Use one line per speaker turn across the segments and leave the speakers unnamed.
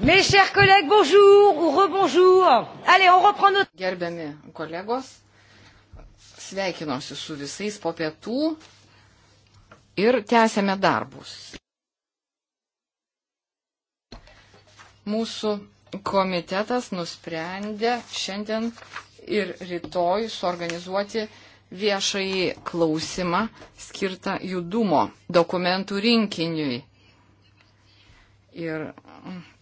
Mes chers collègues, bonjour ou rebonjour. Allez, on reprend notre. Gerbiami kolegos, sveikinuosi su visais po pietų ir tęsėme darbus. Mūsų komitetas nusprendė šiandien ir rytoj suorganizuoti viešai klausimą skirtą judumo dokumentų rinkiniui. Ir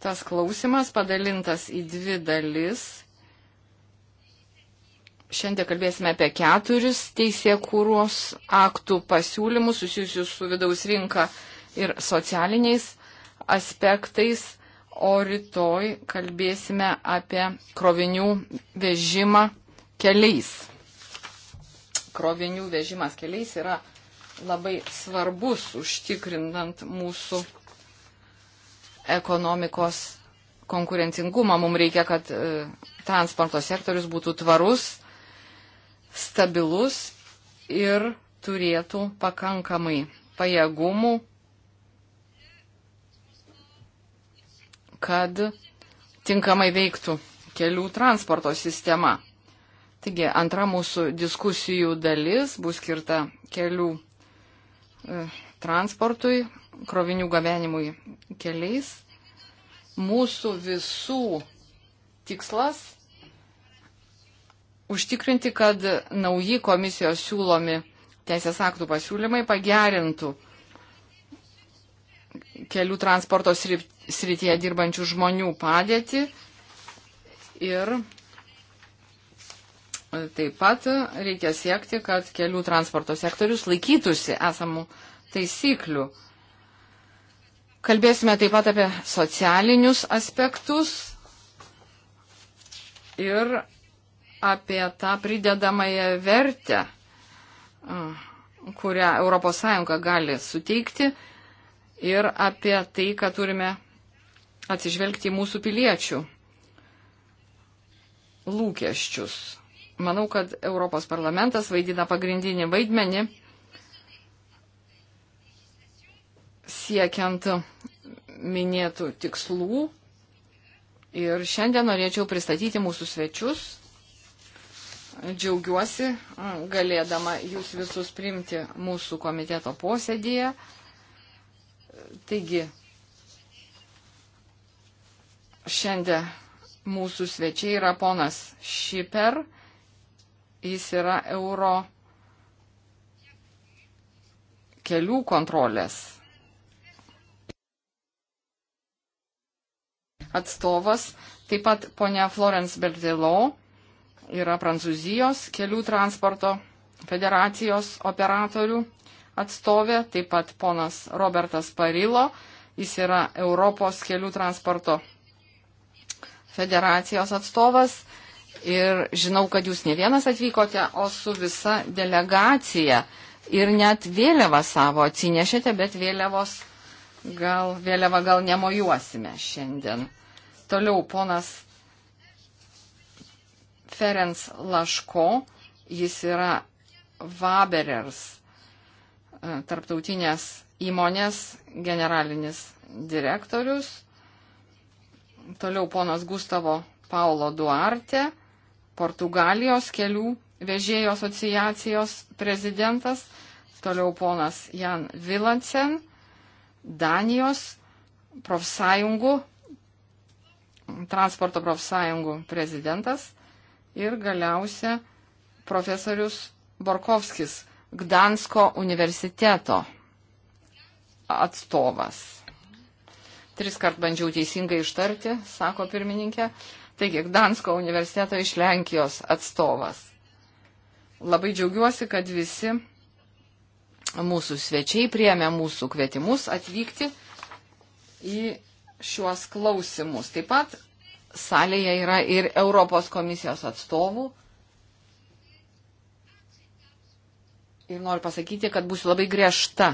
tas klausimas padalintas į dvi dalis. Šiandien kalbėsime apie keturis teisėkūros aktų pasiūlymus susijusius su vidaus rinka ir socialiniais aspektais, o rytoj kalbėsime apie krovinių vežimą keliais. Krovinių vežimas keliais yra labai svarbus užtikrinant mūsų ekonomikos konkurencingumą. Mums reikia, kad e, transporto sektorius būtų tvarus, stabilus ir turėtų pakankamai pajėgumų, kad tinkamai veiktų kelių transporto sistema. Taigi antra mūsų diskusijų dalis bus skirta kelių e, transportui, krovinių gabenimui keliais. Mūsų visų tikslas užtikrinti, kad nauji komisijos siūlomi teisės aktų pasiūlymai pagerintų kelių transporto srityje dirbančių žmonių padėtį ir taip pat reikia siekti, kad kelių transporto sektorius laikytųsi esamų taisyklių. Kalbėsime taip pat apie socialinius aspektus ir apie tą pridedamąją vertę, mm, kurią ES gali suteikti ir apie tai, kad turime atsižvelgti į mūsų piliečių lūkesčius. Manau, kad Europos parlamentas vaidina pagrindinį vaidmenį siekiant minėtų tikslų. Ir šiandien norėčiau pristatyti mūsų svečius. Džiaugiuosi galėdama jūs visus priimti mūsų komiteto posėdėje. Taigi, šiandien mūsų svečiai yra ponas Šiper. Jis yra euro kelių kontrolės atstovas, taip pat ponia Florence Bertilo yra Prancūzijos kelių transporto federacijos operatorių atstovė, taip pat ponas Robertas Parilo, jis yra Europos kelių transporto federacijos atstovas. Ir žinau, kad jūs ne vienas atvykote, o su visa delegacija ir net vėliavą savo atsinešėte, bet vėliavos gal, vėliavą gal nemojuosime šiandien. Toliau ponas Ferenc Laško, jis yra Vaberers e, tarptautinės įmonės generalinis direktorius. Toliau ponas Gustavo Paulo Duarte, Portugalijos kelių vežėjų asociacijos prezidentas. Toliau ponas Jan Vilansen, Danijos profsąjungų transporto profsąjungų prezidentas ir galiausia profesorius Borkovskis, Gdansko universiteto atstovas. Tris kart bandžiau teisingai ištarti, sako pirmininkė. Taigi, Gdansko universiteto iš Lenkijos atstovas. Labai džiaugiuosi, kad visi mūsų svečiai priemė mūsų kvietimus atvykti į šiuos klausimus. Taip pat salėje yra ir Europos komisijos atstovų. Ir noriu pasakyti, kad būsiu labai griežta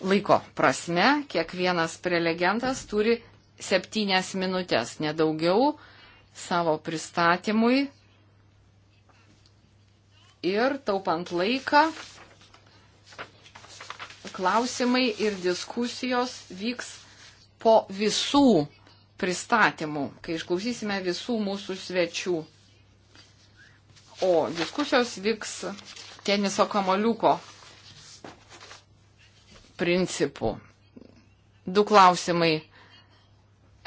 laiko prasme. Kiekvienas prelegentas turi septynias minutės, nedaugiau savo pristatymui. Ir taupant laiką, klausimai ir diskusijos vyks po visų pristatymų, kai išklausysime visų mūsų svečių. O diskusijos vyks teniso kamoliuko principų. Du klausimai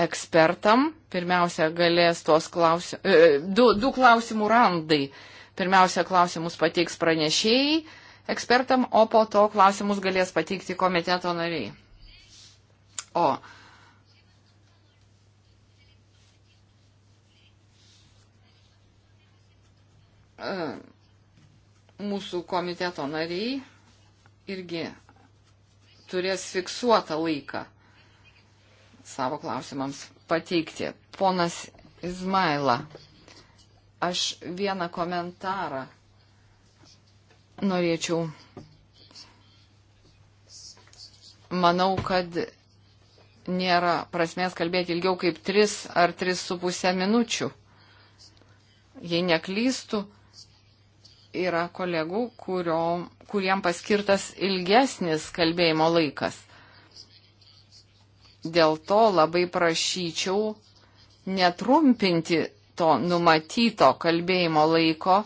ekspertam. Pirmiausia, galės tuos klausimus. E, du, du klausimų randai. Pirmiausia, klausimus pateiks pranešėjai ekspertam, o po to klausimus galės pateikti komiteto nariai. O E, mūsų komiteto nariai irgi turės fiksuotą laiką savo klausimams pateikti. Ponas Izmaila, aš vieną komentarą norėčiau. Manau, kad nėra prasmės kalbėti ilgiau kaip 3 ar 3,5 minučių. Jei neklystų, yra kolegų, kurio, kuriem paskirtas ilgesnis kalbėjimo laikas. Dėl to labai prašyčiau netrumpinti to numatyto kalbėjimo laiko,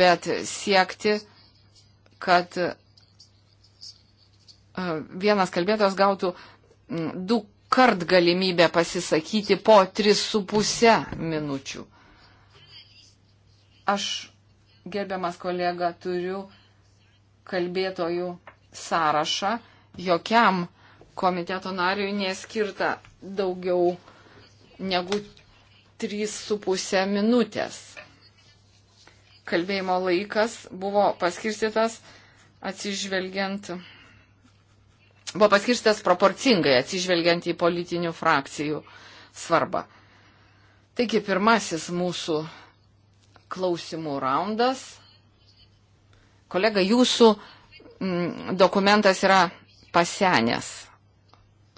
bet siekti, kad e, vienas kalbėtojas gautų du kart galimybę pasisakyti po 3,5 minučių. Aš, gerbiamas kolega, turiu kalbėtojų sąrašą. Jokiam komiteto nariui neskirta daugiau negu 3,5 minutės. Kalbėjimo laikas buvo paskirstytas atsižvelgiant buvo paskirstytas proporcingai atsižvelgiant į politinių frakcijų svarbą. Taigi pirmasis mūsų klausimų raundas. Kolega, jūsų m, mm, dokumentas yra pasenęs.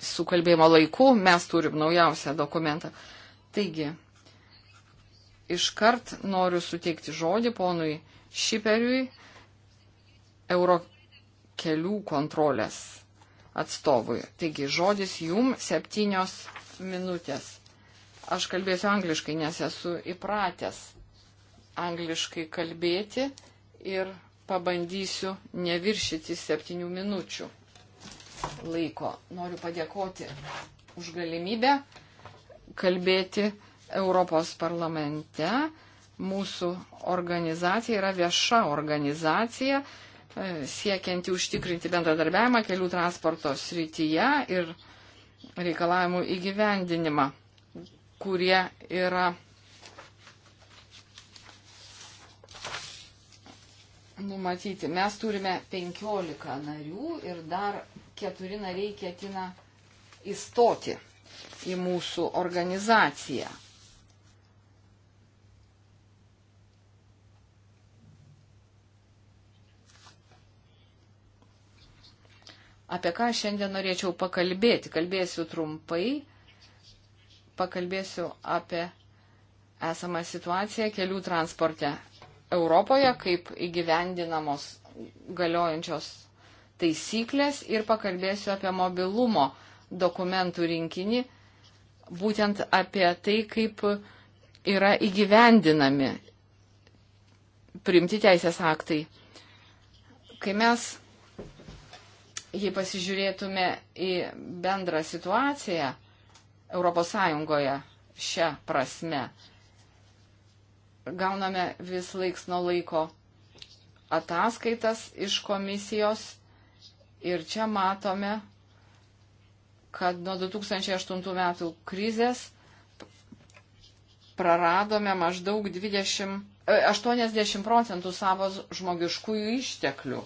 Su kalbėjimo laiku mes turim naujausią dokumentą. Taigi, iškart noriu suteikti žodį ponui Šiperiui, Euro kelių kontrolės atstovui. Taigi, žodis jum septynios minutės. Aš kalbėsiu angliškai, nes esu įpratęs angliškai kalbėti ir pabandysiu neviršyti septynių minučių laiko. Noriu padėkoti už galimybę kalbėti Europos parlamente. Mūsų organizacija yra vieša organizacija, e, siekianti užtikrinti bendradarbiavimą kelių transporto srityje ir reikalavimų įgyvendinimą, kurie yra numatyti. Mes turime 15 narių ir dar keturi nariai ketina įstoti į mūsų organizaciją. Apie ką šiandien norėčiau pakalbėti? Kalbėsiu trumpai, pakalbėsiu apie esamą situaciją kelių transporte Europoje, kaip įgyvendinamos galiojančios taisyklės ir pakalbėsiu apie mobilumo dokumentų rinkinį, būtent apie tai, kaip yra įgyvendinami primti teisės aktai. Kai mes, jei pasižiūrėtume į bendrą situaciją ES šią prasme, gauname vis laiks nuo laiko ataskaitas iš komisijos ir čia matome, kad nuo 2008 metų krizės praradome maždaug 20, 80 e, procentų savo žmogiškųjų išteklių.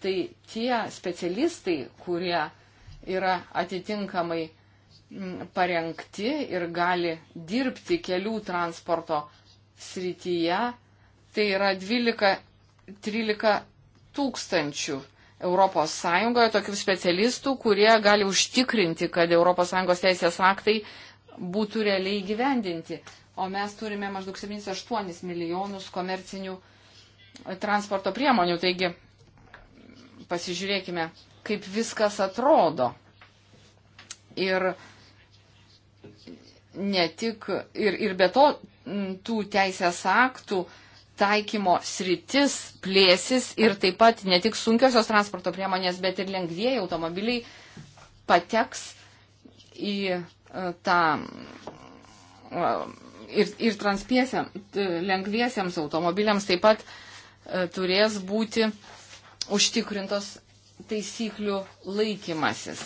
Tai tie specialistai, kurie yra atitinkamai parengti ir gali dirbti kelių transporto srityje, tai yra 12-13 tūkstančių ES tokių specialistų, kurie gali užtikrinti, kad ES teisės aktai būtų realiai gyvendinti. O mes turime maždaug 7-8 milijonus komercinių e, transporto priemonių. Taigi pasižiūrėkime, kaip viskas atrodo. Ir ne tik ir, ir be to tų teisės aktų taikymo sritis plėsis ir taip pat ne tik sunkiosios transporto priemonės, bet ir lengvieji automobiliai pateks į e, tą e, ir, ir transpiesiam, lengviesiams automobiliams taip pat e, turės būti užtikrintos taisyklių laikymasis.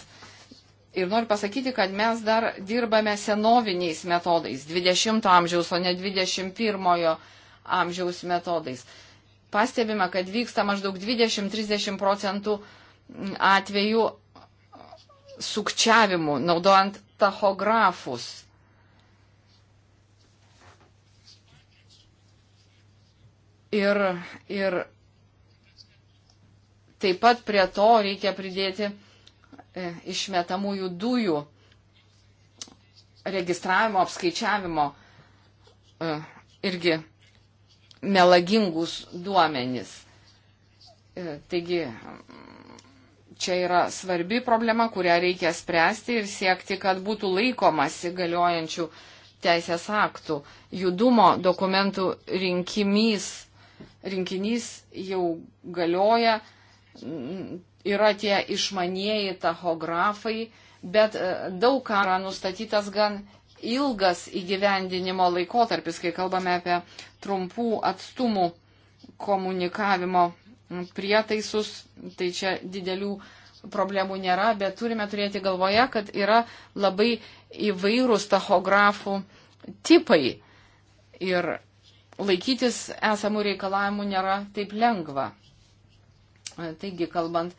Ir noriu pasakyti, kad mes dar dirbame senoviniais metodais, 20-ojo amžiaus, o ne 21-ojo amžiaus metodais. Pastebime, kad vyksta maždaug 20-30 procentų atvejų sukčiavimų, naudojant tachografus. Ir, ir taip pat prie to reikia pridėti E, išmetamųjų dujų registravimo, apskaičiavimo e, irgi melagingus duomenis. E, taigi čia yra svarbi problema, kurią reikia spręsti ir siekti, kad būtų laikomasi galiojančių teisės aktų. Judumo dokumentų rinkimys, rinkinys jau galioja, yra tie išmanieji tachografai, bet e, daug kam yra nustatytas gan ilgas įgyvendinimo laikotarpis, kai kalbame apie trumpų atstumų komunikavimo prietaisus, tai čia didelių problemų nėra, bet turime turėti galvoje, kad yra labai įvairūs tachografų tipai ir laikytis esamų reikalavimų nėra taip lengva. Taigi, kalbant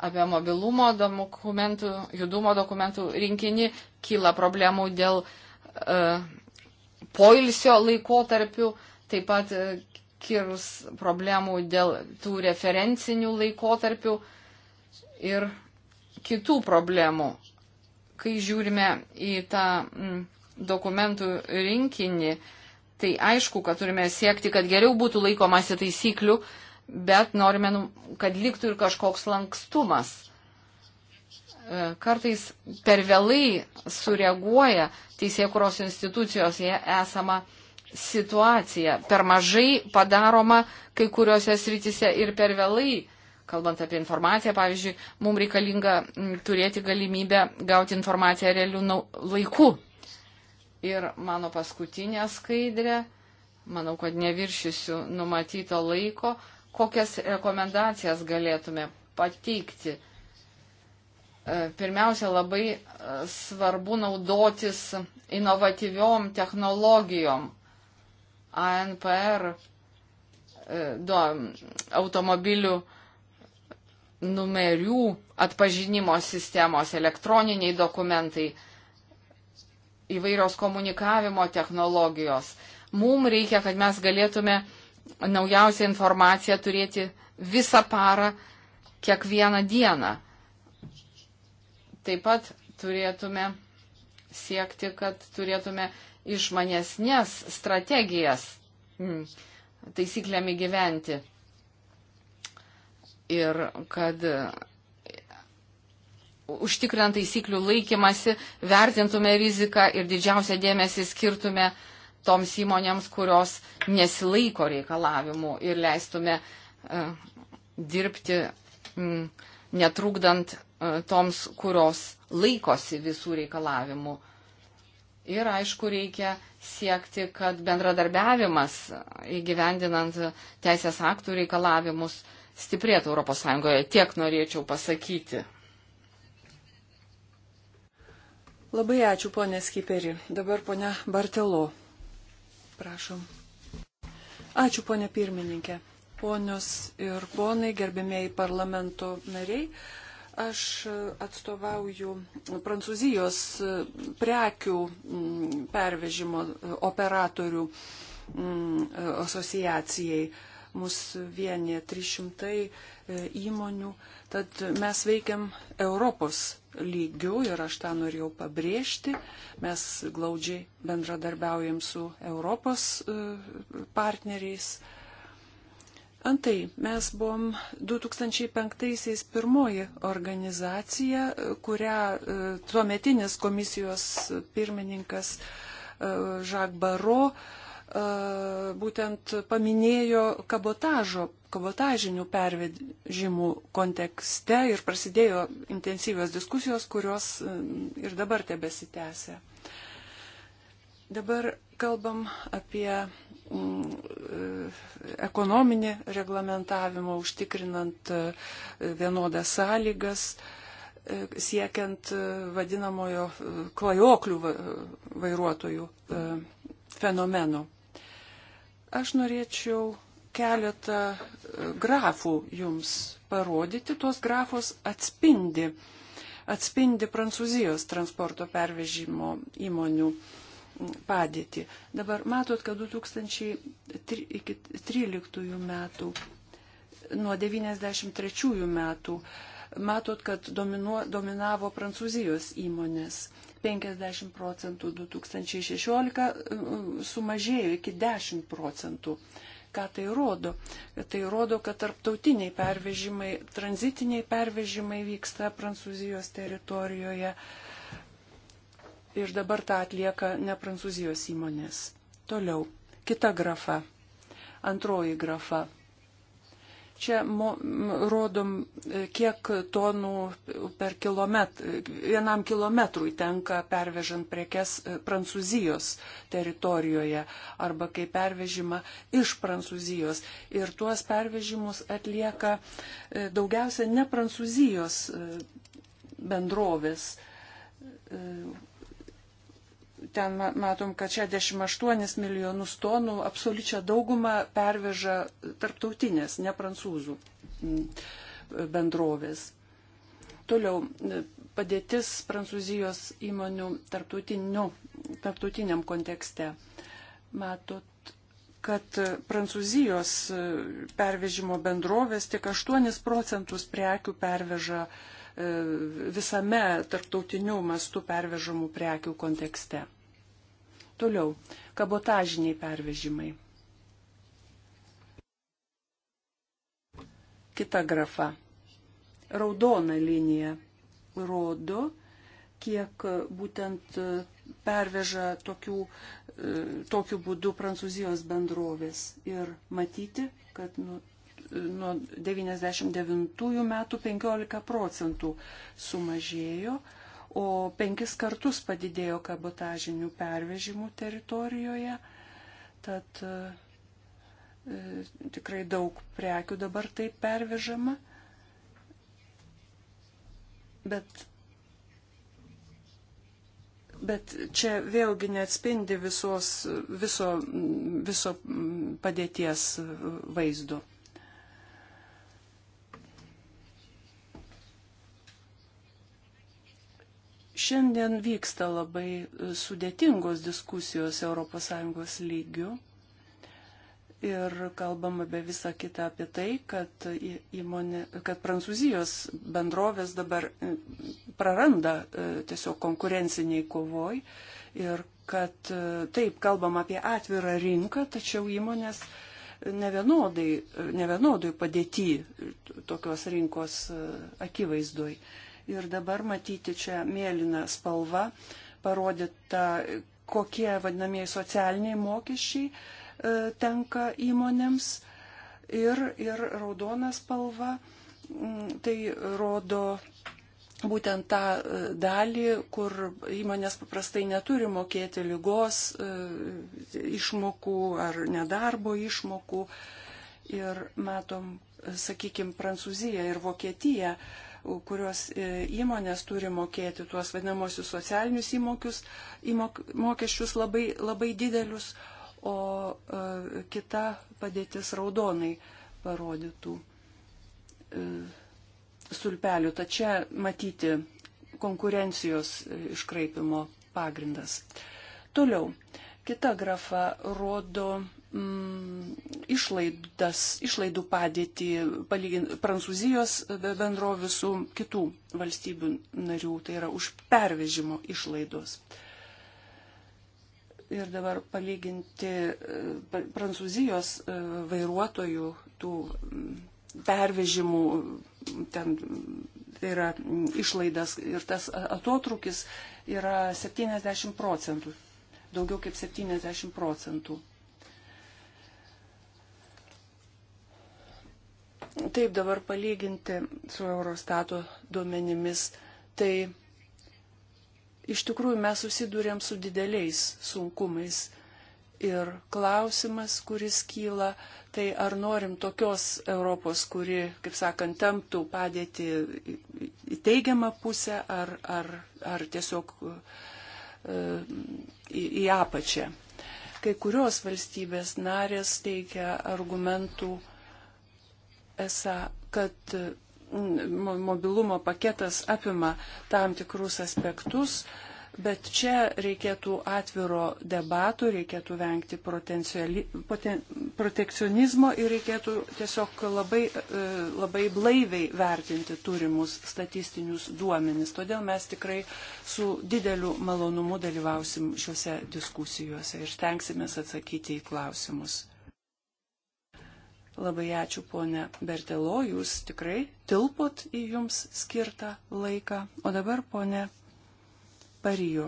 apie mobilumo dokumentų, judumo dokumentų rinkinį, kyla problemų dėl e, poilsio laikotarpių, taip pat e, kirus problemų dėl tų referencinių laikotarpių ir kitų problemų. Kai žiūrime į tą m, dokumentų rinkinį, tai aišku, kad turime siekti, kad geriau būtų laikomasi taisyklių, bet norime, nu, kad liktų ir kažkoks lankstumas. E, kartais per vėlai sureaguoja teisėkuros institucijos į esamą situaciją. Per mažai padaroma kai kuriuose srityse ir per vėlai kalbant apie informaciją, pavyzdžiui, mums reikalinga turėti galimybę gauti informaciją realių laikų. Ir mano paskutinė skaidrė, manau, kad neviršysiu numatyto laiko, kokias rekomendacijas galėtume pateikti. E, pirmiausia, labai e, svarbu naudotis inovatyviom technologijom. ANPR e, du, automobilių numerių atpažinimo sistemos, elektroniniai dokumentai, įvairios komunikavimo technologijos. Mums reikia, kad mes galėtume uh, naujausią informaciją turėti visą parą, kiekvieną dieną. Taip pat turėtume siekti, kad turėtume išmanesnės strategijas mm, taisyklėmi gyventi. Ir kad užtikrant taisyklių laikymasi, vertintume riziką ir didžiausią dėmesį skirtume uh, toms įmonėms, kurios nesilaiko reikalavimų ir leistume e, dirbti netrukdant e, toms, kurios laikosi visų reikalavimų. Ir aišku, reikia siekti, kad bendradarbiavimas įgyvendinant teisės aktų reikalavimus stiprėtų ES. Tiek norėčiau pasakyti.
Labai ačiū, ponė Skiperi. Dabar ponė Bartelo prašom. Ačiū, ponė pirmininkė. Ponios ir ponai, gerbėmėjai parlamento nariai, aš atstovauju Prancūzijos prekių mm, pervežimo operatorių mm, asociacijai mus vienė 300 e, įmonių, tad mes veikiam Europos lygių ir aš tą norėjau pabrėžti. Mes glaudžiai bendradarbiaujam su Europos e, partneriais. Antai, mes buvom 2005-aisiais pirmoji organizacija, e, kurią e, tuometinis komisijos pirmininkas Žak Baro būtent paminėjo kabotažo, kabotažinių pervežimų kontekste ir prasidėjo intensyvios diskusijos, kurios ir dabar tebesitęsia. Dabar kalbam apie mm, e, ekonominį reglamentavimą, užtikrinant vienodas sąlygas, e, siekiant e, vadinamojo klajoklių vairuotojų fenomeno. Aš norėčiau keletą e, grafų jums parodyti. Tos grafos atspindi, atspindi Prancūzijos transporto pervežimo įmonių padėtį. Dabar matot, kad 2013 metų, nuo 1993 metų, matot, kad domino, dominavo Prancūzijos įmonės. 50 procentų 2016 e, sumažėjo iki 10 procentų. Ką tai rodo? Tai rodo, kad tarptautiniai pervežimai, tranzitiniai pervežimai vyksta Prancūzijos teritorijoje ir dabar tą atlieka ne Prancūzijos įmonės. Toliau, kita grafa, antroji grafa Čia mo, rodom, e, kiek tonų per kilomet, vienam kilometrui tenka pervežant prekes e, Prancūzijos teritorijoje arba kai pervežima iš Prancūzijos. Ir tuos pervežimus atlieka e, daugiausia ne Prancūzijos bendrovės ten matom, kad 68 milijonus tonų absoliučią daugumą perveža tarptautinės, ne prancūzų bendrovės. Toliau e, padėtis prancūzijos įmonių tarptautiniam kontekste. Matot, kad prancūzijos e, pervežimo bendrovės tik 8 procentus prekių perveža uh, E, visame tarptautiniu mastu pervežamų prekių kontekste. Toliau, kabotažiniai pervežimai. Kita grafa. Raudona linija rodo, kiek būtent perveža tokių, e, tokiu būdu prancūzijos bendrovės. Ir matyti, kad nu, nuo 99 metų 15 procentų sumažėjo, o penkis kartus padidėjo kabotažinių pervežimų teritorijoje. Tad e, tikrai daug prekių dabar taip pervežama. Bet Bet čia vėlgi neatspindi visos, viso, viso padėties vaizdo. Šiandien vyksta labai e, sudėtingos diskusijos ES lygių ir kalbama be visą kitą apie tai, kad, įmonė, kad prancūzijos bendrovės dabar e, praranda e, tiesiog konkurenciniai kovoj ir kad taip kalbam apie atvirą rinką, tačiau įmonės nevienodai, nevienodai padėti tokios rinkos akivaizdoj. Ir dabar matyti čia mėlyną spalvą, parodyta, kokie vadinamieji socialiniai mokesčiai e, tenka įmonėms. Ir, ir raudona spalva mm, tai rodo būtent tą e, dalį, kur įmonės paprastai neturi mokėti lygos e, išmokų ar nedarbo išmokų. Ir matom, sakykime, Prancūziją ir Vokietiją kurios e, įmonės turi mokėti tuos vadinamosius socialinius įmokius, įmok, mokesčius labai, labai didelius, o e, kita padėtis raudonai parodytų e, stulpelių. Tad čia matyti konkurencijos iškraipimo pagrindas. Toliau. Kita grafa rodo Mm, išlaidas, išlaidų padėtį palygint Prancūzijos bendrovių su kitų valstybių narių, tai yra už pervežimo išlaidos. Ir dabar palyginti e, Prancūzijos e, vairuotojų tų mm, pervežimų, ten tai yra mm, išlaidas ir tas atotrukis yra 70 procentų, daugiau kaip 70 procentų. Taip dabar palyginti su Eurostato duomenimis, tai iš tikrųjų mes susidurėm su dideliais sunkumais. Ir klausimas, kuris kyla, tai ar norim tokios Europos, kuri, kaip sakant, temptų padėti į teigiamą pusę, ar, ar, ar tiesiog e, į, į apačią. Kai kurios valstybės narės teikia argumentų, esą, kad mm, mobilumo paketas apima tam tikrus aspektus, bet čia reikėtų atviro debatų, reikėtų vengti poten, protekcionizmo ir reikėtų tiesiog labai, e, labai blaiviai vertinti turimus statistinius duomenis. Todėl mes tikrai su dideliu malonumu dalyvausim šiuose diskusijuose ir stengsimės atsakyti į klausimus. Labai ačiū, ponė Bertelo, jūs tikrai tilpot į jums skirtą laiką. O dabar, ponė Parijo,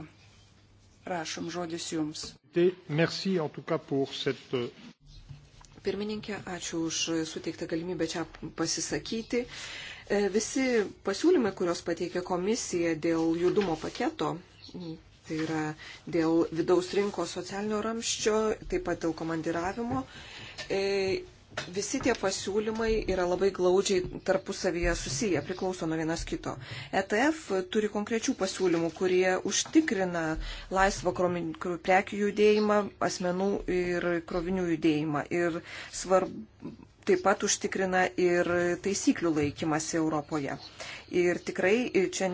prašom žodis jums.
Tai merci, euh, Pirmininkė, ačiū už suteiktą galimybę čia pasisakyti. E, visi pasiūlymai, kuriuos pateikė komisija dėl judumo paketo, tai yra dėl vidaus rinkos socialinio ramščio, taip pat dėl komandiravimo, e, visi tie pasiūlymai yra labai glaudžiai tarpusavyje susiję, priklauso nuo vienas kito. ETF turi konkrečių pasiūlymų, kurie užtikrina laisvą prekių judėjimą, asmenų ir krovinių judėjimą. Ir svarb, taip pat užtikrina ir taisyklių laikymasi Europoje. Ir tikrai čia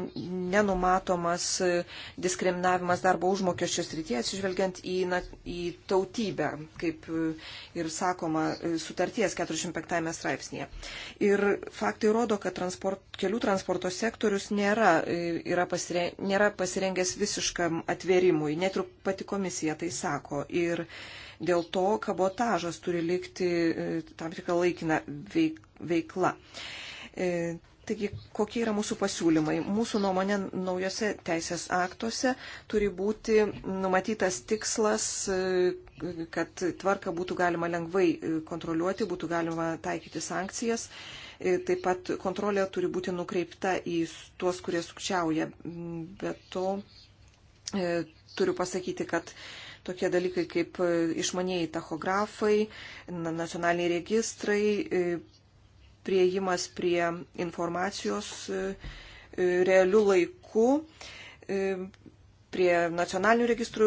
nenumatomas diskriminavimas darbo užmokesčio srityje atsižvelgiant į, na, į tautybę, kaip ir sakoma sutarties 45 straipsnėje. Ir faktai rodo, kad transport, kelių transporto sektorius nėra, yra pasire, nėra pasirengęs visiškam atvėrimui, net ir pati komisija tai sako. Ir, uh, Dėl to kabotažas turi likti e, tam tikrą laikiną veiklą. E, taigi, kokie yra mūsų pasiūlymai? Mūsų nuomonė naujose teisės aktuose turi būti numatytas tikslas, e, kad tvarka būtų galima lengvai kontroliuoti, būtų galima taikyti sankcijas. Taip pat kontrolė turi būti nukreipta į tuos, kurie sukčiauja. Mm, be to, turiu pasakyti, kad tokie dalykai kaip e, išmanieji tachografai, nacionaliniai registrai, e, prieimas prie informacijos e, realių laikų, prie nacionalinių registrų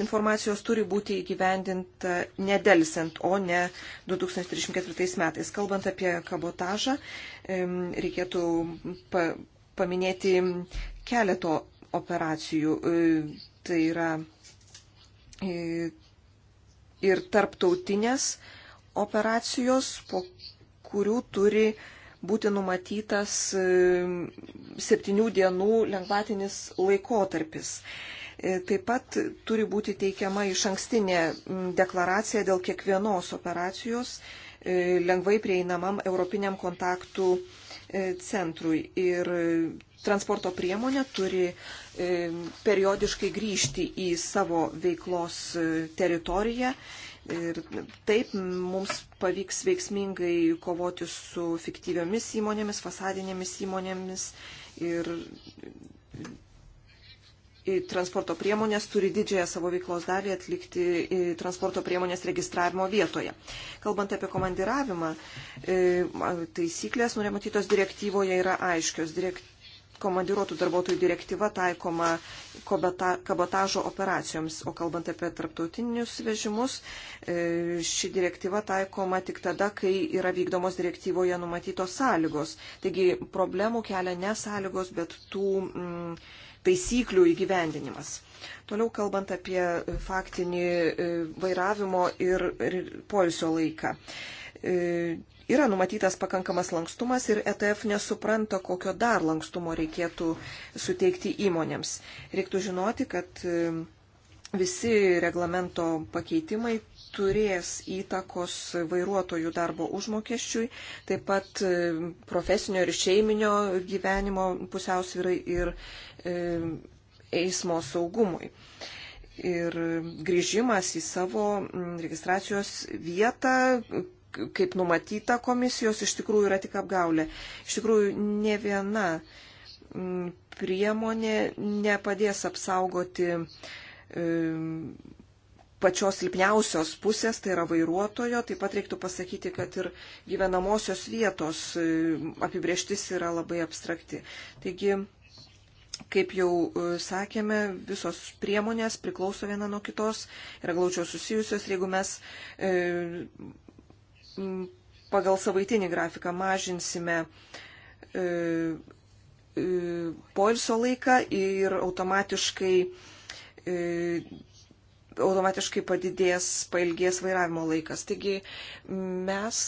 informacijos turi būti įgyvendinta nedelsiant, o ne 2034 metais. Kalbant apie kabotažą, reikėtų pa, paminėti keleto operacijų. Tai yra ir tarptautinės operacijos, po kurių turi būti numatytas e, septynių dienų lengvatinis laikotarpis. E, taip pat turi būti teikiama iš ankstinė deklaracija dėl kiekvienos operacijos e, lengvai prieinamam Europiniam kontaktų centrui. Ir transporto priemonė turi e, periodiškai grįžti į savo veiklos e, teritoriją. Ir taip mums pavyks veiksmingai kovoti su fiktyviomis įmonėmis, fasadinėmis įmonėmis ir transporto priemonės turi didžiąją savo veiklos dalį atlikti transporto priemonės registravimo vietoje. Kalbant apie komandiravimą, e, taisyklės numatytos direktyvoje yra aiškios. Direkt komandiruotų darbuotojų direktyva taikoma kabotažo operacijoms, o kalbant apie tarptautinius vežimus, e, ši direktyva taikoma tik tada, kai yra vykdomos direktyvoje numatytos sąlygos. Taigi problemų kelia ne sąlygos, bet tų mm, taisyklių įgyvendinimas. Toliau kalbant apie faktinį e, vairavimo ir, ir poilsio laiką e, Yra numatytas pakankamas lankstumas ir ETF nesupranta, kokio dar lankstumo reikėtų suteikti įmonėms. Reiktų žinoti, kad e, visi reglamento pakeitimai turės įtakos vairuotojų darbo užmokesčiui, taip pat e, profesinio ir šeiminio gyvenimo pusiausvirai ir e, eismo saugumui ir grįžimas į savo registracijos vietą kaip numatyta komisijos, iš tikrųjų yra tik apgaulė. Iš tikrųjų, ne viena mm, priemonė nepadės apsaugoti pačios silpniausios pusės, tai yra vairuotojo. Taip pat reiktų pasakyti, kad ir gyvenamosios vietos apibrieštis yra labai abstrakti. Taigi, kaip jau e, sakėme, visos priemonės priklauso viena nuo kitos, yra glaučiau susijusios. Jeigu mes e, pagal savaitinį grafiką mažinsime e, e, poilsio laiką ir automatiškai, e, automatiškai padidės, pailgės vairavimo laikas. Taigi mes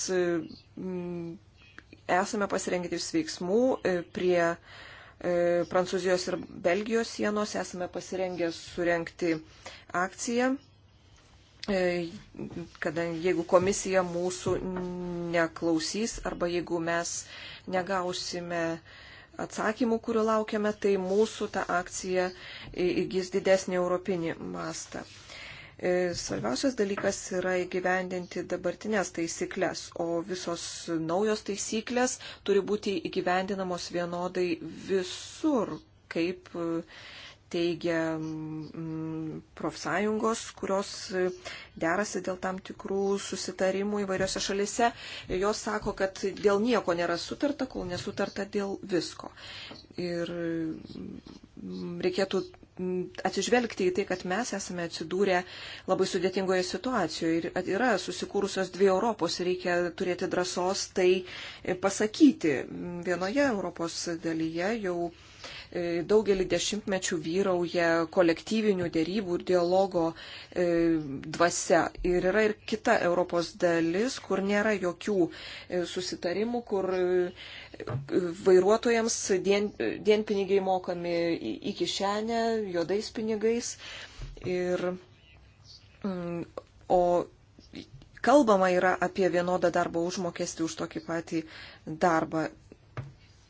esame pasirengę veiksmų prie Prancūzijos ir Belgijos sienos, esame pasirengę surenkti akciją E, kadangi jeigu komisija mūsų neklausys arba jeigu mes negausime atsakymų, kurių laukiame, tai mūsų ta akcija įgys didesnį europinį mastą. E, svarbiausias dalykas yra įgyvendinti dabartinės taisyklės, o visos naujos taisyklės turi būti įgyvendinamos vienodai visur, kaip uh, teigia mm, profsąjungos, kurios e, derasi dėl tam tikrų susitarimų įvairiose šalise. Jos sako, kad dėl nieko nėra sutarta, kol nesutarta dėl visko. Ir mm, reikėtų mm, atsižvelgti į tai, kad mes esame atsidūrę labai sudėtingoje situacijoje ir yra susikūrusios dvi Europos ir reikia turėti drąsos tai e, pasakyti. Vienoje Europos dalyje jau E, daugelį dešimtmečių vyrauja kolektyvinių dėrybų ir dialogo e, dvasia. Ir yra ir kita Europos dalis, kur nėra jokių e, susitarimų, kur vairuotojams dien, dienpinigiai mokami į kišenę, juodais pinigais. Ir, mm, o kalbama yra apie vienodą darbo užmokestį už tokį patį darbą.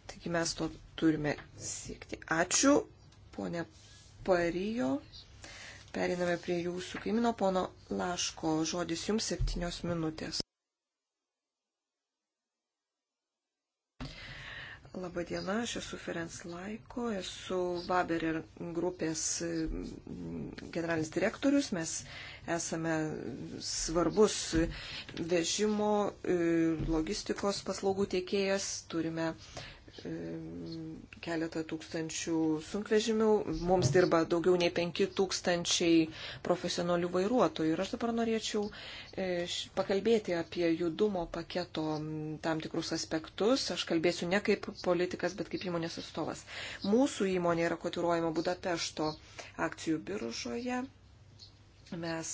Taigi mes to turime siekti. Ačiū, ponė Parijo. Periname prie jūsų kaimino pono Laško. Žodis jums septynios minutės. Labadiena, aš esu Ferenc Laiko, esu Baberer grupės mm, generalinis direktorius. Mes esame svarbus vežimo e, logistikos paslaugų teikėjas, turime E, keletą tūkstančių sunkvežimių, mums dirba daugiau nei penki tūkstančiai profesionalių vairuotojų. Ir aš dabar norėčiau e, pakalbėti apie judumo paketo tam tikrus aspektus. Aš kalbėsiu ne kaip politikas, bet kaip įmonės atstovas. Mūsų įmonė yra kotiruojama Budapešto akcijų biržoje. Mes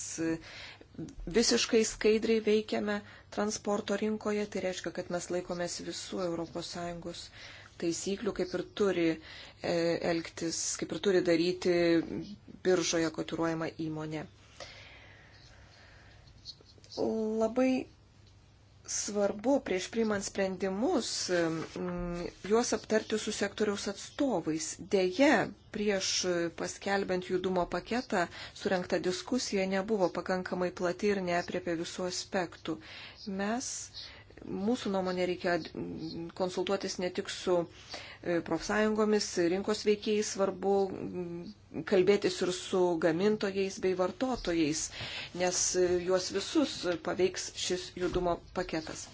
visiškai skaidriai veikiame transporto rinkoje, tai reiškia, kad mes laikomės visų ES taisyklių, kaip ir turi e, elgtis, kaip ir turi daryti biržoje kotiruojama įmonė. Labai svarbu prieš priimant sprendimus juos aptarti su sektoriaus atstovais. Deja, prieš paskelbent judumo paketą surinkta diskusija nebuvo pakankamai plati ir neapriepė visų aspektų. Mes Mūsų nuomonė reikia konsultuotis ne tik su e, profsąjungomis, rinkos veikėjais, svarbu kalbėtis ir su gamintojais bei vartotojais, nes e, juos visus paveiks šis judumo paketas.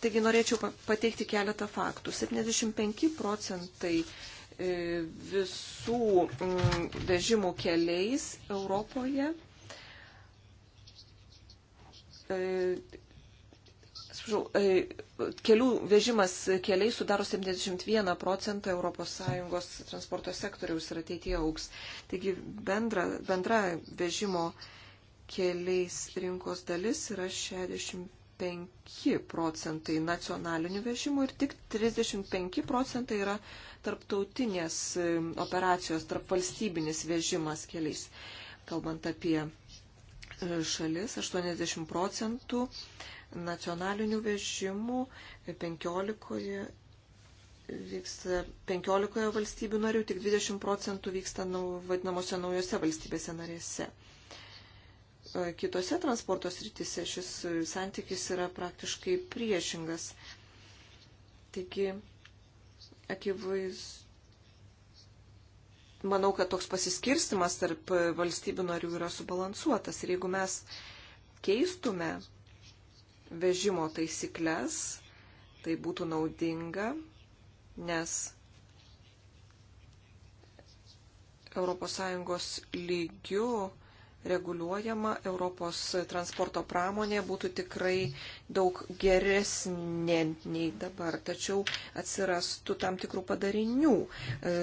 Taigi norėčiau pateikti keletą faktų. 75 procentai e, visų vežimų keliais Europoje atsiprašau, e, kelių vežimas keliai sudaro 71 procentą ES transporto sektoriaus ir ateityje auks. Taigi bendra, bendra vežimo keliais rinkos dalis yra 65 procentai nacionalinių vežimų ir tik 35 procentai yra tarptautinės e, operacijos, tarpvalstybinis vežimas keliais. Kalbant apie e, šalis, 80 procentų nacionalinių vežimų 15 vyksta 15 valstybių narių, tik 20 procentų vyksta nau, vadinamosiose naujose valstybėse narėse. E, kitose transporto srityse šis santykis yra praktiškai priešingas. Taigi, akivaizdu manau, kad toks pasiskirstimas tarp valstybių narių yra subalansuotas. Ir jeigu mes keistume vežimo taisyklės, tai būtų naudinga, nes ES lygių reguliuojama Europos transporto pramonė būtų tikrai daug geresnė nei dabar, tačiau atsirastų tam tikrų padarinių. E,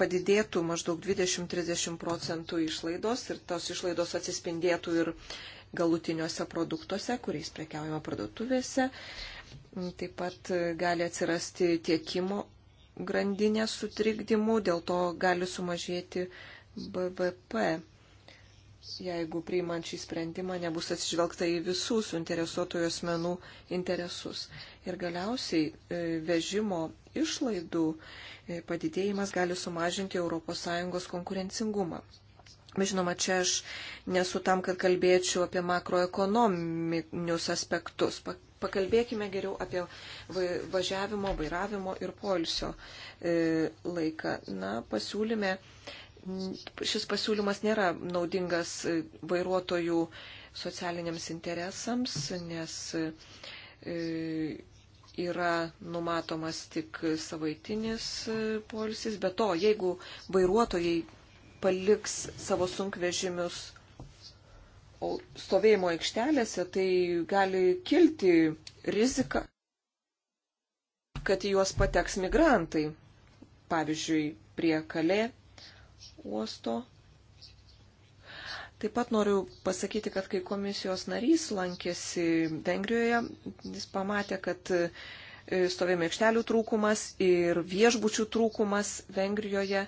padidėtų maždaug 20-30 procentų išlaidos ir tos išlaidos atsispindėtų ir galutiniuose produktuose, kuriais prekiaujama parduotuvėse. Taip pat gali atsirasti tiekimo grandinės sutrikdymų, dėl to gali sumažėti BVP. Jeigu priimant šį sprendimą nebus atsižvelgta į visų suinteresuotojų asmenų interesus. Ir galiausiai e, vežimo išlaidų e, padidėjimas gali sumažinti ES konkurencingumą. Bet žinoma, čia aš nesu tam, kad kalbėčiau apie makroekonominius aspektus. Pakalbėkime geriau apie važiavimo, vairavimo ir polsio e, laiką. Na, pasiūlyme, šis pasiūlymas nėra naudingas e, vairuotojų socialiniams interesams, nes e, yra numatomas tik savaitinis polisis. Be to, jeigu vairuotojai paliks savo sunkvežimius stovėjimo aikštelėse, tai gali kilti rizika, kad į juos pateks migrantai. Pavyzdžiui, prie Kalė uosto. Taip pat noriu pasakyti, kad kai komisijos narys lankėsi Vengrijoje, jis pamatė, kad stovėjimo aikštelių trūkumas ir viešbučių trūkumas Vengrijoje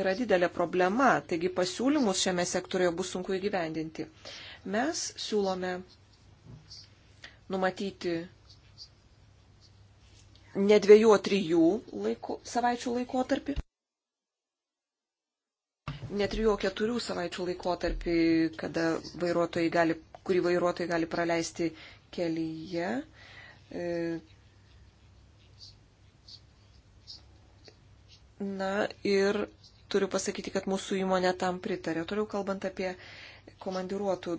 yra didelė problema, taigi pasiūlymus šiame sektorioje bus sunku įgyvendinti. Mes siūlome numatyti ne dviejų, o trijų laiko, savaičių laikotarpį. Ne trijų, o keturių savaičių laikotarpį, kada vairuotojai gali, kurį vairuotojai gali praleisti kelyje. E, Na ir turiu pasakyti, kad mūsų įmonė tam pritarė. Toliau kalbant apie komandiruotų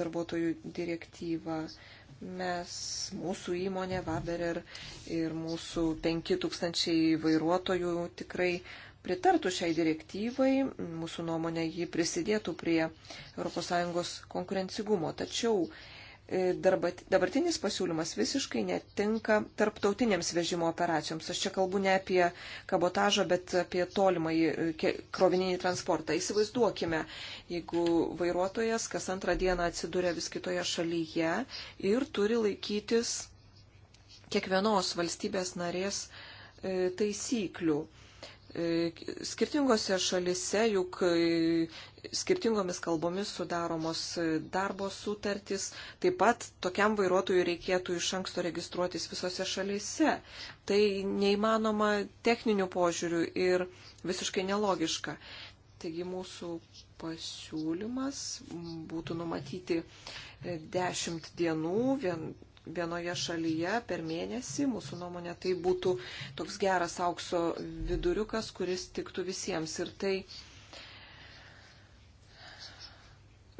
darbuotojų direktyvą, mes, mūsų įmonė Vaberer ir mūsų 5000 vairuotojų tikrai pritartų šiai direktyvai, mūsų nuomonė jį prisidėtų prie ES konkurencigumo. Tačiau E, dabartinis pasiūlymas visiškai netinka tarptautinėms vežimo operacijoms. Aš čia kalbu ne apie kabotažą, bet apie tolimąjį e, krovininį transportą. Įsivaizduokime, jeigu vairuotojas kas antrą dieną atsiduria vis kitoje šalyje ir turi laikytis kiekvienos valstybės narės e, taisyklių. Skirtingose šalise juk e, skirtingomis kalbomis sudaromos e, darbo sutartys, taip pat tokiam vairuotojui reikėtų iš anksto registruotis visose šalise. Tai neįmanoma techniniu požiūriu ir visiškai nelogiška. Taigi mūsų pasiūlymas būtų numatyti 10 e, dienų, vien vienoje šalyje per mėnesį. Mūsų nuomonė tai būtų toks geras aukso viduriukas, kuris tiktų visiems. Ir tai.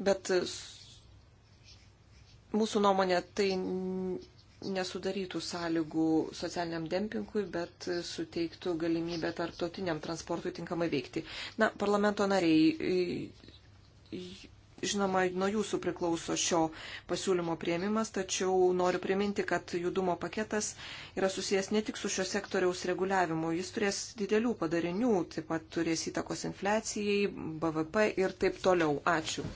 Bet mūsų nuomonė tai nesudarytų sąlygų socialiniam dempingui, bet suteiktų galimybę tarptautiniam transportui tinkamai veikti. Na, parlamento nariai Žinoma, nuo jūsų priklauso šio pasiūlymo prieimimas, tačiau noriu priminti, kad judumo paketas yra susijęs ne tik su šio sektoriaus reguliavimu, jis turės didelių padarinių, taip pat turės įtakos infliacijai, BVP ir taip toliau. Ačiū.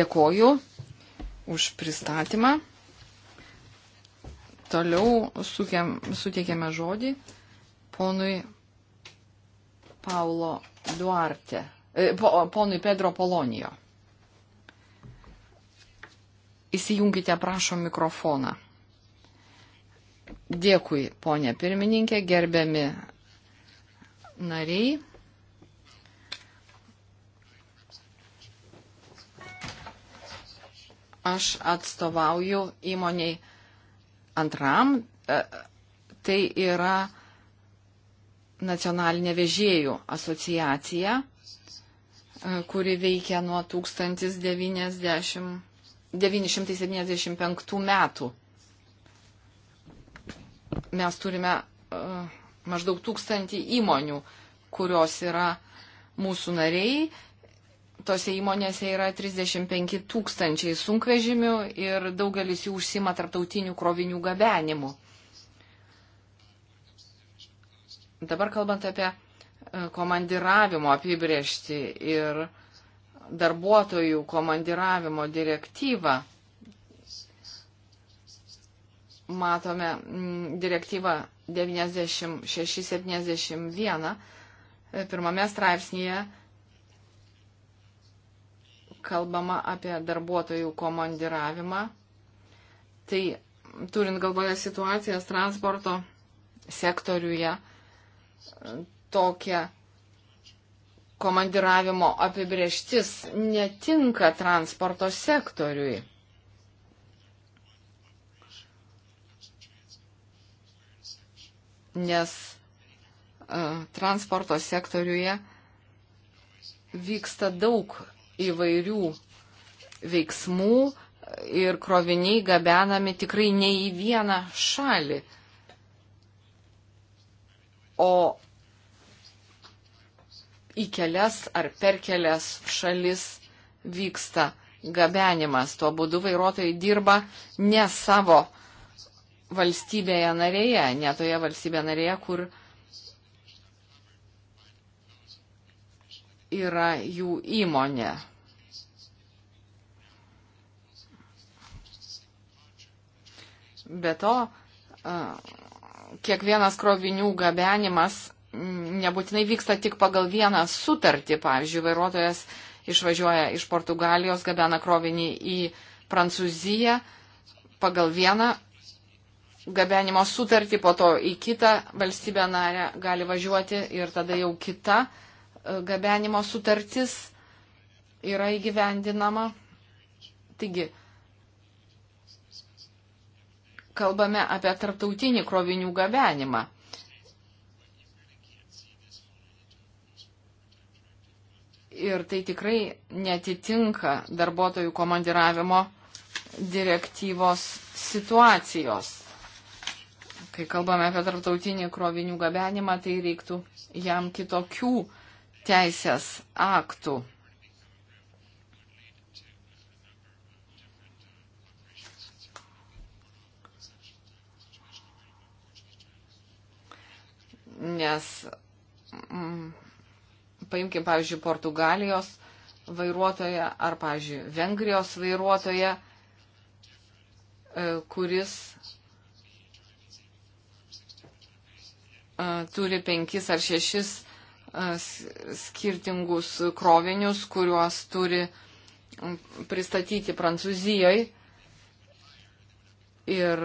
Dėkoju už pristatymą. Toliau suteikėme žodį ponui Paulo Duarte, e, ponui Pedro Polonijo. Įsijunkite, prašom, mikrofoną. Dėkui, ponė pirmininkė, gerbiami nariai. Aš atstovauju įmoniai antram, e, tai yra nacionalinė vežėjų asociacija, e, kuri veikia nuo 1990 975 metų. Mes turime uh, maždaug tūkstantį įmonių, kurios yra mūsų nariai. Tose įmonėse yra 35 tūkstančiai sunkvežimių ir daugelis jų užsima tarptautinių krovinių gabenimu. Dabar kalbant apie e, komandiravimo apibriešti ir uh, darbuotojų komandiravimo direktyvą. Matome mm, direktyvą 96-71 e, pirmame straipsnėje kalbama apie darbuotojų komandiravimą. Tai turint galvoje situacijas transporto sektoriuje, e, tokia komandiravimo apibrieštis netinka transporto sektoriui. Nes uh, transporto sektoriuje vyksta daug įvairių veiksmų ir kroviniai gabenami tikrai ne į vieną šalį. O į kelias ar per kelias šalis vyksta gabenimas. Tuo būdu vairuotojai dirba ne savo valstybėje narėje, ne toje valstybėje narėje, kur yra jų įmonė. Be to, kiekvienas krovinių gabenimas nebūtinai vyksta tik pagal vieną sutartį. Pavyzdžiui, vairuotojas išvažiuoja iš Portugalijos, gabena krovinį į Prancūziją pagal vieną gabenimo sutartį, po to į kitą valstybę narę gali važiuoti ir tada jau kita e, gabenimo sutartis yra įgyvendinama. Taigi, kalbame apie tarptautinį krovinių gabenimą. ir tai tikrai netitinka darbuotojų komandiravimo direktyvos situacijos. Kai kalbame apie tarptautinį krovinių gabenimą, tai reiktų jam kitokių teisės aktų. Nes mm, Paimkime, pavyzdžiui, Portugalijos vairuotoją ar, pavyzdžiui, Vengrijos vairuotoją, e, kuris e, turi penkis ar šešis e, skirtingus krovinius, kuriuos turi pristatyti Prancūzijoje. Ir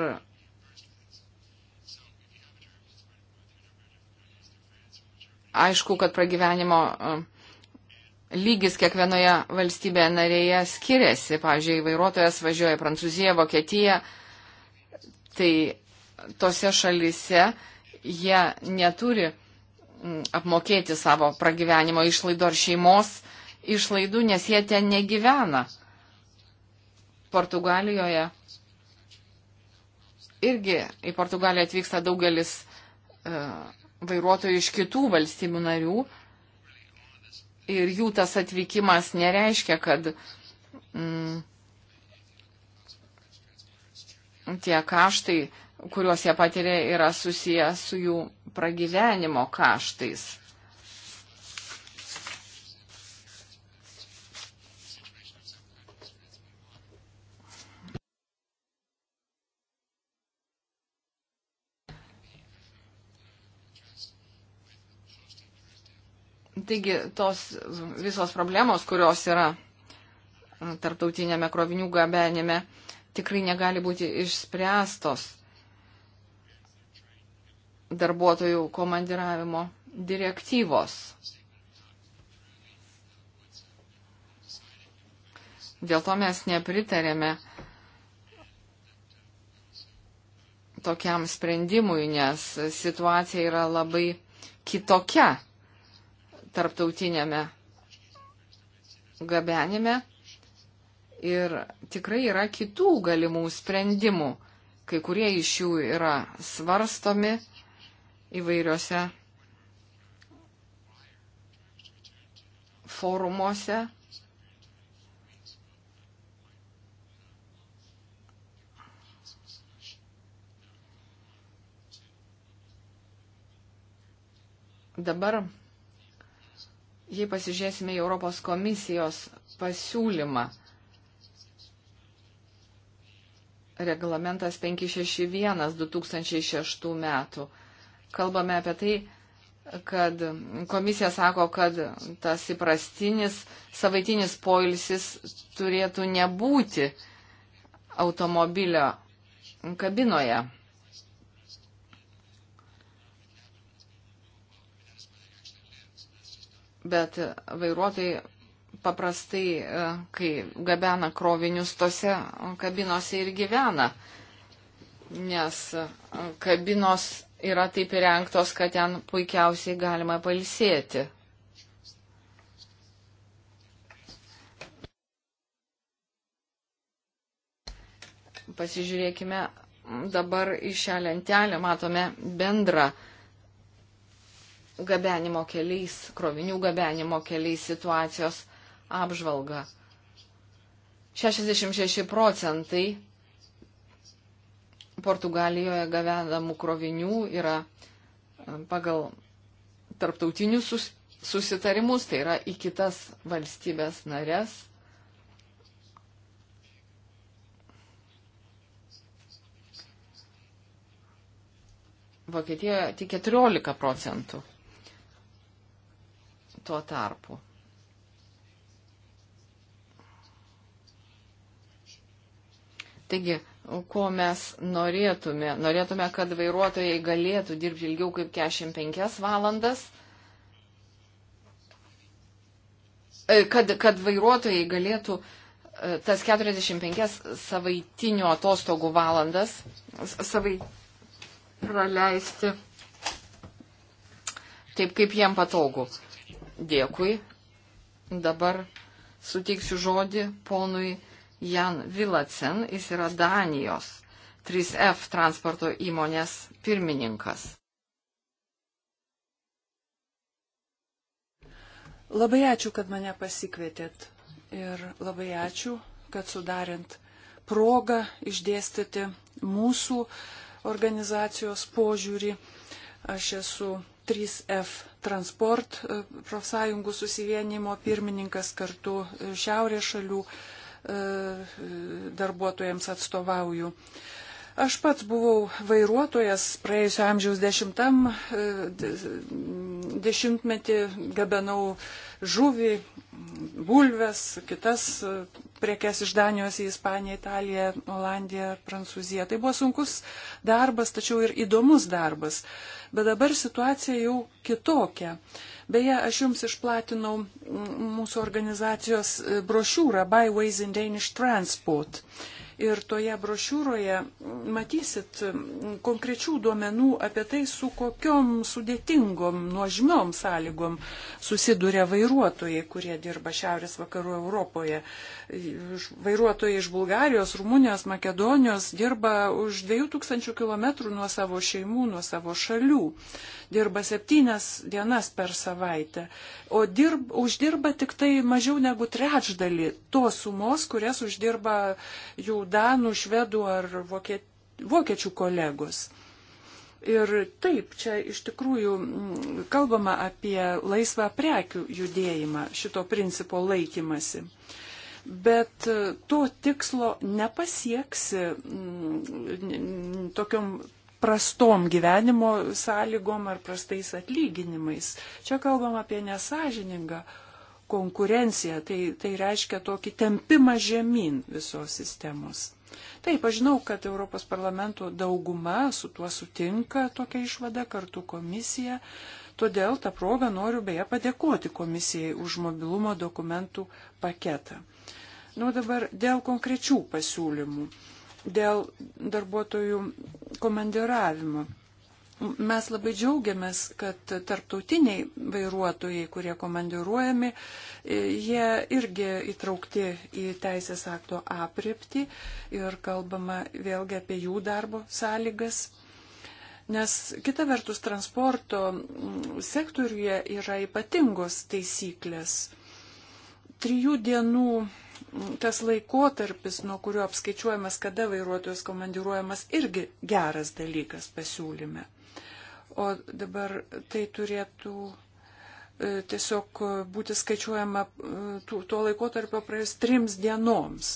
aišku, kad pragyvenimo e, lygis kiekvienoje valstybėje narėje skiriasi. Pavyzdžiui, vairuotojas važiuoja Prancūziją, Vokietiją. Tai tose šalise jie neturi apmokėti savo pragyvenimo išlaidų ar šeimos išlaidų, nes jie ten negyvena. Portugalijoje irgi į Portugaliją atvyksta daugelis uh, vairuotojų iš kitų valstybių narių ir jų tas atvykimas nereiškia, kad mm, tie kaštai, kuriuos jie patiria, yra susijęs su jų pragyvenimo kaštais. Taigi tos visos problemos, kurios yra e, tarptautinėme krovinių gabenime, tikrai negali būti išspręstos darbuotojų komandiravimo direktyvos. Dėl to mes nepritarėme tokiam sprendimui, nes situacija yra labai kitokia tarptautinėme gabenime. Ir tikrai yra kitų galimų sprendimų. Kai kurie iš jų yra svarstomi įvairiose forumuose. Dabar jei pasižiūrėsime į Europos komisijos pasiūlymą, reglamentas 561 2006 metų, kalbame apie tai, kad komisija sako, kad tas įprastinis savaitinis poilsis turėtų nebūti automobilio kabinoje. bet vairuotojai paprastai, e, kai gabena krovinius, tose kabinose ir gyvena, nes e, kabinos yra taip įrengtos, kad ten puikiausiai galima palsėti. Pasižiūrėkime dabar į šią lentelę, matome bendrą uh, gabenimo keliais, krovinių gabenimo keliais situacijos apžvalgą. 66 procentai Portugalijoje gabenamų krovinių yra e, pagal tarptautinius susitarimus, tai yra į kitas valstybės narės. Vokietijoje tik 14 procentų tuo tarpu. Taigi, ko mes norėtume? Norėtume, kad vairuotojai galėtų dirbti ilgiau kaip 45 valandas, e, kad, kad vairuotojai galėtų e, tas 45 savaitinių atostogų valandas savai praleisti taip, kaip jiem patogu. Dėkui. Dabar suteiksiu žodį ponui Jan Vilacen. Jis yra Danijos 3F transporto įmonės pirmininkas.
Labai ačiū, kad mane pasikvietėt ir labai ačiū, kad sudarint progą išdėstyti mūsų organizacijos požiūrį. Aš esu 3F transport e, profsąjungų susivienimo pirmininkas kartu e, šiaurės šalių e, darbuotojams atstovauju. Aš pats buvau vairuotojas praėjusio amžiaus dešimtam e, dešimtmetį, gabenau žuvį, bulves, kitas e, prekes iš Danijos į Ispaniją, Italiją, Olandiją, Prancūziją. Tai buvo sunkus darbas, tačiau ir įdomus darbas. Bet dabar situacija jau kitokia. Beje, aš jums išplatinau mūsų organizacijos e, brošiūrą Byways in Danish Transport. Uh, Ir toje brošiūroje matysit konkrečių duomenų apie tai, su kokiom sudėtingom, nuožmiom sąlygom susiduria vairuotojai, kurie dirba Šiaurės vakarų Europoje. Vairuotojai iš Bulgarijos, Rumunijos, Makedonijos dirba už 2000 km nuo savo šeimų, nuo savo šalių. Dirba septynias dienas per savaitę. O dirb, uždirba tik tai mažiau negu trečdalį tos sumos, kurias uždirba jų mūsų danų, švedų ar vokiečių kolegos. Ir taip, čia iš tikrųjų mm, kalbama apie laisvą prekių judėjimą, šito principo laikymasi. Bet e, to tikslo nepasieksi mm, tokiom prastom gyvenimo sąlygom ar prastais atlyginimais. Čia kalbam apie nesažiningą konkurencija, tai, tai reiškia tokį tempimą žemyn visos sistemos. Taip, aš žinau, kad Europos parlamento dauguma su tuo sutinka tokia išvada, kartu komisija. Todėl tą progą noriu beje padėkoti komisijai už mobilumo dokumentų paketą. Na nu, dabar dėl konkrečių pasiūlymų, dėl darbuotojų komandiravimo. Mes labai džiaugiamės, kad tarptautiniai vairuotojai, kurie komandiruojami, e, jie irgi įtraukti į teisės akto apriepti ir kalbama vėlgi apie jų darbo sąlygas. Nes kita vertus transporto mm, sektoriuje yra ypatingos taisyklės. Trijų dienų mm, tas laikotarpis, nuo kurio apskaičiuojamas, kada vairuotojas komandiruojamas, irgi geras dalykas pasiūlyme o dabar tai turėtų e, tiesiog būti skaičiuojama e, tuo laikotarpio praėjus trims dienoms.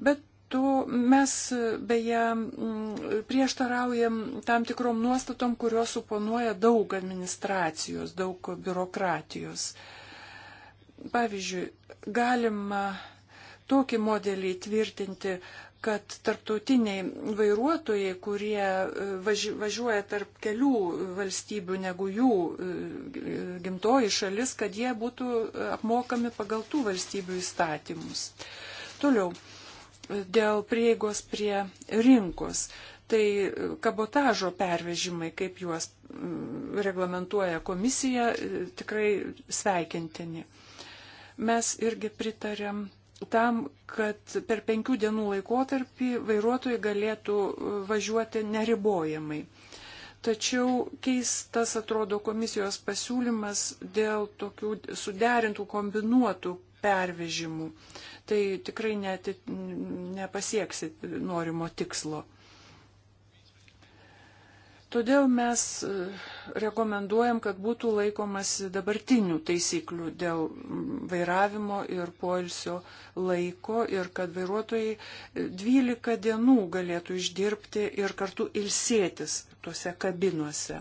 Bet metu mes e, beje prieštaraujam tam tikrom nuostatom, kurios suponuoja daug administracijos, daug biurokratijos. Pavyzdžiui, galima tokį modelį tvirtinti, kad tarptautiniai vairuotojai, kurie e, važiuoja tarp kelių valstybių negu jų e, gimtoji šalis, kad jie būtų e, apmokami pagal tų valstybių įstatymus. Toliau, dėl prieigos prie rinkos. Tai kabotažo pervežimai, kaip juos mm, reglamentuoja komisija, tikrai sveikintini. Mes irgi pritarėm tam, kad per penkių dienų laikotarpį vairuotojai galėtų e, važiuoti neribojamai. Tačiau keistas atrodo komisijos pasiūlymas dėl tokių suderintų, kombinuotų pervežimų. Tai tikrai netit, nepasieksit norimo tikslo. Todėl mes e, rekomenduojam, kad būtų laikomasi dabartinių taisyklių dėl vairavimo ir poilsio laiko ir kad vairuotojai 12 e, dienų galėtų išdirbti ir kartu ilsėtis tuose kabinuose.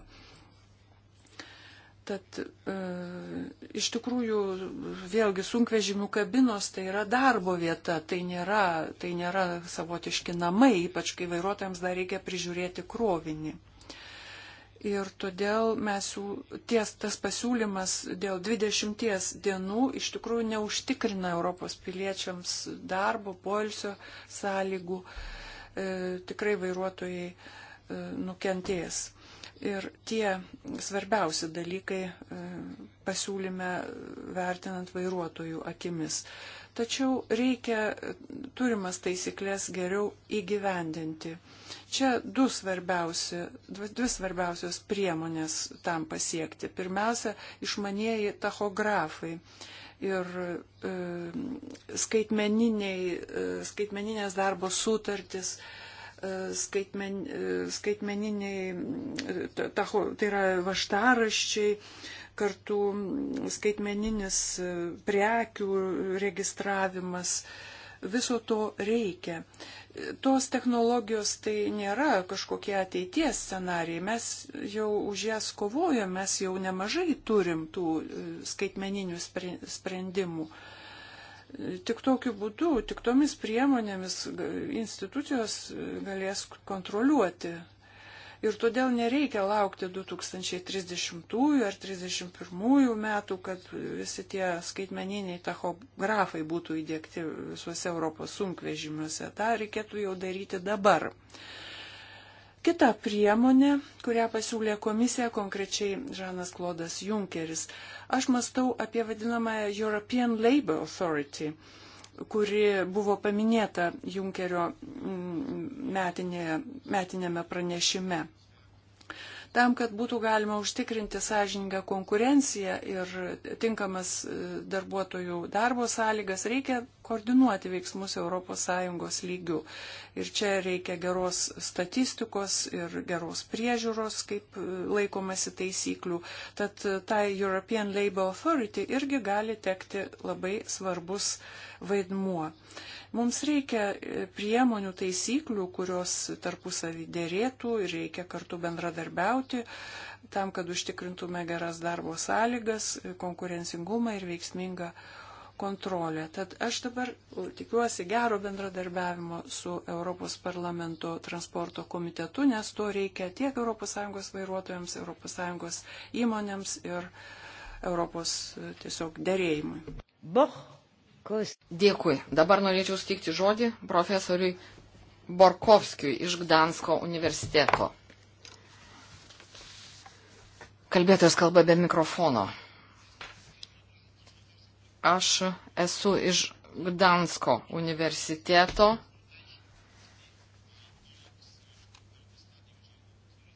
Tad e, iš tikrųjų vėlgi sunkvežimių kabinos tai yra darbo vieta, tai nėra, tai nėra savotiški namai, ypač kai vairuotojams dar reikia prižiūrėti krovinį. Ir todėl mes ties tas pasiūlymas dėl 20 dienų iš tikrųjų neužtikrina Europos piliečiams darbo, poilsio sąlygų. E, tikrai vairuotojai e, nukentės. Ir tie svarbiausi dalykai e, pasiūlyme vertinant vairuotojų akimis tačiau reikia turimas taisyklės geriau įgyvendinti. Čia du svarbiausi, dvi svarbiausios priemonės tam pasiekti. Pirmiausia, išmanieji tachografai ir e, skaitmeniniai, e, skaitmeninės darbo sutartis, e, skaitmen, e, skaitmeniniai, e, tacho, tai yra vaštaraščiai, e, kartų skaitmeninis e, prekių registravimas. Viso to reikia. E, tos technologijos tai nėra kažkokie ateities scenarijai. Mes jau už jas kovojam, mes jau nemažai turim tų e, skaitmeninių sprendimų. Tik tokiu būdu, tik tomis priemonėmis institucijos galės kontroliuoti Ir todėl nereikia laukti 2030 ar 31 metų, kad visi tie skaitmeniniai tachografai būtų įdėkti visuose Europos sunkvežimiuose. Ta reikėtų jau daryti dabar. Kita priemonė, kurią pasiūlė komisija, konkrečiai Žanas Klodas Junkeris. Aš mastau apie vadinamąją European Labour Authority. Uh, kuri buvo paminėta Junkerio mm, metinėje, metinėme pranešime. Tam, kad būtų galima užtikrinti sąžiningą konkurenciją ir tinkamas e, darbuotojų darbo sąlygas, reikia koordinuoti veiksmus ES lygių. Ir čia reikia geros statistikos ir geros priežiūros, kaip e, laikomasi taisyklių. Tad e, tai European Labour Authority irgi gali tekti labai svarbus vaidmuo. Mums reikia e, priemonių taisyklių, kurios tarpusavį dėrėtų ir reikia kartu bendradarbiauti tam, kad užtikrintume geras darbo sąlygas, konkurencingumą ir veiksmingą kontrolė. Tad aš dabar tikiuosi gero bendradarbiavimo su Europos parlamento transporto komitetu, nes to reikia tiek ES vairuotojams, ES įmonėms ir
Europos e, tiesiog dėrėjimui. Dėkui. Dabar norėčiau stikti žodį profesoriui Borkovskijui iš Gdansko universiteto. Kalbėtojas kalba be mikrofono. Aš esu iš Gdansko universiteto.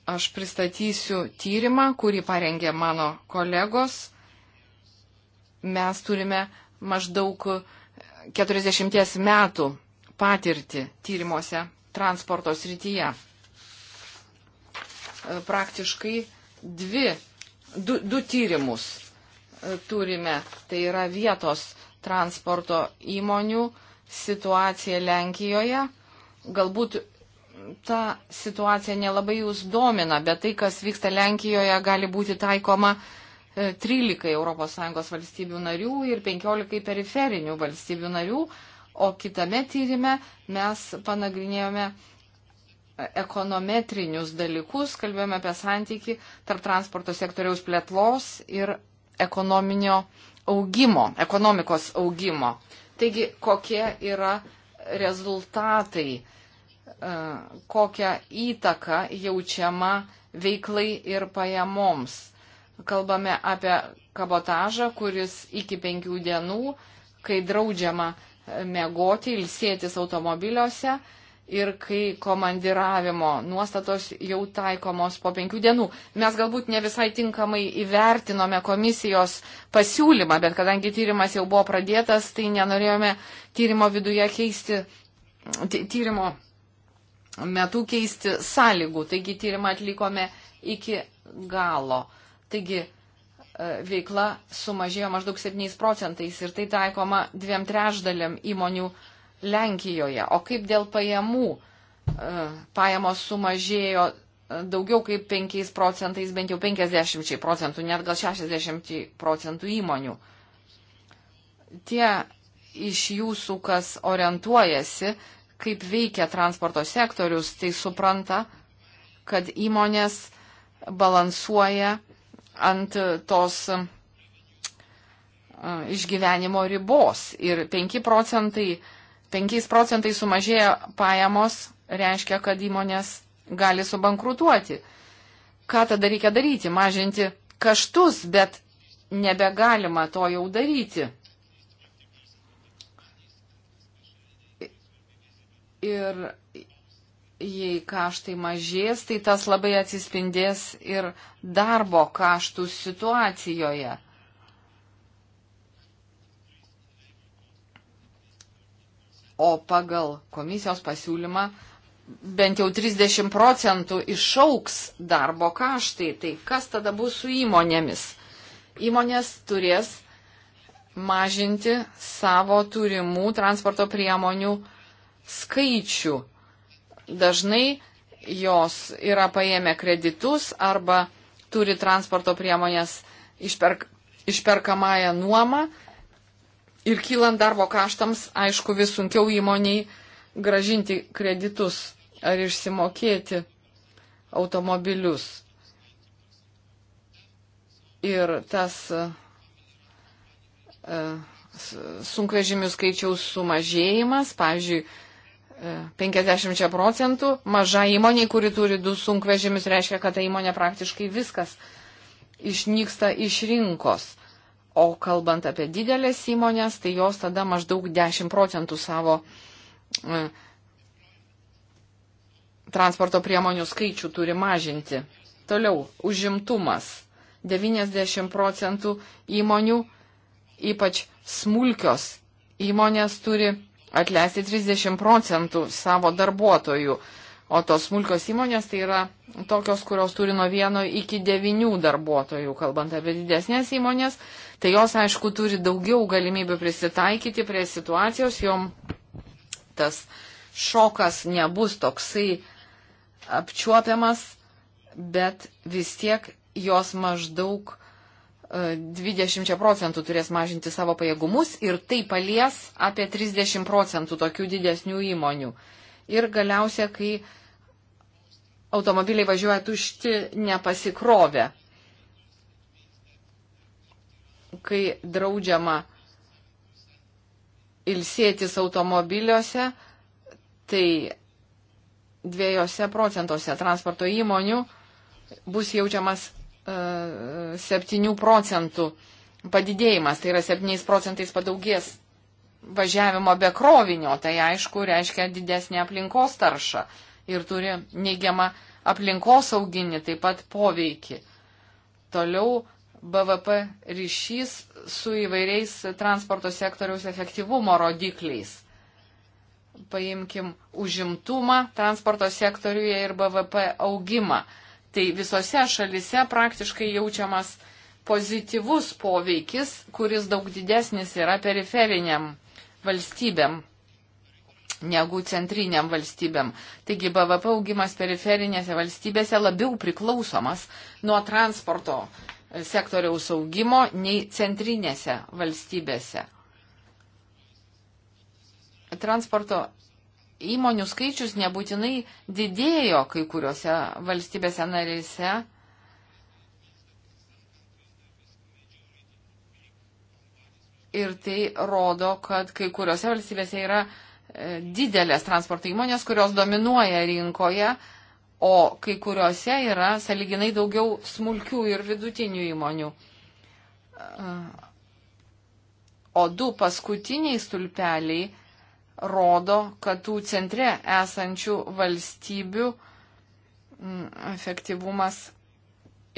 Aš pristatysiu tyrimą, kurį parengė mano kolegos. Mes turime maždaug 40 metų patirtį tyrimuose transporto srityje. Praktiškai dvi, du, du tyrimus turime, tai yra vietos transporto įmonių situacija Lenkijoje. Galbūt ta situacija nelabai jūs domina, bet tai, kas vyksta Lenkijoje, gali būti taikoma 13 e, ES valstybių narių ir 15 periferinių valstybių narių, o kitame tyrimė mes panagrinėjome ekonometrinius dalykus, kalbėjome apie santyki tarp transporto sektoriaus plėtlos ir ekonominio augimo, ekonomikos augimo. Taigi, kokie yra rezultatai, e, kokią įtaką jaučiama veiklai ir pajamoms. Kalbame apie kabotažą, kuris iki penkių dienų, kai draudžiama mėgoti, ilsėtis automobiliuose, ir kai komandiravimo nuostatos jau taikomos po penkių dienų. Mes galbūt ne visai tinkamai įvertinome komisijos pasiūlymą, bet kadangi tyrimas jau buvo pradėtas, tai nenorėjome tyrimo viduje keisti, tyrimo metu keisti sąlygų. Taigi tyrimą atlikome iki galo. Taigi e, veikla sumažėjo maždaug 7 procentais ir tai taikoma dviem trešdaliam įmonių Lenkijoje. O kaip dėl pajamų? E, pajamos sumažėjo e, daugiau kaip 5 procentais, bent jau 50 procentų, net gal 60 procentų įmonių. Tie iš jūsų, kas orientuojasi, kaip veikia transporto sektorius, tai supranta, kad įmonės balansuoja ant tos e, išgyvenimo ribos. Ir 5 procentai uh, 5 procentai sumažėja pajamos, reiškia, kad įmonės gali subankrutuoti. Ką tada reikia daryti? Mažinti kaštus, bet nebegalima to jau daryti. Ir jei kaštai mažės, tai tas labai atsispindės ir darbo kaštų situacijoje. o pagal komisijos pasiūlymą bent jau 30 procentų išauks darbo kaštai. Tai kas tada bus su įmonėmis? Įmonės turės mažinti savo turimų transporto priemonių skaičių. Dažnai jos yra paėmę kreditus arba turi transporto priemonės išperk, išperkamąją nuomą Ir kylant darbo kaštams, aišku, vis sunkiau įmoniai gražinti kreditus ar išsimokėti automobilius. Ir tas e, sunkvežimių skaičiaus sumažėjimas, pavyzdžiui, 50 e, procentų, maža įmonė, kuri turi du sunkvežimius, reiškia, kad ta įmonė praktiškai viskas išnyksta iš rinkos. O kalbant apie didelės įmonės, tai jos tada maždaug 10 procentų savo e, transporto priemonių skaičių turi mažinti. Toliau, užimtumas. 90 procentų įmonių, ypač smulkios įmonės, turi atleisti 30 procentų savo darbuotojų. O tos smulkios įmonės tai yra tokios, kurios turi nuo vieno iki devinių darbuotojų, kalbant apie didesnės įmonės, tai jos aišku turi daugiau galimybių prisitaikyti prie situacijos, jom tas šokas nebus toksai apčiuopiamas, bet vis tiek jos maždaug 20 e, procentų turės mažinti savo pajėgumus ir tai palies apie 30 procentų tokių didesnių įmonių. Ir galiausia, kai automobiliai važiuoja tušti nepasikrovę. Kai draudžiama ilsėtis automobiliuose, tai dviejose procentuose transporto įmonių bus jaučiamas uh, e, 7 procentų padidėjimas, tai yra 7 procentais padaugės važiavimo be krovinio, tai aišku reiškia didesnį aplinkos taršą. Uh, ir turi neigiamą aplinkosauginį taip pat poveikį. Toliau BVP ryšys su įvairiais transporto sektoriaus efektyvumo rodikliais. Paimkim užimtumą transporto sektoriuje ir BVP augimą. Tai visose šalise praktiškai jaučiamas pozityvus poveikis, kuris daug didesnis yra periferiniam valstybėm negu centriniam valstybėm. Taigi BVP augimas periferinėse valstybėse labiau priklausomas nuo transporto e, sektoriaus augimo nei centrinėse valstybėse. Transporto įmonių skaičius nebūtinai didėjo kai kuriuose valstybėse narėse. Ir tai rodo, kad kai kuriuose valstybėse yra uh, E, didelės transporto įmonės, kurios dominuoja rinkoje, o kai kuriuose yra saliginai daugiau smulkių ir vidutinių įmonių. E, o du paskutiniai stulpeliai rodo, kad tų centre esančių valstybių efektyvumas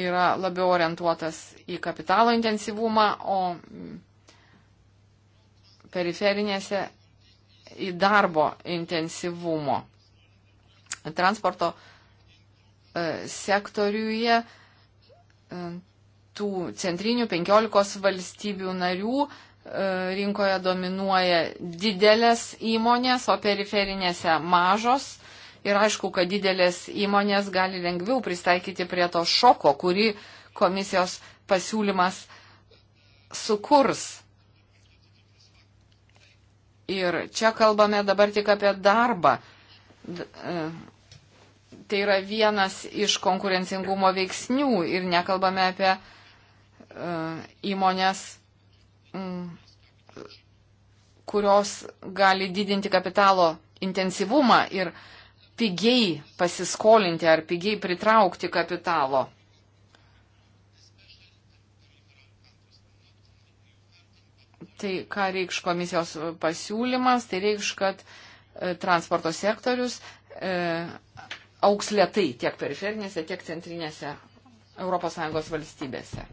yra labiau orientuotas į kapitalo intensyvumą, o periferinėse į darbo intensyvumo. Transporto e, sektoriuje e, tų centrinių 15 valstybių narių e, rinkoje dominuoja didelės įmonės, o periferinėse mažos. Ir aišku, kad didelės įmonės gali lengviau pristaikyti prie to šoko, kurį komisijos pasiūlymas sukurs. Ir čia kalbame dabar tik apie darbą. E, tai yra vienas iš konkurencingumo veiksnių ir nekalbame apie e, įmonės, kurios gali didinti kapitalo intensyvumą ir pigiai pasiskolinti ar pigiai pritraukti kapitalo. Tai ką reikš komisijos e, pasiūlymas, tai reikš, kad e, transporto sektorius e, auks lietai tiek periferinėse, tiek centrinėse ES valstybėse.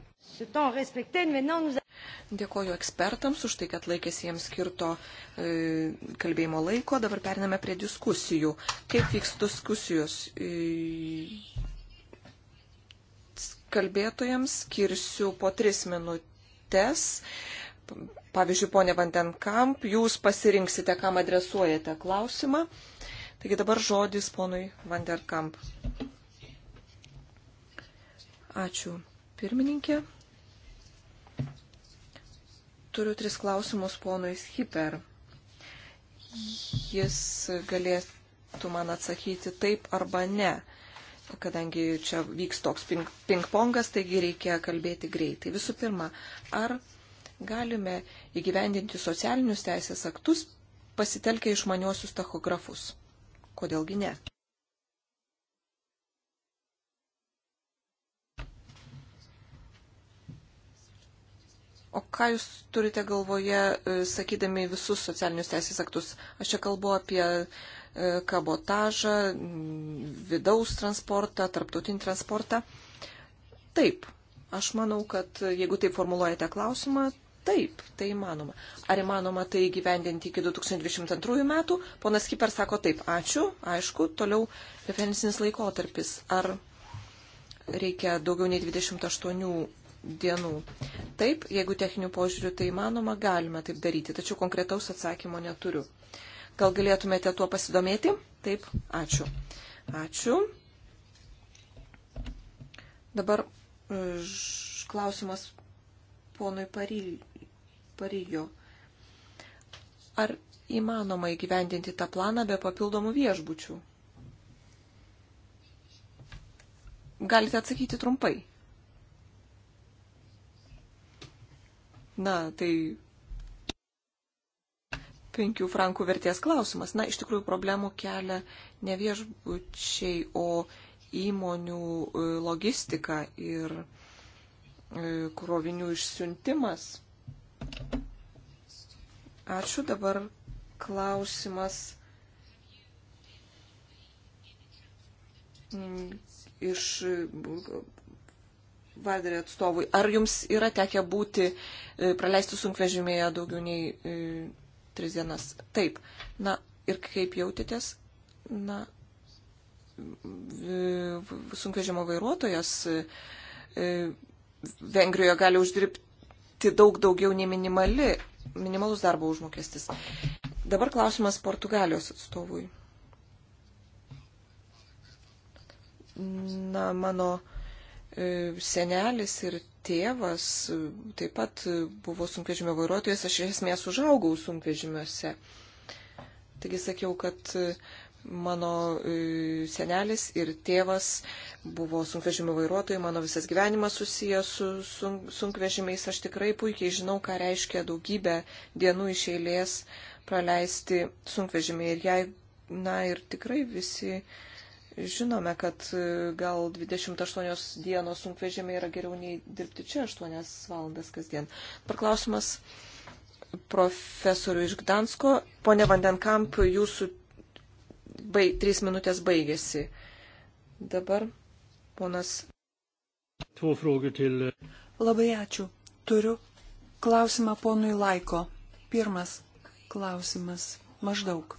Dėkoju ekspertams už tai, kad laikėsi jiems skirto e,
kalbėjimo laiko. Dabar periname prie diskusijų. Kaip vyks diskusijos? E, kalbėtojams skirsiu po tris minutės Pavyzdžiui, ponė Vandenkamp, jūs pasirinksite, kam adresuojate klausimą. Taigi dabar žodis ponui Vandenkamp. Ačiū, pirmininkė. Turiu tris klausimus ponui Schipper. Jis galėtų man atsakyti taip arba ne kadangi čia vyks toks ping-pongas, taigi reikia kalbėti greitai. Visų pirma, ar galime įgyvendinti socialinius teisės aktus pasitelkę išmaniuosius tachografus. Kodėlgi ne? O ką jūs turite galvoje, e, sakydami visus socialinius teisės aktus? Aš čia kalbu apie e, kabotažą, vidaus transportą, tarptautinį transportą. Taip, aš manau, kad jeigu taip formuluojate klausimą, Taip, tai įmanoma. Ar įmanoma tai gyvendinti iki 2022 metų? Ponas Kiper sako taip, ačiū, aišku, toliau referencinis laikotarpis. Ar reikia daugiau nei 28 dienų? Taip, jeigu techninių požiūrių tai įmanoma, galime taip daryti, tačiau konkretaus atsakymo neturiu. Gal galėtumėte tuo pasidomėti? Taip, ačiū. Ačiū. Dabar e, klausimas ponui Paryliui. Paryžių. Ar įmanoma įgyvendinti tą planą be papildomų viešbučių? Galite atsakyti trumpai. Na, tai penkių frankų vertės klausimas. Na, iš tikrųjų, problemų kelia ne viešbučiai, o įmonių e, logistika ir e, krovinių išsiuntimas. Ačiū. Dabar klausimas iš Valderį atstovui. Ar jums yra tekę būti e, praleisti sunkvežimėje daugiau nei e, tris dienas? Taip. Na ir kaip jautėtės? Na, sunkvežimo vairuotojas e, Vengrijoje gali uždirbti siekti daug daugiau nei minimali, minimalus darbo užmokestis. Dabar klausimas Portugalijos atstovui. Na, mano e, senelis ir tėvas e, taip pat e, buvo sunkvežimio vairuotojas, aš iš esmės užaugau sunkvežimiuose. Taigi sakiau, kad Mano e, senelis ir tėvas buvo sunkvežimių vairuotojai, mano visas gyvenimas susijęs su sunk sunkvežimiais. Aš tikrai puikiai žinau, ką reiškia daugybę dienų iš eilės praleisti sunkvežimiai. Ir jei, na ir tikrai visi žinome, kad e, gal 28 dienos sunkvežimiai yra geriau nei dirbti čia 8 valandas kasdien. Parklausimas profesoriui iš Gdansko. Pone Vandenkamp, jūsų bai, trys minutės baigėsi. Dabar ponas. Eh, Labai ačiū.
Turiu klausimą ponui Laiko. Pirmas klausimas. Maždaug.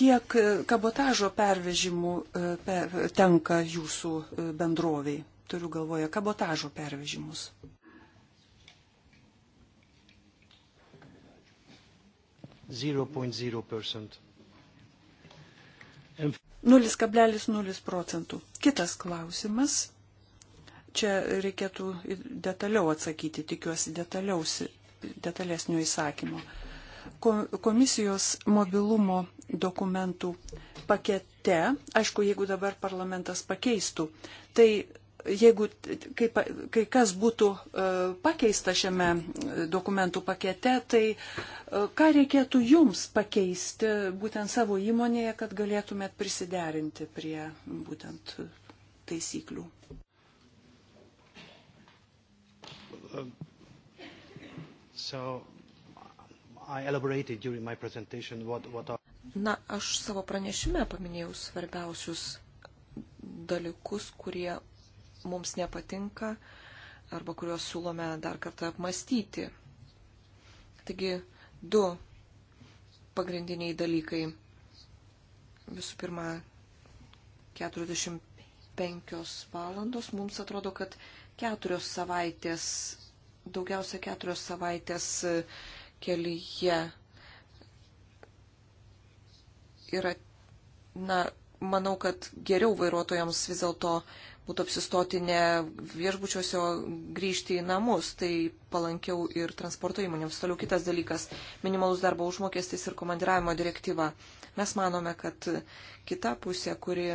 Kiek eh, kabotažo pervežimų eh, tenka jūsų bendroviai? Turiu galvoje kabotažo pervežimus. 0,0 procentų. Kitas klausimas. Čia reikėtų detaliau atsakyti, tikiuosi detalesnio įsakymo. Komisijos mobilumo dokumentų pakete, aišku, jeigu dabar parlamentas pakeistų, tai jeigu kai, kai kas būtų e, pakeista šiame e, dokumentų pakete, tai e, ką reikėtų jums pakeisti būtent savo įmonėje, kad galėtumėt prisiderinti prie būtent taisyklių? So, what, what are...
Na, aš savo pranešime paminėjau svarbiausius dalykus, kurie mums nepatinka arba kuriuos siūlome dar kartą apmastyti. Taigi, du pagrindiniai dalykai. Visų pirma, 45 valandos. Mums atrodo, kad keturios savaitės, daugiausia keturios savaitės kelyje yra, na, manau, kad geriau vairuotojams vis dėlto būtų apsistoti ne viešbučiuose, o grįžti į namus. Tai palankiau ir transporto įmonėms. Toliau kitas dalykas - minimalus darbo užmokestis ir komandiravimo direktyva. Mes manome, kad kita pusė, kuri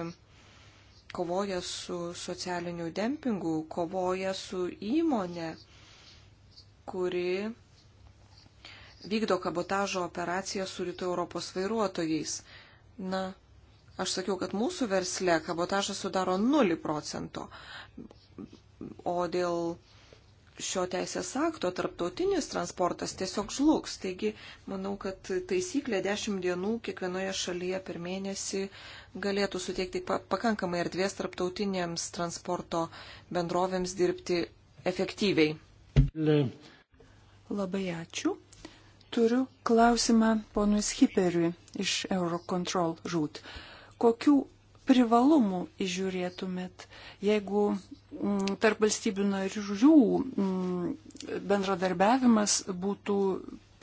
kovoja su socialiniu dempingu, kovoja su įmonė, kuri vykdo kabotažo operaciją su rytų Europos vairuotojais. Na, Aš sakiau, kad mūsų versle kabotažas sudaro 0 procento, o dėl šio teisės akto tarptautinis transportas tiesiog žlugs. Taigi, manau, kad taisyklė 10 dienų kiekvienoje šalyje per mėnesį galėtų suteikti pakankamai erdvės tarptautinėms transporto bendrovėms dirbti efektyviai. Labai ačiū.
Turiu klausimą ponui Schiperiui iš Eurocontrol žūt kokių privalumų išžiūrėtumėt, jeigu m, mm, tarp valstybių narių m, mm, bendradarbiavimas būtų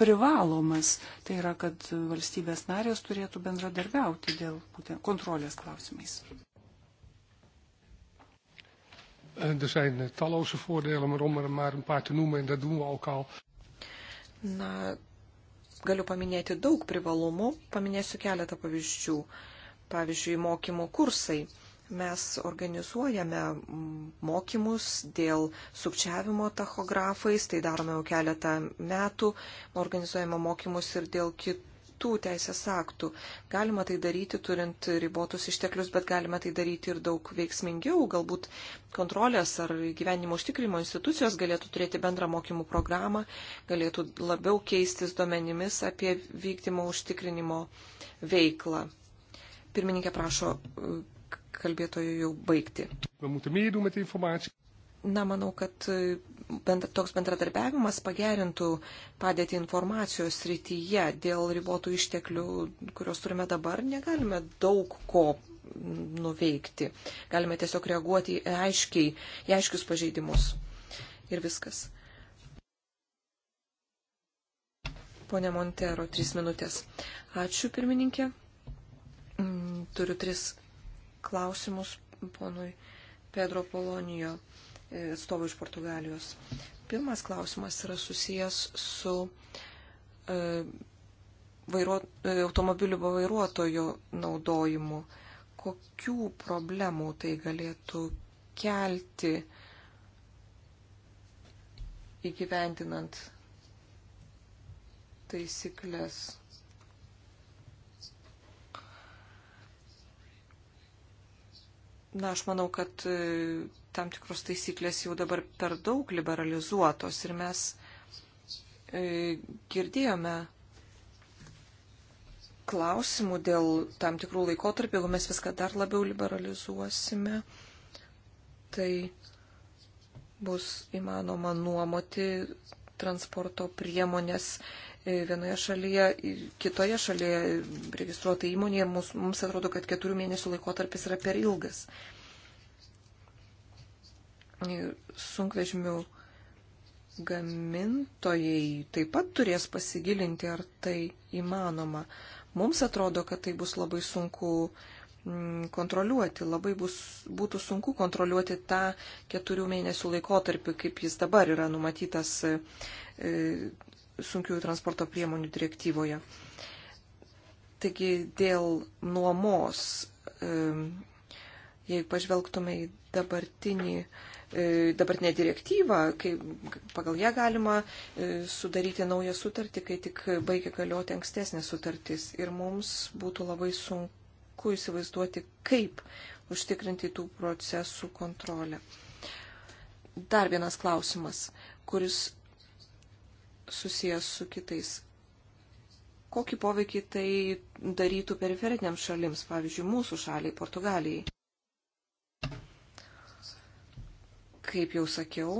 privalomas, tai yra, kad valstybės narės turėtų bendradarbiauti dėl būtent kontrolės klausimais. Eh, er zijn eh, talloze
voordelen, maar om er maar een paar te noemen, en dat doen we ook al.
Na, galiu paminėti daug privalumų, paminėsiu keletą pavyzdžių. Uh, pavyzdžiui, mokymų kursai. Mes organizuojame mokymus dėl sukčiavimo tachografais, tai darome jau keletą metų, organizuojame mokymus ir dėl kitų teisės aktų. Galima tai daryti turint ribotus išteklius, bet galime tai daryti ir daug veiksmingiau. Galbūt kontrolės ar gyvenimo užtikrimo institucijos galėtų turėti bendrą mokymų programą, galėtų labiau keistis duomenimis apie vykdymo užtikrinimo veiklą Pirmininkė prašo e, kalbėtojų jau baigti. Na, manau, kad e, bent, toks bendradarbiavimas pagerintų padėti informacijos rytyje dėl ribotų išteklių, kurios turime dabar, negalime daug ko nuveikti. Galime tiesiog reaguoti į, aiškiai, į aiškius pažeidimus. Ir viskas. Pone Montero, trys minutės. Ačiū, pirmininkė. Mm, turiu tris klausimus ponui Pedro Polonijo e, atstovui iš Portugalijos. Pirmas klausimas yra susijęs su e, vairuo, e, automobilių vairuotojo naudojimu. Kokių problemų tai galėtų kelti įgyvendinant taisyklės? Na, aš manau, kad e, tam tikros taisyklės jau dabar per daug liberalizuotos ir mes e, girdėjome klausimų dėl tam tikrų laikotarpių, jeigu mes viską dar labiau liberalizuosime, tai bus įmanoma nuomoti transporto priemonės E, vienoje šalyje, kitoje šalyje registruota įmonėje, mums, mums atrodo, kad keturių mėnesių laikotarpis yra per ilgas. E, sunkvežimių gamintojai taip pat turės pasigilinti, ar tai įmanoma. Mums atrodo, kad tai bus labai sunku mm, kontroliuoti, labai bus, būtų sunku kontroliuoti tą keturių mėnesių laikotarpį, kaip jis dabar yra numatytas e, sunkiųjų transporto priemonių direktyvoje. Taigi dėl nuomos, jei pažvelgtume į dabartinį, e, dabartinę direktyvą, kai pagal ją galima e, sudaryti naują sutartį, kai tik baigia galioti ankstesnė sutartis. Ir mums būtų labai sunku įsivaizduoti, kaip užtikrinti tų procesų kontrolę. Dar vienas klausimas, kuris susijęs su kitais. Kokį poveikį tai darytų periferiniams šalims, pavyzdžiui, mūsų šaliai, Portugalijai? Kaip jau sakiau,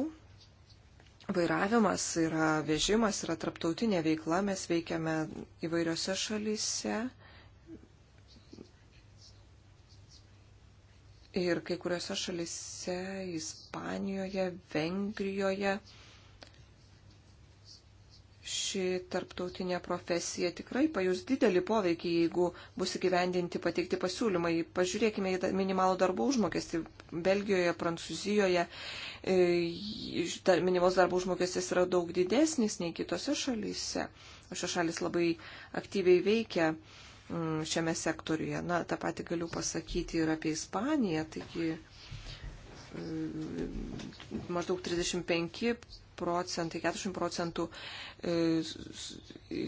vairavimas yra vežimas, yra traptautinė veikla, mes veikiame įvairiose šalyse. Ir kai kuriuose šalyse, Ispanijoje, Vengrijoje, ši tarptautinė profesija tikrai pajus didelį poveikį, jeigu bus įgyvendinti pateikti pasiūlymai. Pažiūrėkime į minimalų darbo užmokestį Belgijoje, Prancūzijoje. E, Minimalus darbo užmokestis yra daug didesnis nei kitose šalyse. Šios šalis labai aktyviai veikia mm, šiame sektoriuje. Na, tą patį galiu pasakyti ir apie Ispaniją. Taigi maždaug 35 procentai, 40 procentų e,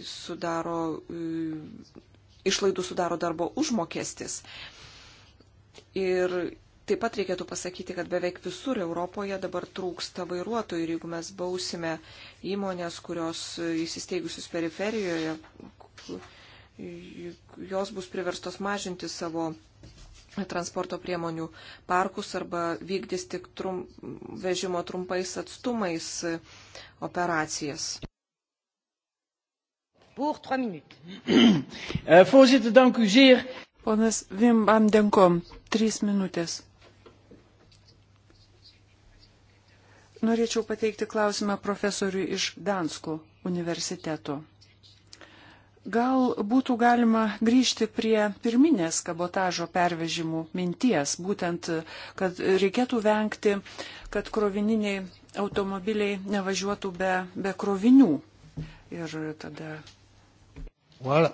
sudaro, e, išlaidų sudaro darbo užmokestis. Ir taip pat reikėtų pasakyti, kad beveik visur Europoje dabar trūksta vairuotojų ir jeigu mes bausime įmonės, kurios įsisteigusius periferijoje, jos bus priverstos mažinti savo transporto priemonių parkus arba vykdys tik trum, vežimo trumpais atstumais e, operacijas.
Euh, voorzitter, dank u zeer. Ponas Vim van Denkom, trys minutės. Norėčiau pateikti klausimą profesoriui iš Dansko universiteto. Gal būtų galima grįžti prie pirminės kabotažo pervežimų minties, būtent, kad reikėtų vengti, kad krovininiai automobiliai nevažiuotų be, be krovinių. Ir tada.
Well,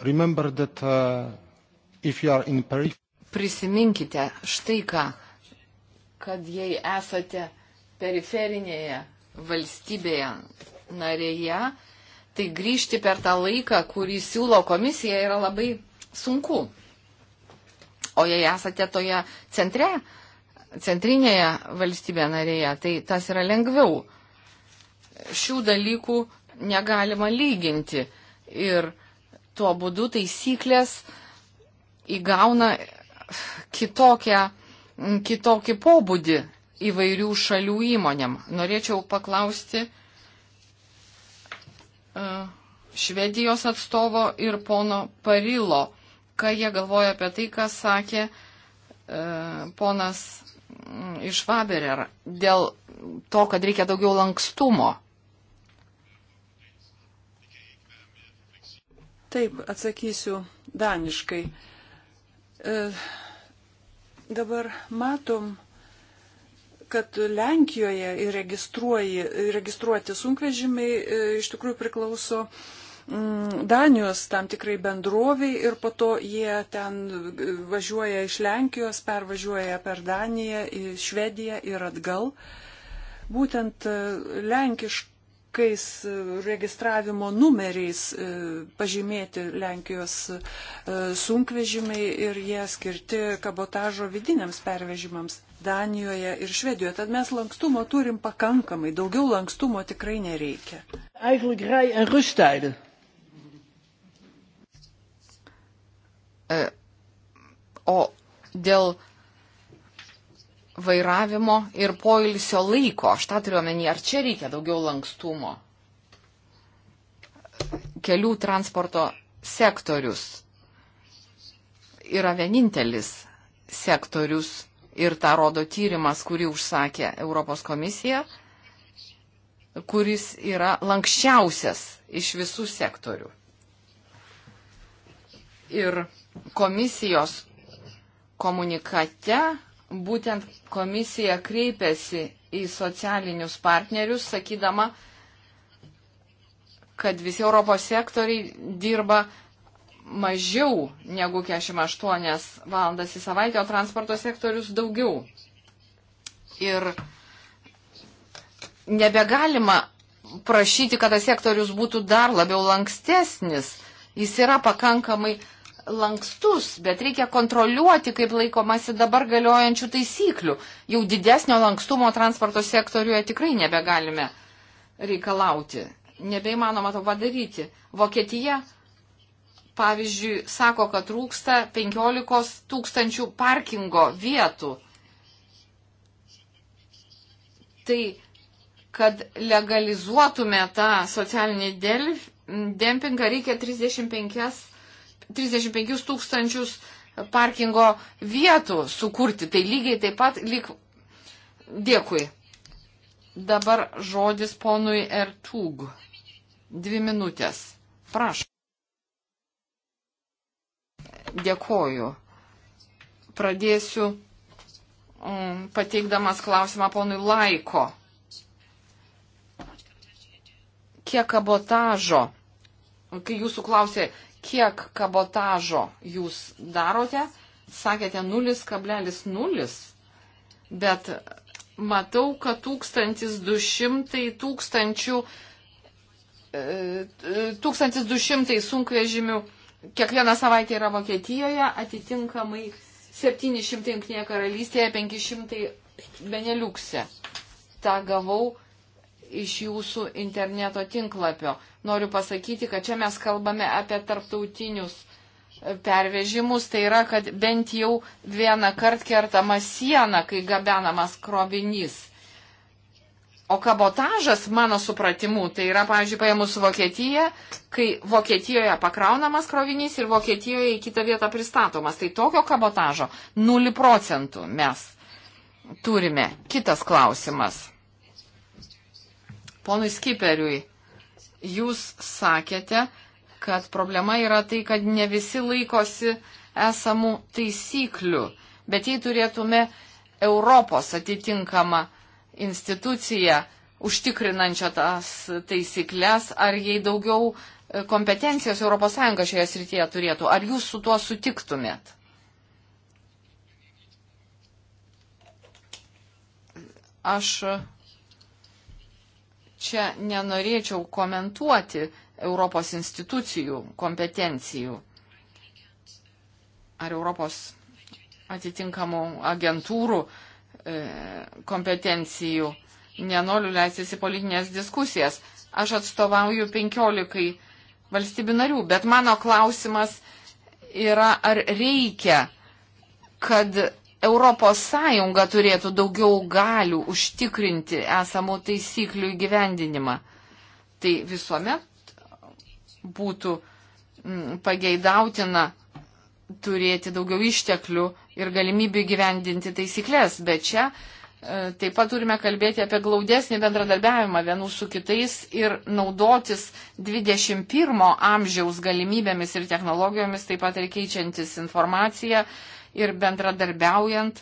that, uh, Paris... Prisiminkite štai ką, kad jei esate periferinėje valstybėje narėje, tai grįžti per tą laiką, kurį siūlo komisija, yra labai sunku. O jei esate toje centre, centrinėje valstybė narėje, tai tas yra lengviau. Šių dalykų negalima lyginti. Ir tuo būdu taisyklės įgauna kitokią, kitokį pobūdį įvairių šalių įmonėm. Norėčiau paklausti E, Švedijos atstovo ir pono Parilo, ką jie galvoja apie tai, kas sakė e, ponas iš Faberer dėl to, kad reikia daugiau lankstumo.
Taip, atsakysiu daniškai. E, dabar matom, kad Lenkijoje registruoti sunkvežimiai e, iš tikrųjų priklauso mm, Danijos tam tikrai bendroviai ir po to jie ten e, važiuoja iš Lenkijos, pervažiuoja per Daniją, į Švediją ir atgal. Būtent e, lenkiškais registravimo numeriais pažymėti Lenkijos sunkvežimiai ir jie skirti kabotažo vidiniams pervežimams. Danijoje ir Švedijoje. Tad mes lankstumo turim pakankamai, daugiau lankstumo tikrai nereikia.
Eigenlijk rij- en rusttijden. E, o dėl vairavimo ir poilsio laiko, aš tą turiu omeny, ar čia reikia daugiau lankstumo? Kelių transporto sektorius yra vienintelis sektorius ir tą rodo tyrimas, kurį užsakė Europos komisija, kuris yra lankščiausias iš visų sektorių. Ir komisijos komunikate būtent komisija kreipėsi į socialinius partnerius, sakydama, kad visi Europos sektoriai dirba mažiau negu 48 valandas į savaitę, o transporto sektorius daugiau. Ir nebegalima prašyti, kad tas sektorius būtų dar labiau lankstesnis. Jis yra pakankamai lankstus, bet reikia kontroliuoti, kaip laikomasi dabar galiojančių taisyklių. Jau didesnio lankstumo transporto sektoriuje tikrai nebegalime reikalauti. Nebeįmanoma to padaryti. Vokietija pavyzdžiui, sako, kad trūksta 15 tūkstančių parkingo vietų. Tai, kad legalizuotume tą socialinį dempingą, reikia 35, 35 tūkstančius parkingo vietų sukurti. Tai lygiai taip pat lyg. Dėkui. Dabar žodis ponui Ertug. Dvi minutės. Prašau. Dėkoju. Pradėsiu mm, pateikdamas klausimą ponui Laiko. Kiek kabotažo, kai jūsų klausė, kiek kabotažo jūs darote, sakėte 0,0, bet matau, kad 1200 tūkstančių 1200 e, sunkvežimių kiekvieną savaitę yra Vokietijoje, atitinkamai 700 Junktinėje karalystėje, 500 Beneliukse. Ta gavau iš jūsų interneto tinklapio. Noriu pasakyti, kad čia mes kalbame apie tarptautinius e, pervežimus, tai yra, kad bent jau vieną kartą kertama siena, kai gabenamas krovinys. O kabotažas, mano supratimu, tai yra, pavyzdžiui, paėmus Vokietiją, kai Vokietijoje pakraunamas krovinys ir Vokietijoje į kitą vietą pristatomas. Tai tokio kabotažo 0 procentų mes turime. Kitas klausimas. Ponui Skiperiui, jūs sakėte, kad problema yra tai, kad ne visi laikosi esamų taisyklių, bet jei turėtume Europos atitinkamą instituciją užtikrinančią tas taisyklės, ar jai daugiau e, kompetencijos ES šioje srityje turėtų. Ar jūs su tuo sutiktumėt? Aš e, čia nenorėčiau komentuoti Europos institucijų kompetencijų ar Europos atitinkamų agentūrų uh, E, kompetencijų. Nenoriu leistis į politinės diskusijas. Aš atstovauju 15 valstybių narių, bet mano klausimas yra, ar reikia, kad Europos Sąjunga turėtų daugiau galių užtikrinti esamų taisyklių įgyvendinimą. Tai visuomet būtų pageidautina turėti daugiau išteklių ir galimybių gyvendinti taisyklės, bet čia e, taip pat turime kalbėti apie glaudesnį bendradarbiavimą vienų su kitais ir naudotis 21 amžiaus galimybėmis ir technologijomis, taip pat ir keičiantis informaciją ir bendradarbiaujant,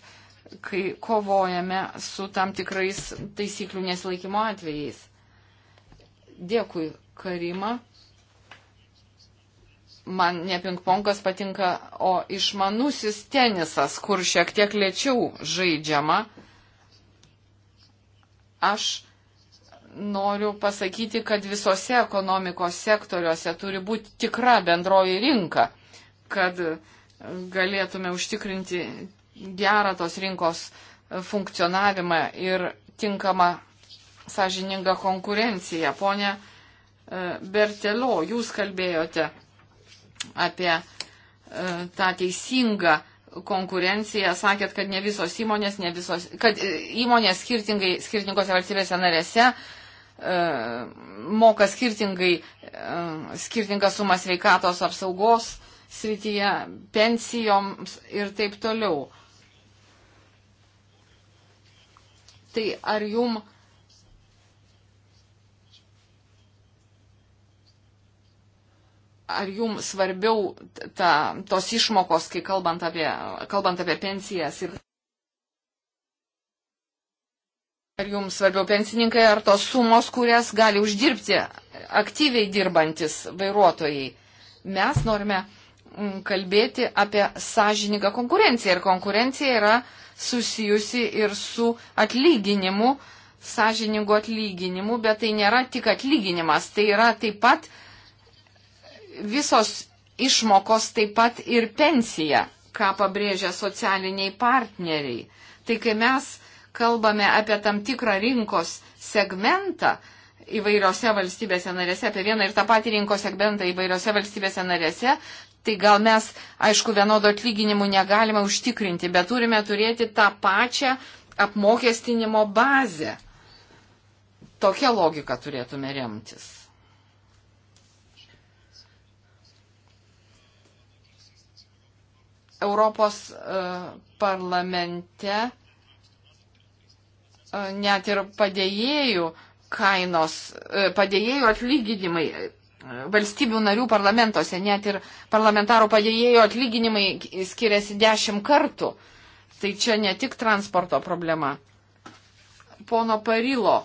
kai kovojame su tam tikrais taisyklių nesilaikymo atvejais. Dėkui, Karima man ne pingpongas patinka, o išmanusis tenisas, kur šiek tiek lėčiau žaidžiama. Aš noriu pasakyti, kad visose ekonomikos sektoriuose turi būti tikra bendroji rinka, kad galėtume užtikrinti gerą tos rinkos funkcionavimą ir tinkamą sąžiningą konkurenciją. Pone e, Bertelio, jūs kalbėjote apie e, tą teisingą konkurenciją, sakėt, kad ne visos įmonės, ne visos, kad e, įmonės skirtingai, skirtingose valstybėse narėse e, moka skirtingai, skirtingas sumas veikatos apsaugos srityje, pensijoms ir taip toliau. Tai ar jums ar jums svarbiau ta, tos išmokos, kai kalbant apie, kalbant apie pensijas? Ir ar jums svarbiau pensininkai, ar tos sumos, kurias gali uždirbti aktyviai dirbantis vairuotojai? Mes norime mm, kalbėti apie sąžiningą konkurenciją. Ir konkurencija yra susijusi ir su atlyginimu, sąžiningu atlyginimu, bet tai nėra tik atlyginimas, tai yra taip pat visos išmokos taip pat ir pensija, ką pabrėžia socialiniai partneriai. Tai kai mes kalbame apie tam tikrą rinkos segmentą, įvairiose valstybėse narėse, apie vieną ir tą patį rinkos segmentą įvairiose valstybėse narėse, tai gal mes, aišku, vienodo atlyginimų negalime užtikrinti, bet turime turėti tą pačią apmokestinimo bazę. Tokia logika turėtume remtis. Europos e, parlamente e, net ir padėjėjų kainos, e, padėjėjų atlyginimai valstybių narių parlamentuose, net ir parlamentarų padėjėjų atlyginimai skiriasi dešimt kartų. Tai čia ne tik transporto problema. Pono Parilo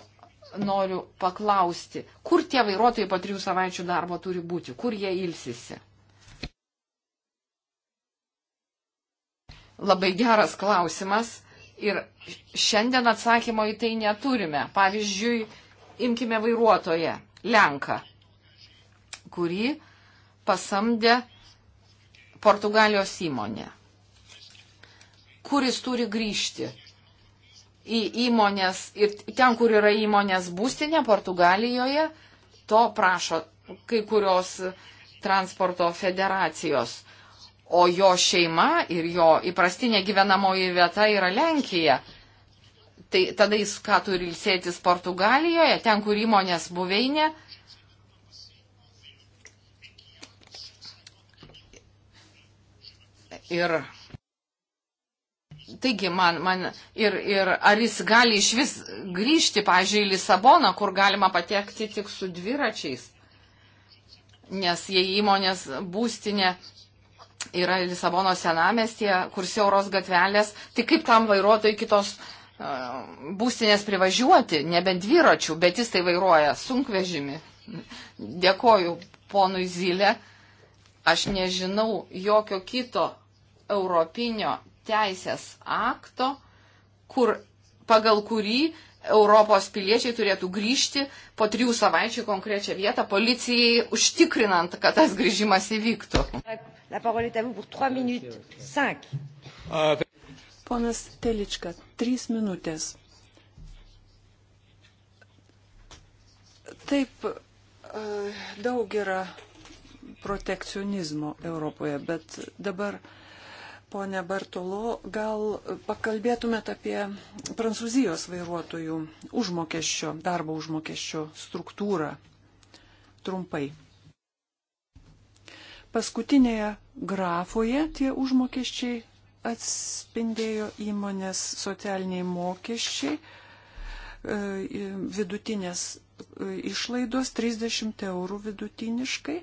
noriu paklausti, kur tie vairuotojai po trijų savaičių darbo turi būti, kur jie ilsisi? Labai geras klausimas ir šiandien atsakymo į tai neturime. Pavyzdžiui, imkime vairuotoją, Lenką, kurį pasamdė Portugalijos įmonė, kuris turi grįžti į įmonės ir ten, kur yra įmonės būstinė Portugalijoje, to prašo kai kurios transporto federacijos o jo šeima ir jo įprastinė gyvenamoji vieta yra Lenkija. Tai tada jis ką turi ilsėtis Portugalijoje, ten, kur įmonės buveinė. Ir taigi man, man ir, ir ar jis gali iš vis grįžti, pažiūrėjau, į Lisaboną, kur galima patekti tik su dviračiais. Nes jei įmonės būstinė yra Lisabono senamestie, kur siauros gatvelės, tai kaip tam vairuotojui kitos e, būstinės privažiuoti, nebent dviračių, bet jis tai vairuoja sunkvežimi. Dėkoju ponui Zylė. Aš nežinau jokio kito europinio teisės akto, kur, pagal kurį Europos piliečiai turėtų grįžti po trijų savaičių konkrečią vietą policijai, užtikrinant, kad tas grįžimas įvyktų.
Ponas Telička, trys minutės. Taip, e, daug yra protekcionizmo Europoje, bet dabar uh, Pone Bartolo, gal pakalbėtumėt apie prancūzijos vairuotojų užmokesčio, darbo užmokesčio struktūrą trumpai. Paskutinėje grafoje tie užmokesčiai atspindėjo įmonės socialiniai mokesčiai, e, vidutinės e, išlaidos 30 eurų vidutiniškai,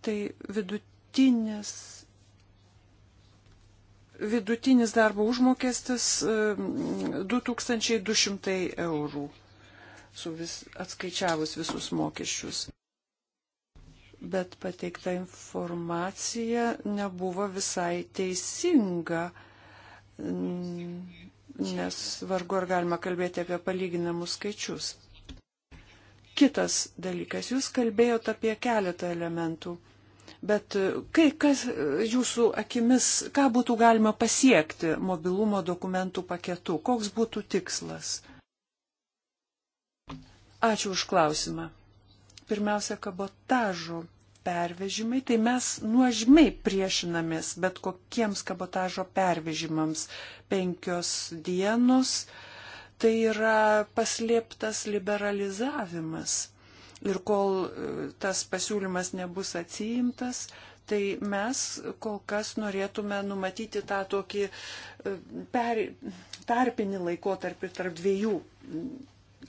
tai vidutinės vidutinis darbo užmokestis 2200 e, eurų, su vis, atskaičiavus visus mokesčius. Bet pateikta informacija nebuvo visai teisinga, nes vargu ar galima kalbėti apie palyginamus skaičius. Kitas dalykas, jūs kalbėjot apie keletą elementų Bet e, kai kas e, jūsų akimis, ką būtų galima pasiekti mobilumo dokumentų paketu, koks būtų tikslas? Ačiū už klausimą. Pirmiausia, kabotažo pervežimai, tai mes nuožmiai priešinamės bet kokiems kabotažo pervežimams. Penkios dienos tai yra paslėptas liberalizavimas Ir kol e, tas pasiūlymas nebus atsiimtas, tai mes kol kas norėtume numatyti tą tokį e, per, tarpinį laikotarpį tarp dviejų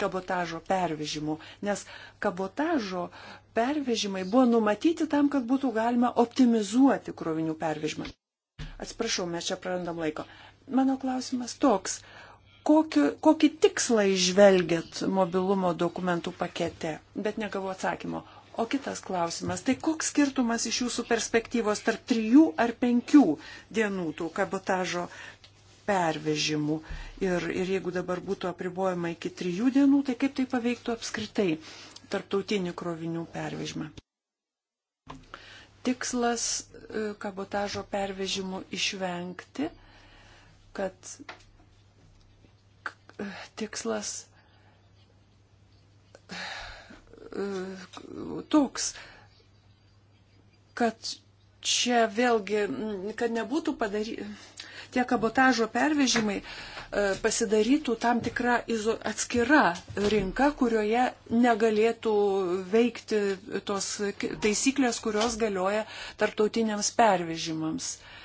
kabotažo pervežimų, nes kabotažo pervežimai buvo numatyti tam, kad būtų galima optimizuoti krovinių pervežimą. Atsiprašau, mes čia prarandam laiko. Mano klausimas toks, kokį, kokį tikslą išvelgiat mobilumo dokumentų pakete, bet negavau atsakymo. O kitas klausimas, tai koks skirtumas iš jūsų perspektyvos tarp trijų ar penkių dienų tų kabotažo pervežimų? Ir, ir jeigu dabar būtų apribojama iki trijų dienų, tai kaip tai paveiktų apskritai tarptautinį krovinių pervežimą? Tikslas e, kabotažo pervežimų išvengti, kad tikslas toks, kad čia vėlgi, kad nebūtų padaryti, tie kabotažo pervežimai e, pasidarytų tam tikra izo, atskira rinka, kurioje negalėtų veikti tos taisyklės, kurios galioja tarptautiniams pervežimams. Uh,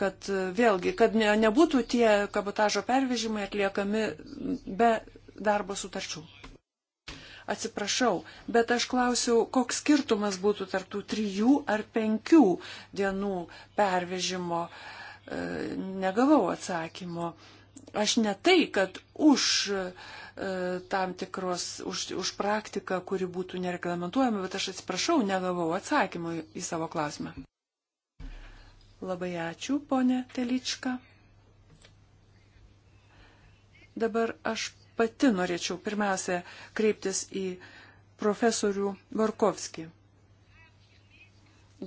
kad e, vėlgi, kad ne, nebūtų tie kabotažo pervežimai atliekami be darbo sutarčių. Atsiprašau, bet aš klausiau, koks skirtumas būtų tarptų trijų ar penkių dienų pervežimo. E, negavau atsakymo. Aš ne tai, kad už e, tam tikros, už, už praktiką, kuri būtų nereglamentuojama, bet aš atsiprašau, negavau atsakymą į savo klausimą. Labai ačiū, ponė Telička. Dabar aš pati norėčiau pirmiausia kreiptis į profesorių Borkovskį.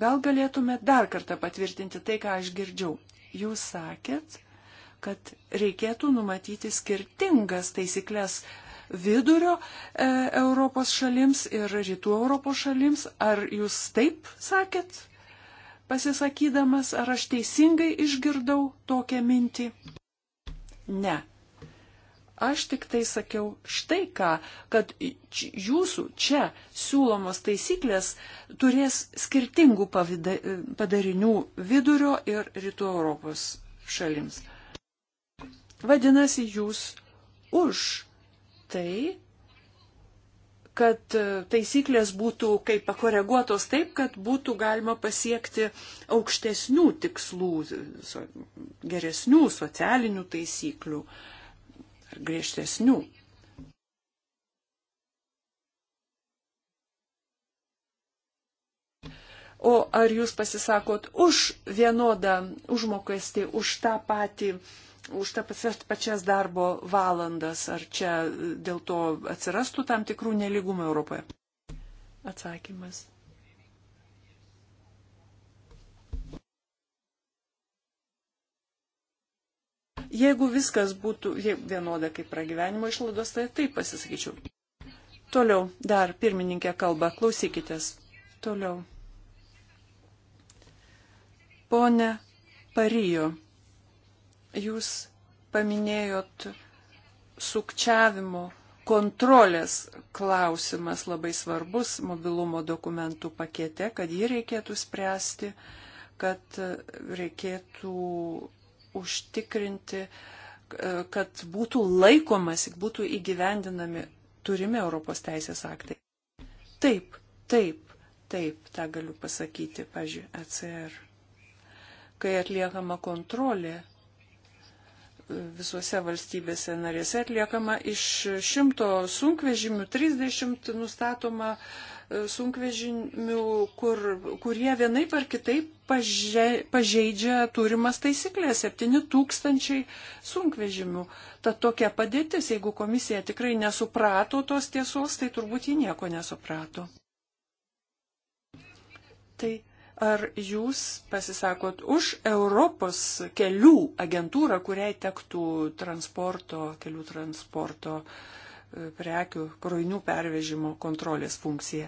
Gal galėtume dar kartą patvirtinti tai, ką aš girdžiau. Jūs sakėt, kad reikėtų numatyti skirtingas taisyklės vidurio e, Europos šalims ir rytų Europos šalims. Ar jūs taip sakėt? pasisakydamas, ar aš teisingai išgirdau tokią mintį? Ne. Aš tik tai sakiau štai ką, kad jūsų čia siūlomos taisyklės turės skirtingų padarinių vidurio ir rytų Europos šalims. Vadinasi, jūs už tai, kad e, taisyklės būtų kaip pakoreguotos taip, kad būtų galima pasiekti aukštesnių tikslų, geresnių socialinių taisyklių ar griežtesnių. O ar jūs pasisakot už vienodą užmokestį, už tą patį uh, už tą pačias darbo valandas, ar čia dėl to atsirastų tam tikrų neligumų Europoje? Atsakymas. Jeigu viskas būtų vienoda kaip pragyvenimo išlaidos, tai taip pasisakyčiau. Toliau, dar pirmininkė kalba, klausykitės. Toliau. Pone Parijo, Jūs paminėjot sukčiavimo kontrolės klausimas labai svarbus mobilumo dokumentų pakete, kad jį reikėtų spręsti, kad reikėtų užtikrinti, kad būtų laikomasi, būtų įgyvendinami turimi Europos teisės aktai. Taip, taip, taip, tą galiu pasakyti, pažiūrėjau, ECR. Kai atliekama kontrolė, visuose valstybėse narėse atliekama iš šimto sunkvežimių, 30 nustatoma e, sunkvežimių, kur, kurie vienaip ar kitaip paže, pažeidžia turimas taisyklės, 7 tūkstančiai sunkvežimių. Tad tokia padėtis, jeigu komisija tikrai nesuprato tos tiesos, tai turbūt ji nieko nesuprato. Tai Ar jūs pasisakot už Europos kelių agentūrą, kuriai tektų transporto, kelių transporto e, prekių, krovinių pervežimo kontrolės funkcija?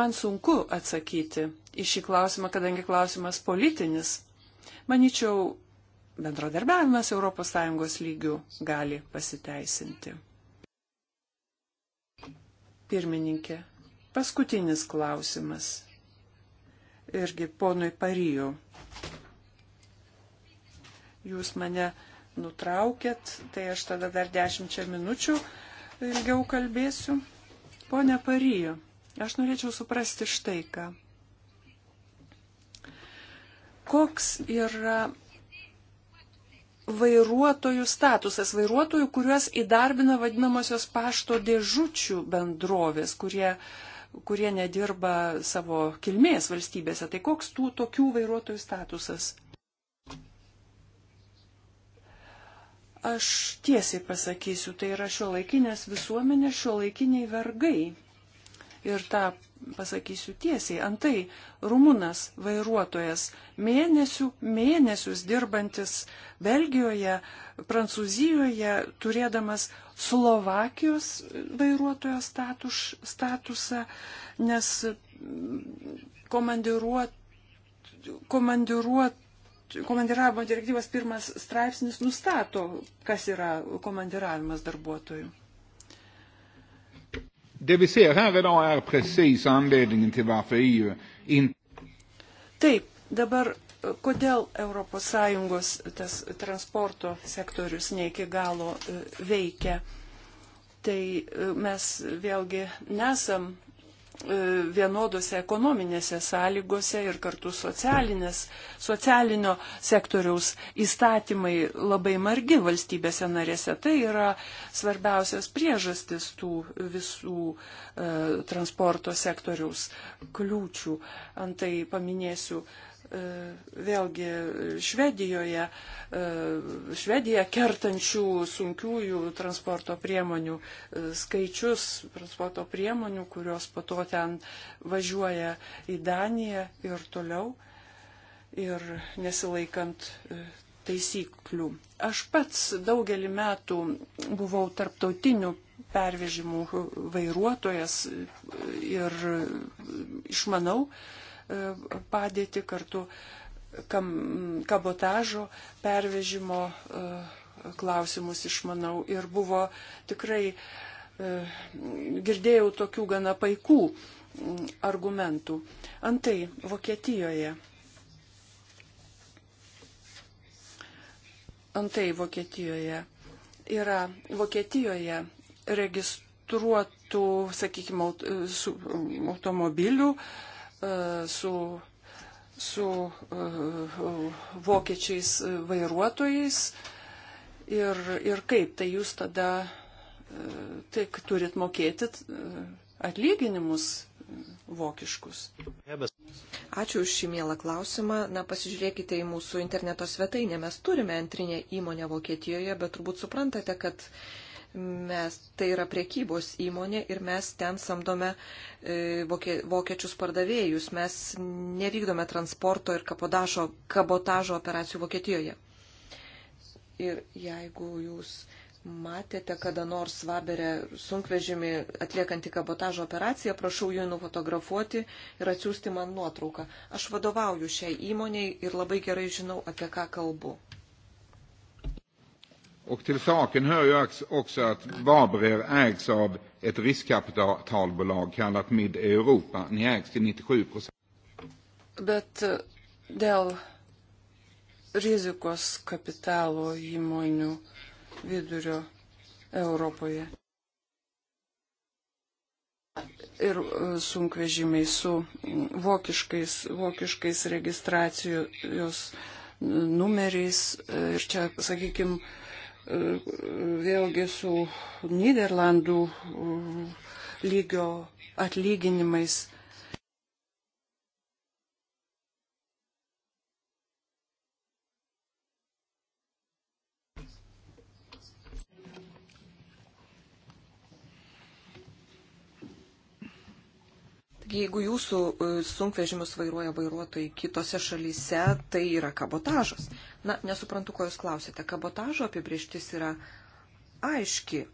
Man sunku atsakyti į šį klausimą, kadangi klausimas politinis. Maničiau, bendradarbiavimas ES lygių gali pasiteisinti. Pirmininkė, Paskutinis klausimas. Irgi ponui Paryju. Jūs mane nutraukėt, tai aš tada dar dešimčia minučių ilgiau kalbėsiu. Pone Paryju, aš norėčiau suprasti štai ką. Koks yra vairuotojų statusas, vairuotojų, kuriuos įdarbina vadinamosios pašto dėžučių bendrovės, kurie uh, kurie nedirba savo kilmės valstybėse. Tai koks tų tokių vairuotojų statusas? Aš tiesiai pasakysiu, tai yra šio laikinės visuomenės, šio laikiniai vergai. Ir tą pasakysiu tiesiai. Antai, rumunas vairuotojas, mėnesių, mėnesius dirbantis Belgijoje, Prancūzijoje, turėdamas Slovakijos vairuotojo status, statusą, nes komandiruot, komandiruot, komandiravimo direktyvos pirmas straipsnis nustato, kas yra komandiravimas darbuotojų.
Det vi ser här idag är precis anledningen till varför EU inte... Taip,
dabar Kodėl ES tas transporto sektorius ne iki galo e, veikia? Tai e, mes vėlgi nesam e, vienodose ekonominėse sąlygose ir kartu socialinio sektoriaus įstatymai labai margi valstybėse narėse. Tai yra svarbiausias priežastis tų visų e, transporto sektoriaus kliūčių. Antai paminėsiu e, E, vėlgi Švedijoje, e, Švediją kertančių sunkiųjų transporto priemonių e, skaičius, transporto priemonių, kurios po to ten važiuoja į Daniją ir toliau ir nesilaikant taisyklių. Aš pats daugelį metų buvau tarptautinių pervežimų vairuotojas ir išmanau, E, padėtį kartu kam, kabotažo pervežimo e, klausimus išmanau ir buvo tikrai e, girdėjau tokių gana paikų argumentų. Antai, Vokietijoje. Antai, Vokietijoje yra Vokietijoje registruotų, sakykime, automobilių E, su, su e, vokiečiais vairuotojais ir, ir kaip, tai jūs tada e, tik turit mokėti
atlyginimus vokiškus. Ačiū už šį mielą klausimą. Na, pasižiūrėkite į mūsų interneto svetainę. Mes turime antrinę įmonę Vokietijoje, bet turbūt suprantate, kad Mes tai yra priekybos įmonė ir mes ten samdome e, vokiečius pardavėjus. Mes nevykdome transporto ir kapodažo, kabotažo operacijų Vokietijoje. Ir jeigu jūs matėte kada nors Vaberę sunkvežimį atliekantį kabotažo operaciją, prašau jų nufotografuoti ir atsiųsti man nuotrauką. Aš vadovauju šiai įmoniai ir labai gerai žinau, apie ką kalbu. Och till saken hör ju också att Vabrer ägs av ett riskkapitalbolag kallat Mid Europa. Ni ägs till 97 procent.
Bet eh, dėl rizikos kapitalo įmonių vidurio Europoje ir eh, sunkvežimiai su mm, vokiškais, vokiškais registracijos numeriais eh, ir čia, sakykime, vėlgi su Niderlandų uh, lygio atlyginimais.
Taigi, jeigu jūsų uh, sunkvežimius vairuoja vairuotojai kitose šalyse, tai yra kabotažas. Na, nesuprantu, ko jūs klausėte. Kabotažo apibrieštis yra aiški.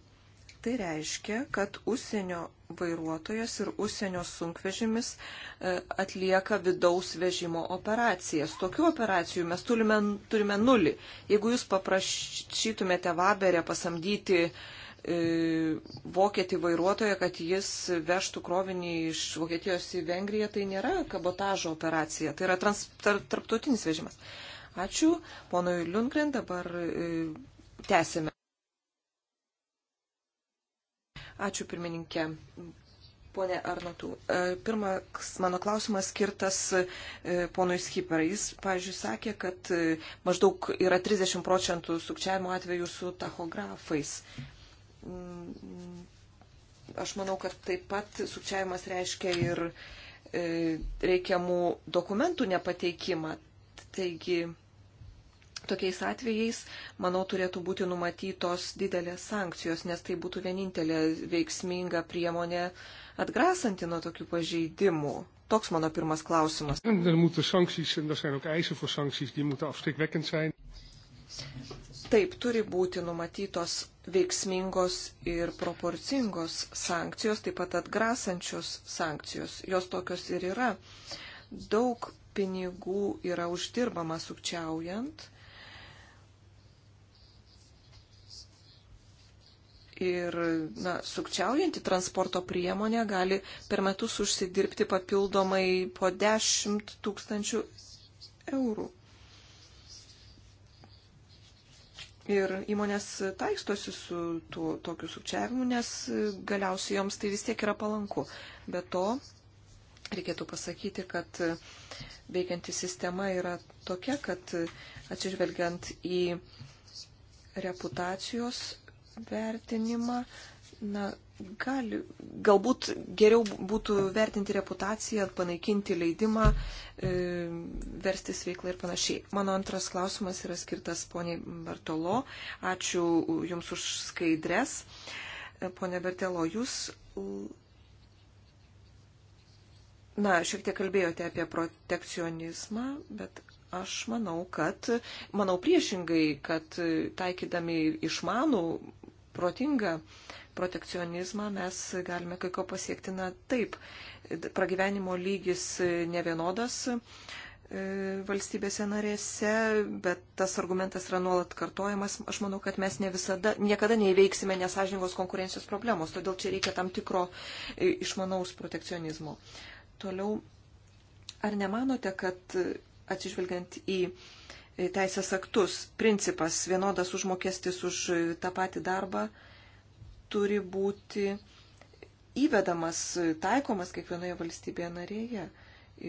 Tai reiškia, kad užsienio vairuotojas ir užsienio sunkvežimis e, atlieka vidaus vežimo operacijas. Tokių operacijų mes turime, turime nulį. Jeigu jūs paprašytumėte Vaberę pasamdyti e, vokietį vairuotoją, kad jis vežtų krovinį iš Vokietijos į Vengriją, tai nėra kabotažo operacija, tai yra trans, tar, tarptautinis vežimas. E, Ačiū, ponui Lundgren, dabar e, tęsime. Ačiū, pirmininkė. Pone Arnotų, e, pirmas mano klausimas skirtas e, ponui Skiperai. Jis, pažiūrėjau, sakė, kad maždaug yra 30 procentų sukčiavimo atvejų su tachografais. Mm, aš manau, kad taip pat sukčiavimas reiškia ir reikiamų dokumentų nepateikimą. Taigi, Tokiais atvejais, manau, turėtų būti numatytos didelės sankcijos, nes tai būtų vienintelė veiksminga priemonė atgrasanti nuo tokių pažeidimų. Toks mano pirmas klausimas. Taip, turi būti numatytos veiksmingos ir proporcingos sankcijos, taip pat atgrasančios sankcijos. Jos tokios ir yra. Daug pinigų yra uždirbama sukčiaujant Ir na, sukčiaujanti transporto priemonė gali per metus užsidirbti papildomai po 10 tūkstančių eurų. Ir įmonės taistosi su tuo, tokiu sukčiavimu, nes galiausiai joms tai vis tiek yra palanku. Be to, reikėtų pasakyti, kad veikianti sistema yra tokia, kad atsižvelgiant į reputacijos vertinimą. Na, gali, galbūt geriau būtų vertinti reputaciją, panaikinti leidimą, e, verstis veiklą ir panašiai. Mano antras klausimas yra skirtas poniai Bartolo. Ačiū Jums už skaidres. E, pone Bertelo, Jūs. Na, šiek tiek kalbėjote apie protekcionizmą, bet aš manau, kad, manau priešingai, kad taikydami išmanų protingą protekcionizmą mes galime kai ko pasiekti. Na taip, pragyvenimo lygis nevienodas e, valstybėse narėse, bet tas argumentas yra nuolat kartojamas. Aš manau, kad mes ne visada, niekada neįveiksime nesažiningos konkurencijos problemos, todėl čia reikia tam tikro e, išmanaus protekcionizmo. Toliau, ar nemanote, kad e, atsižvelgiant į E, teisės aktus. Principas vienodas užmokestis už tą patį darbą turi būti įvedamas, taikomas kiekvienoje valstybėje narėje.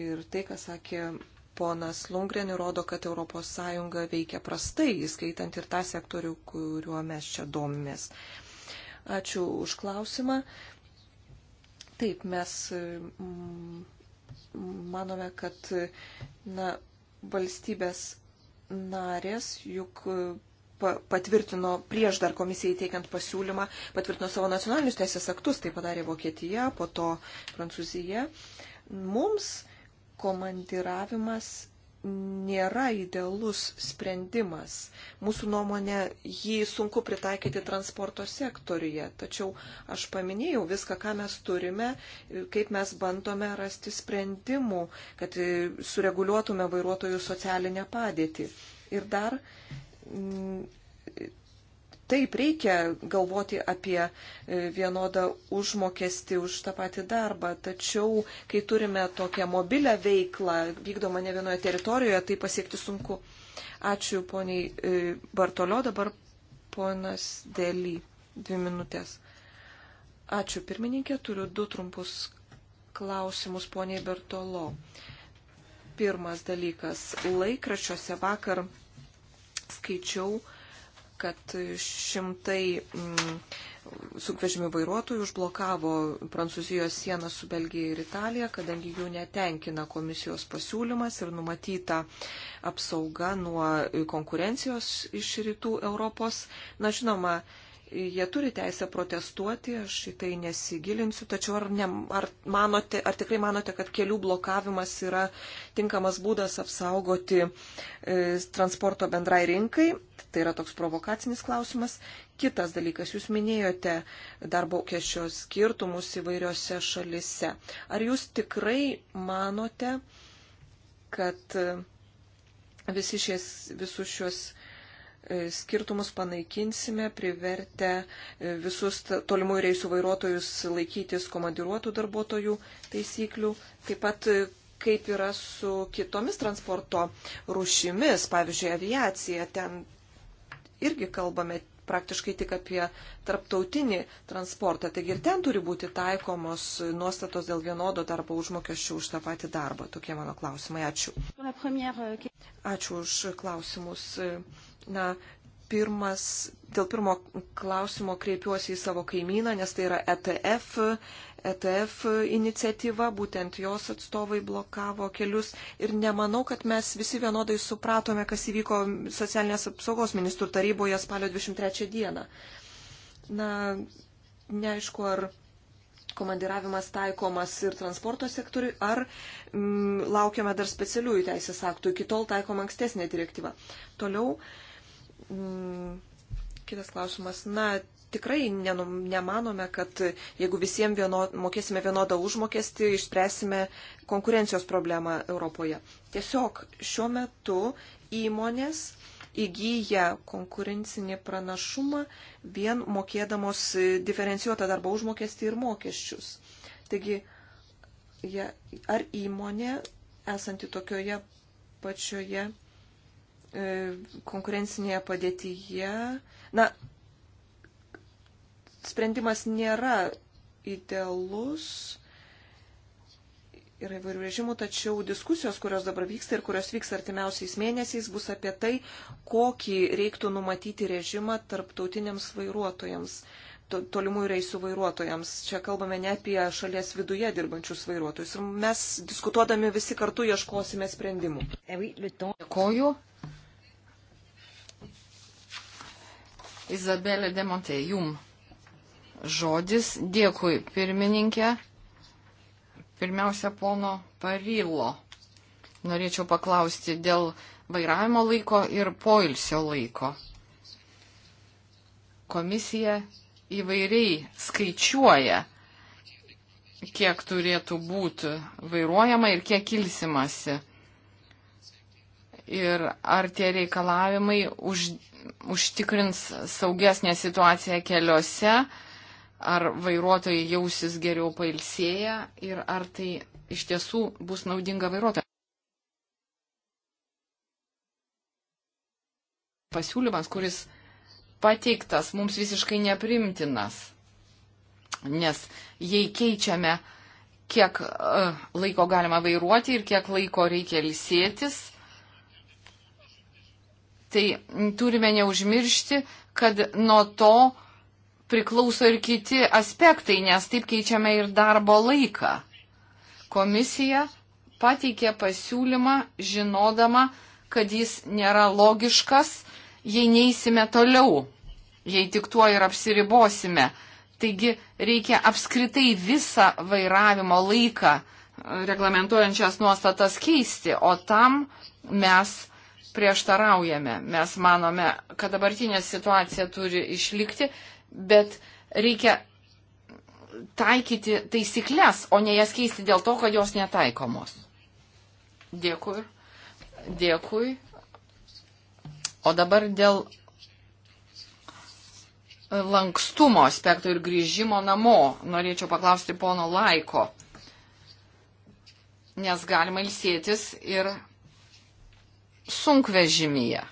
Ir tai, ką sakė ponas Lungren, rodo, kad ES veikia prastai, įskaitant ir tą sektorių, kuriuo mes čia domimės. Ačiū už klausimą. Taip, mes mm, manome, kad na, valstybės narės juk e, patvirtino prieš dar komisijai teikiant pasiūlymą, patvirtino savo nacionalinius teisės aktus, tai padarė Vokietija, po to Prancūzija. Mums komandiravimas nėra idealus sprendimas. Mūsų nuomonė, jį sunku pritaikyti transporto sektoriuje. Tačiau aš paminėjau viską, ką mes turime, kaip mes bandome rasti sprendimų, kad sureguliuotume vairuotojų socialinę padėtį. Ir dar mm, Taip, reikia galvoti apie e, vienodą užmokestį už tą patį darbą, tačiau kai turime tokią mobilę veiklą, vykdomą ne vienoje teritorijoje, tai pasiekti sunku. Ačiū poniai e, Bartolio, dabar ponas Dėly, dvi minutės. Ačiū pirmininkė, turiu du trumpus klausimus poniai Bartolo. Pirmas dalykas, laikračiuose vakar skaičiau, kad šimtai mm, sunkvežimių vairuotojų užblokavo Prancūzijos sieną su Belgija ir Italija, kadangi jų netenkina komisijos pasiūlymas ir numatyta apsauga nuo konkurencijos iš rytų Europos. Na, žinoma, jie turi teisę protestuoti, aš į tai nesigilinsiu, tačiau ar, ne, ar, manote, ar tikrai manote, kad kelių blokavimas yra tinkamas būdas apsaugoti e, transporto bendrai rinkai? Tai yra toks provokacinis klausimas. Kitas dalykas, jūs minėjote darbo kešio skirtumus įvairiose šalise. Ar jūs tikrai manote, kad e, visi šies, visus šios E, skirtumus panaikinsime, privertę e, visus tolimųjų reisų vairuotojus laikytis komandiruotų darbuotojų taisyklių. Taip pat e, kaip yra su kitomis transporto rušimis, pavyzdžiui, aviacija, ten irgi kalbame praktiškai tik apie tarptautinį transportą. Taigi ir ten turi būti taikomos nuostatos dėl vienodo darbo užmokesčių už tą patį darbą. Tokie mano klausimai. Ačiū.
Euh,
Ačiū už klausimus Na, pirmas, dėl pirmo klausimo kreipiuosi į savo kaimyną, nes tai yra ETF, ETF iniciatyva, būtent jos atstovai blokavo kelius ir nemanau, kad mes visi vienodai supratome, kas įvyko socialinės apsaugos ministrų taryboje spalio 23 dieną. Na, neaišku, ar komandiravimas taikomas ir transporto sektoriui, ar mm, laukiame dar specialiųjų teisės aktų, iki tol taikoma ankstesnė direktyva. Toliau Mm, kitas klausimas. Na, tikrai nemanome, kad jeigu visiems vieno, mokėsime vienodą užmokestį, išspręsime konkurencijos problemą Europoje. Tiesiog šiuo metu įmonės įgyja konkurencinį pranašumą vien mokėdamos diferencijuotą darbo užmokestį ir mokesčius. Taigi, ar įmonė esanti tokioje pačioje E, konkurencinėje padėtyje. Na, sprendimas nėra idealus, yra įvairių režimų, tačiau diskusijos, kurios dabar vyksta ir kurios vyks artimiausiais mėnesiais, bus apie tai, kokį reiktų numatyti režimą tarptautiniams vairuotojams, to, tolimųjų reisų vairuotojams. Čia kalbame ne apie šalies viduje dirbančius vairuotojus. Ir mes diskutuodami visi kartu ieškosime sprendimų. Eh
Dėkoju. Izabelė Demontė, jum žodis. Dėkui, pirmininkė. Pirmiausia, pono Parilo. Norėčiau paklausti dėl vairavimo laiko ir poilsio laiko. Komisija įvairiai skaičiuoja, kiek turėtų būti vairuojama ir kiek ilsimasi ir ar tie reikalavimai už, užtikrins saugesnę situaciją keliuose, ar vairuotojai jausis geriau pailsėję ir ar tai iš tiesų bus naudinga vairuotojai. Pasiūlymas, kuris pateiktas, mums visiškai neprimtinas, nes jei keičiame, kiek uh, laiko galima vairuoti ir kiek laiko reikia ilsėtis, tai turime neužmiršti, kad nuo to priklauso ir kiti aspektai, nes taip keičiame ir darbo laiką. Komisija pateikė pasiūlymą, žinodama, kad jis nėra logiškas, jei neįsime toliau, jei tik tuo ir apsiribosime. Taigi reikia apskritai visą vairavimo laiką reglamentuojančias nuostatas keisti, o tam mes prieštaraujame. Mes manome, kad dabartinė situacija turi išlikti, bet reikia taikyti taisyklės, o ne jas keisti dėl to, kad jos netaikomos. Dėkui. Dėkui. O dabar dėl lankstumo aspektų ir grįžimo namo norėčiau paklausti pono Laiko, nes galima ilsėtis ir sunkvežimyje.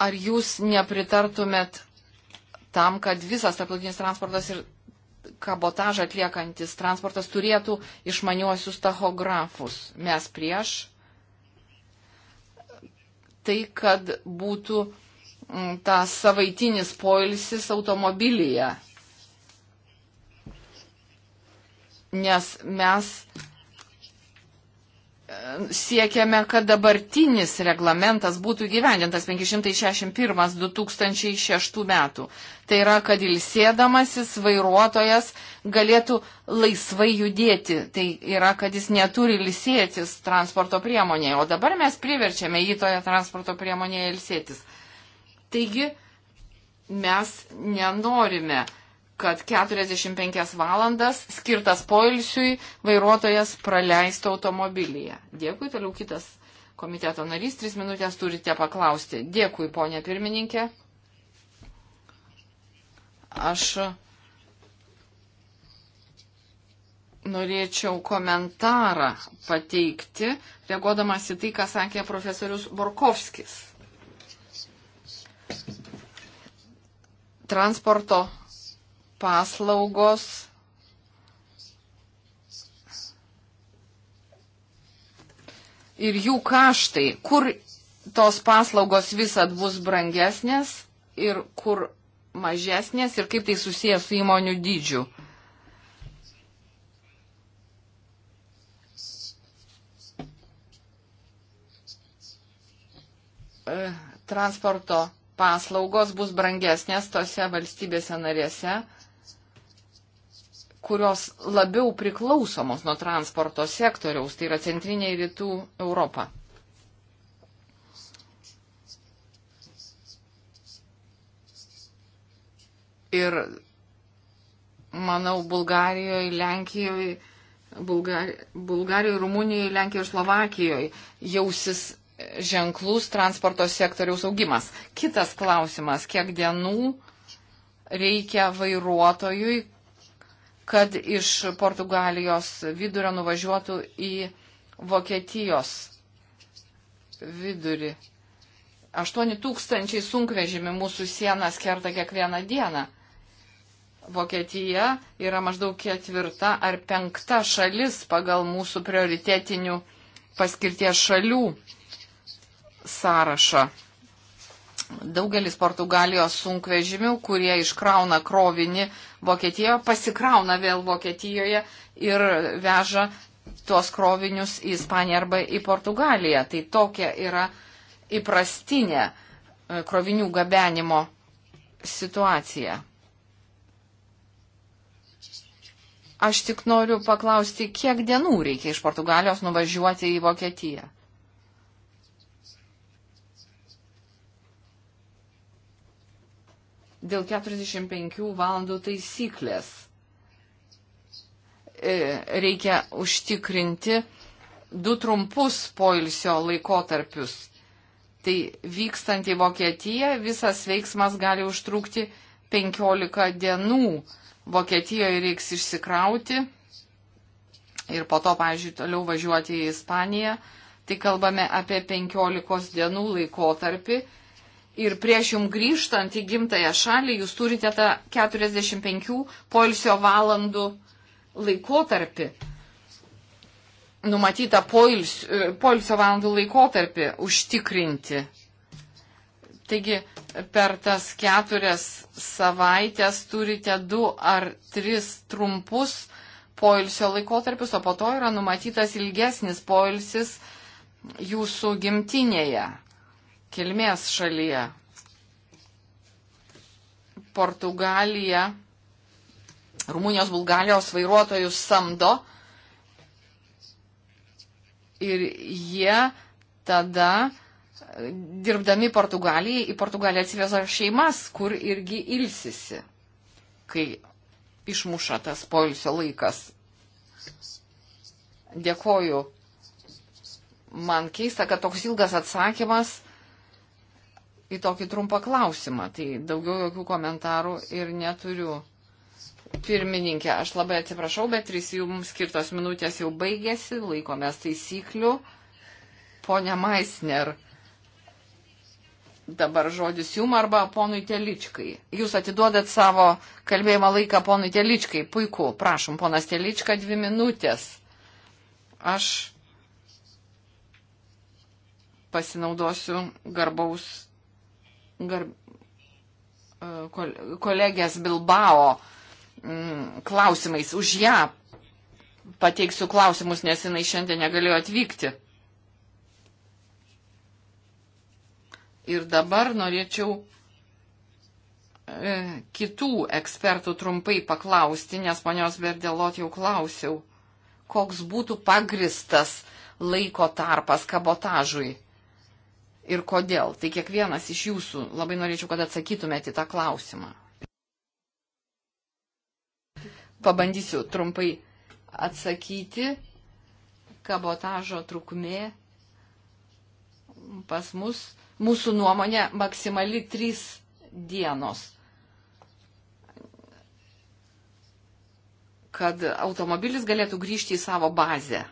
Ar jūs nepritartumėt tam, kad visas tarptautinis transportas ir kabotažą atliekantis transportas turėtų išmaniuosius tachografus? Mes prieš tai, kad būtų mm, tas savaitinis poilsis automobilyje nes mes e, siekiame, kad dabartinis reglamentas būtų gyvendintas 561-2006 metų. Tai yra, kad ilsėdamasis vairuotojas galėtų laisvai judėti. Tai yra, kad jis neturi ilsėtis transporto priemonėje. O dabar mes priverčiame jį toje transporto priemonėje ilsėtis. Taigi, mes nenorime kad 45 valandas skirtas poilsiui vairuotojas praleistų automobilyje. Dėkui, toliau kitas komiteto narys, tris minutės turite paklausti. Dėkui, ponė pirmininkė. Aš norėčiau komentarą pateikti, reaguodamas į tai, ką sakė profesorius Borkovskis. Transporto paslaugos. Ir jų kaštai, kur tos paslaugos visat bus brangesnės ir kur mažesnės ir kaip tai susijęs su įmonių dydžiu. E, transporto paslaugos bus brangesnės tose valstybėse narėse, kurios labiau priklausomos nuo transporto sektoriaus, tai yra centrinė ir rytų Europa. Ir manau, Bulgarijoje, Lenkijoje, Bulgari, Bulgarijoje, Rumunijoje, Lenkijoje ir Slovakijoje jausis ženklus transporto sektoriaus augimas. Kitas klausimas, kiek dienų reikia vairuotojui, kad iš Portugalijos vidurio nuvažiuotų į Vokietijos vidurį. 8 tūkstančiai sunkvežimių mūsų sienas kerta kiekvieną dieną. Vokietija yra maždaug ketvirta ar penkta šalis pagal mūsų prioritetinių paskirties šalių sąrašą. Daugelis Portugalijos sunkvežimių, kurie iškrauna krovinį Vokietijoje, pasikrauna vėl Vokietijoje ir veža tuos krovinius į Ispaniją arba į Portugaliją. Tai tokia yra įprastinė e, krovinių gabenimo situacija. Aš tik noriu paklausti, kiek dienų reikia iš Portugalijos nuvažiuoti į Vokietiją? dėl 45 valandų taisyklės. E, reikia užtikrinti du trumpus poilsio laikotarpius. Tai vykstant į Vokietiją visas veiksmas gali užtrukti 15 dienų. Vokietijoje reiks išsikrauti ir po to, pavyzdžiui, toliau važiuoti į Ispaniją. Tai kalbame apie 15 dienų laikotarpį ir prieš jum grįžtant į gimtąją šalį, jūs turite tą 45 poilsio valandų laikotarpį. Numatytą poilsio valandų laikotarpį užtikrinti. Taigi per tas keturias savaitės turite du ar tris trumpus poilsio laikotarpius, o po to yra numatytas ilgesnis poilsis jūsų gimtinėje kilmės šalyje. Portugalija Rumunijos Bulgarijos vairuotojus samdo ir jie tada, e, dirbdami Portugalijai, į Portugaliją atsiveža šeimas, kur irgi ilsisi, kai išmuša tas poilsio laikas. Dėkoju. Man keista, kad toks ilgas atsakymas į tokį trumpą klausimą. Tai daugiau jokių komentarų ir neturiu. Pirmininkė, aš labai atsiprašau, bet trys jums skirtos minutės jau baigėsi, laikomės taisyklių. Pone Maisner, dabar žodis jum arba ponui Teličkai. Jūs atiduodat savo kalbėjimo laiką ponui Teličkai. Puiku, prašom, ponas Telička, dvi minutės. Aš pasinaudosiu garbaus garb, e, kolegės Bilbao mm, klausimais. Už ją pateiksiu klausimus, nes jinai šiandien negalėjo atvykti. Ir dabar norėčiau e, kitų ekspertų trumpai paklausti, nes ponios Verdelot jau klausiau, koks būtų pagristas laiko tarpas kabotažui ir kodėl. Tai kiekvienas iš jūsų labai norėčiau, kad atsakytumėte į tą klausimą. Pabandysiu trumpai atsakyti. Kabotažo trukmė pas mus, mūsų nuomonė, maksimali trys dienos. Kad automobilis galėtų grįžti į savo bazę.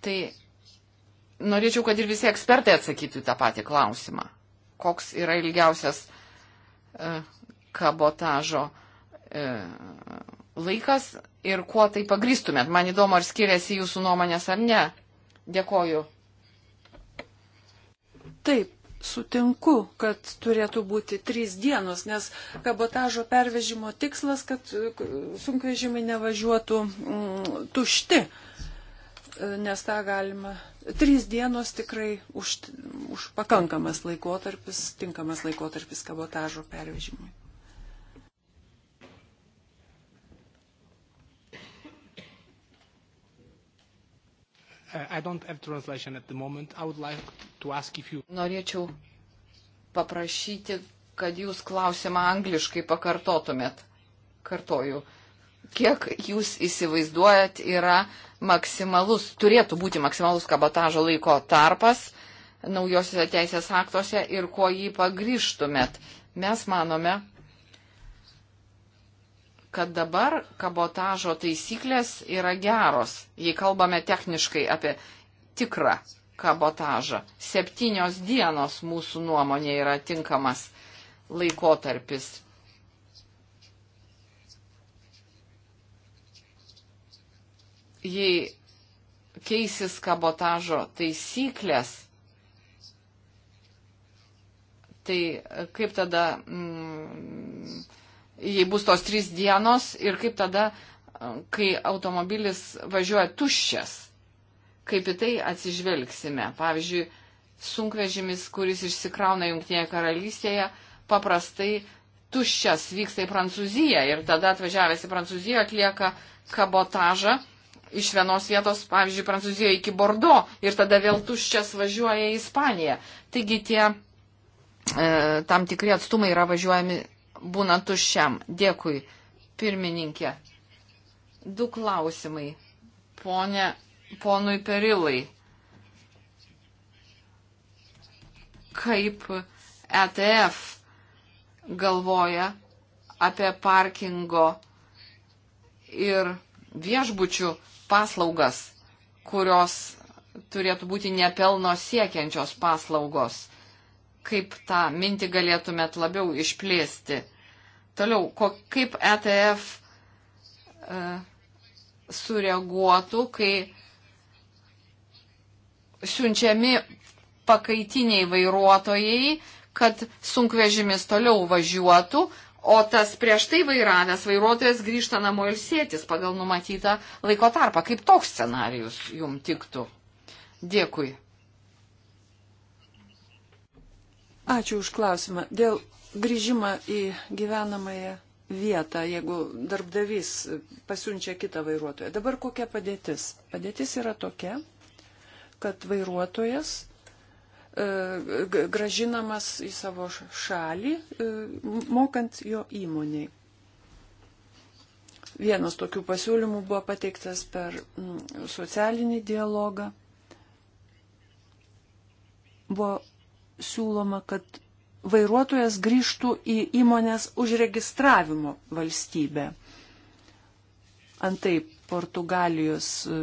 Tai norėčiau, kad ir visi ekspertai atsakytų į tą patį klausimą. Koks yra ilgiausias e, kabotažo e, laikas ir kuo tai pagristumėt? Man įdomu, ar skiriasi jūsų nuomonės ar ne. Dėkoju. Taip, sutinku,
kad turėtų būti trys dienos, nes kabotažo pervežimo tikslas, kad sunkvežimiai nevažiuotų mm, tušti. Mm, nes tą galima. Trys dienos tikrai už, už pakankamas laikotarpis, tinkamas laikotarpis kabotažo pervežimui.
Uh, like you... Norėčiau paprašyti, kad jūs klausimą angliškai pakartotumėt. Kartoju. Uh, kiek jūs įsivaizduojat yra maksimalus, turėtų būti maksimalus kabotažo laiko tarpas naujosiuose teisės aktuose ir kuo jį pagryštumėt. Mes manome, kad dabar kabotažo taisyklės yra geros, jei kalbame techniškai apie tikrą kabotažą. Septynios dienos mūsų nuomonė yra tinkamas laikotarpis jei keisis kabotažo taisyklės, tai kaip tada, mm, jei bus tos trys dienos ir kaip tada, kai automobilis važiuoja tuščias, kaip į tai atsižvelgsime. Pavyzdžiui, sunkvežimis, kuris išsikrauna Junktinėje karalystėje, paprastai tuščias vyksta į Prancūziją ir tada atvažiavęs į Prancūziją atlieka kabotažą iš vienos vietos, pavyzdžiui, Prancūzijoje iki Bordo ir tada vėl tuščias važiuoja į Ispaniją. Taigi tie e, tam tikri atstumai yra važiuojami būna tuščiam. Dėkui, pirmininkė. Du klausimai. Pone, ponui Perilai. Kaip ETF galvoja apie parkingo ir viešbučių paslaugas, kurios turėtų būti nepelno siekiančios paslaugos. Kaip tą mintį galėtumėt labiau išplėsti? Toliau, ko, kaip ETF e, sureaguotų, kai siunčiami pakaitiniai vairuotojai, kad sunkvežimis toliau važiuotų, o tas prieš tai vairavęs vairuotojas grįžta namo ilsėtis pagal numatytą laiko tarpą. Kaip toks scenarius jum tiktų? Dėkui.
Ačiū už klausimą. Dėl grįžimą į gyvenamąją vietą, jeigu darbdavys pasiunčia kitą vairuotoją. Dabar kokia padėtis? Padėtis yra tokia, kad vairuotojas E, gražinamas į savo šalį, e, mokant jo įmoniai. Vienas tokių pasiūlymų buvo pateiktas per mm, socialinį dialogą. Buvo siūloma, kad vairuotojas grįžtų į įmonės užregistravimo valstybę. Antai Portugalijos e,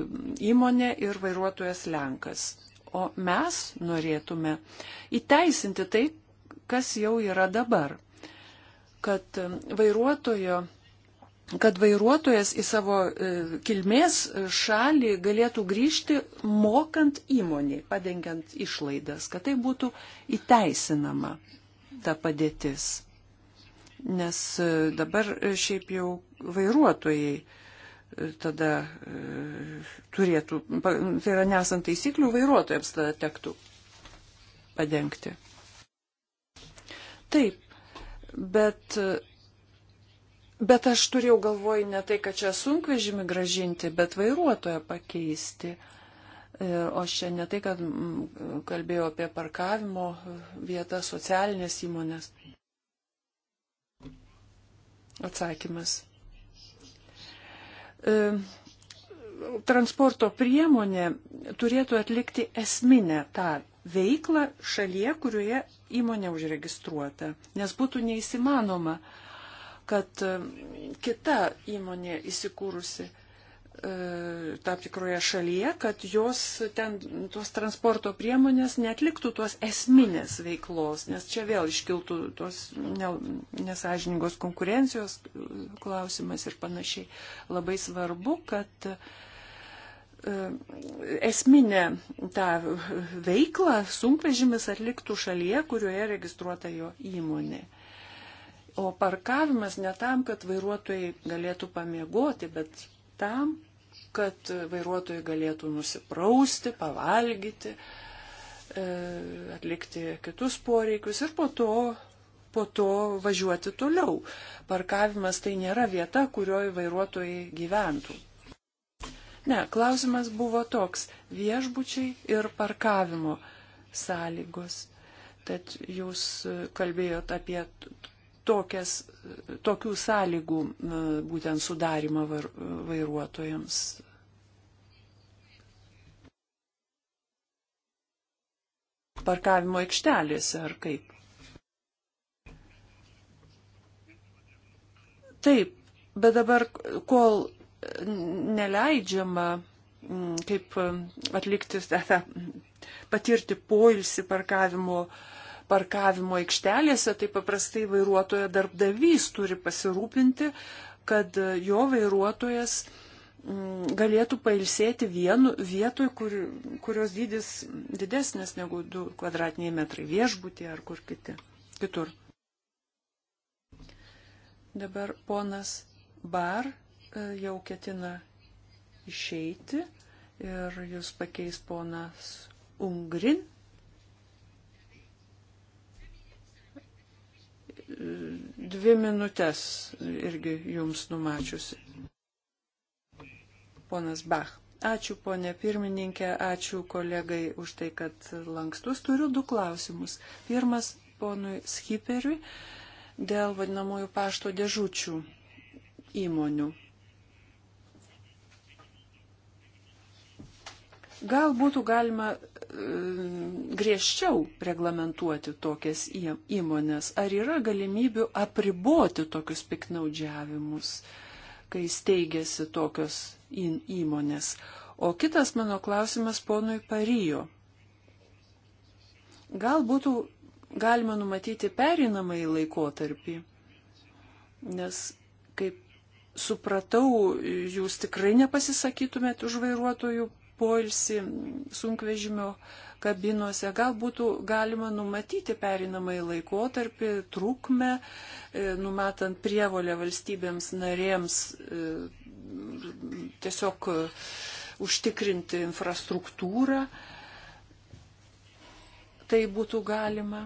įmonė ir vairuotojas Lenkas o mes norėtume įteisinti tai, kas jau yra dabar. Kad um, vairuotojo kad vairuotojas į savo e, kilmės šalį galėtų grįžti mokant įmoniai, padengiant išlaidas, kad tai būtų įteisinama ta padėtis. Nes e, dabar e, šiaip jau vairuotojai tada e, turėtų, tai yra nesant taisyklių, vairuotojams tada tektų padengti. Taip, bet, bet aš turėjau galvoj ne tai, kad čia sunkvežimį gražinti, bet vairuotoją pakeisti. E, o čia ne tai, kad mm, kalbėjau apie parkavimo vietą socialinės įmonės. Atsakymas. E, transporto priemonė turėtų atlikti esminę tą veiklą šalyje, kurioje įmonė užregistruota, nes būtų neįsimanoma, kad e, kita įmonė įsikūrusi E, tam tikroje šalyje, kad jos ten, tuos transporto priemonės netliktų tuos esminės veiklos, nes čia vėl iškiltų tos ne, nesažiningos konkurencijos klausimas ir panašiai. Labai svarbu, kad e, esminę tą veiklą sunkvežimis atliktų šalyje, kurioje registruota jo įmonė. O parkavimas ne tam, kad vairuotojai galėtų pamiegoti, bet tam, kad vairuotojai galėtų nusiprausti, pavalgyti, e, atlikti kitus poreikius ir po to po to važiuoti toliau. Parkavimas tai nėra vieta, kurioje vairuotojai gyventų. Ne, klausimas buvo toks - viešbučiai ir parkavimo sąlygos. Tad jūs kalbėjot apie tokias, tokių sąlygų būtent sudarimą vairuotojams parkavimo aikštelėse ar kaip? Taip, bet dabar, kol neleidžiama mm, kaip atlikti, patirti poilsį parkavimo, parkavimo aikštelėse, tai paprastai vairuotojo darbdavys turi pasirūpinti, kad jo vairuotojas uh, Mm, galėtų pailsėti vienu vietoj, kur, kurios dydis didesnis negu 2 kvadratiniai metrai viešbutį ar kur kiti, kitur. Dabar ponas Bar e, jau ketina išeiti ir jūs pakeis ponas Ungrin. Dvi minutės irgi jums numačiusi. Ponas Bach. Ačiū, ponė pirmininkė, ačiū kolegai už tai, kad lankstus. Turiu du klausimus. Pirmas ponui Schiperiui dėl vadinamųjų pašto dėžučių įmonių. Gal būtų galima e, griežčiau reglamentuoti tokias įmonės? Ar yra galimybių apriboti tokius piknaudžiavimus, kai steigėsi tokios įmonės. O kitas mano klausimas ponui Paryjo. Gal būtų galima numatyti perinamąjį laikotarpį, nes kaip supratau, jūs tikrai nepasisakytumėt už vairuotojų poilsį sunkvežimio kabinuose. Gal būtų galima numatyti perinamąjį laikotarpį, trukmę, e, numatant prievolę valstybėms narėms e, tiesiog e, užtikrinti infrastruktūrą. Tai būtų galima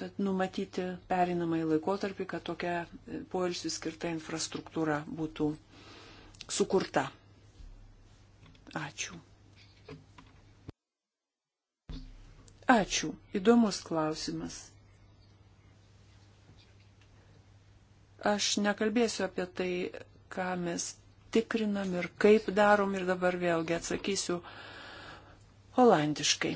tad numatyti perinamąjį laikotarpį, kad tokia poilsių skirta infrastruktūra būtų sukurta. Ačiū. Ačiū. Įdomus klausimas. Aš nekalbėsiu apie tai, ką mes tikrinam ir kaip darom ir dabar vėlgi atsakysiu holandiškai.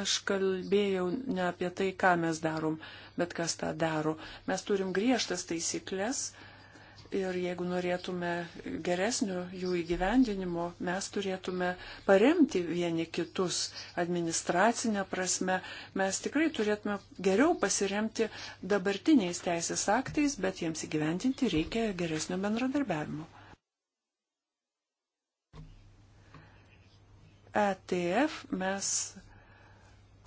Aš kalbėjau ne apie tai, ką mes darom, bet kas tą daro. Mes turim griežtas taisyklės, Ir jeigu norėtume geresnio jų įgyvendinimo, mes turėtume paremti vieni kitus administracinę prasme. Mes tikrai turėtume geriau pasiremti dabartiniais teisės aktais, bet jiems įgyvendinti reikia geresnio bendradarbiavimo. ETF mes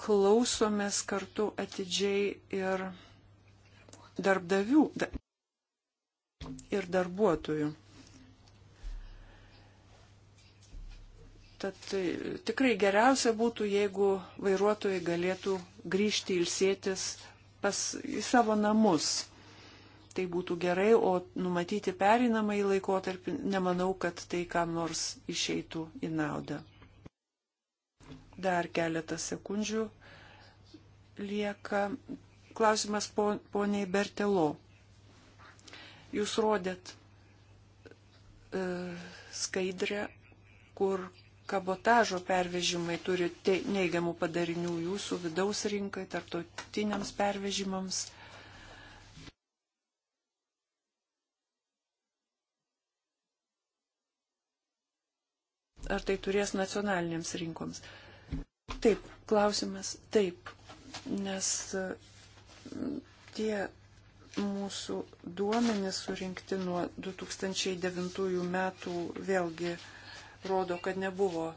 klausomės kartu atidžiai ir darbdavių, ir darbuotojų. Tad e, tikrai geriausia būtų, jeigu vairuotojai galėtų grįžti ilsėtis pas, į savo namus. Tai būtų gerai, o numatyti pereinamąjį laikotarpį nemanau, kad tai kam nors išeitų į naudą. Dar keletą sekundžių lieka klausimas poniai Bertelo. Jūs rodėt e, skaidrę, kur kabotažo pervežimai turi neigiamų padarinių jūsų vidaus rinkai, tarptautiniams pervežimams. Ar tai turės nacionalinėms rinkoms? Taip, klausimas taip, nes e, tie mūsų duomenys surinkti nuo 2009 metų vėlgi rodo, kad nebuvo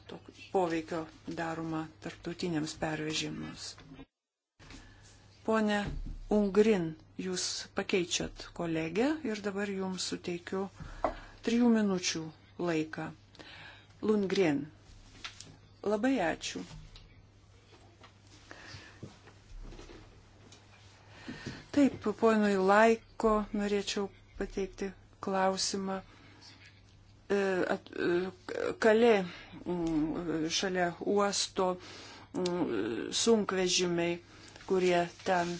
poveikio daroma tarptautiniams pervežimams. Pone Ungrin, jūs pakeičiat kolegę ir dabar jums suteikiu trijų minučių laiką. Lundgren, labai ačiū. Taip, ponui Laiko norėčiau pateikti klausimą. E, e, Kalė mm, šalia uosto mm, sunkvežimiai, kurie ten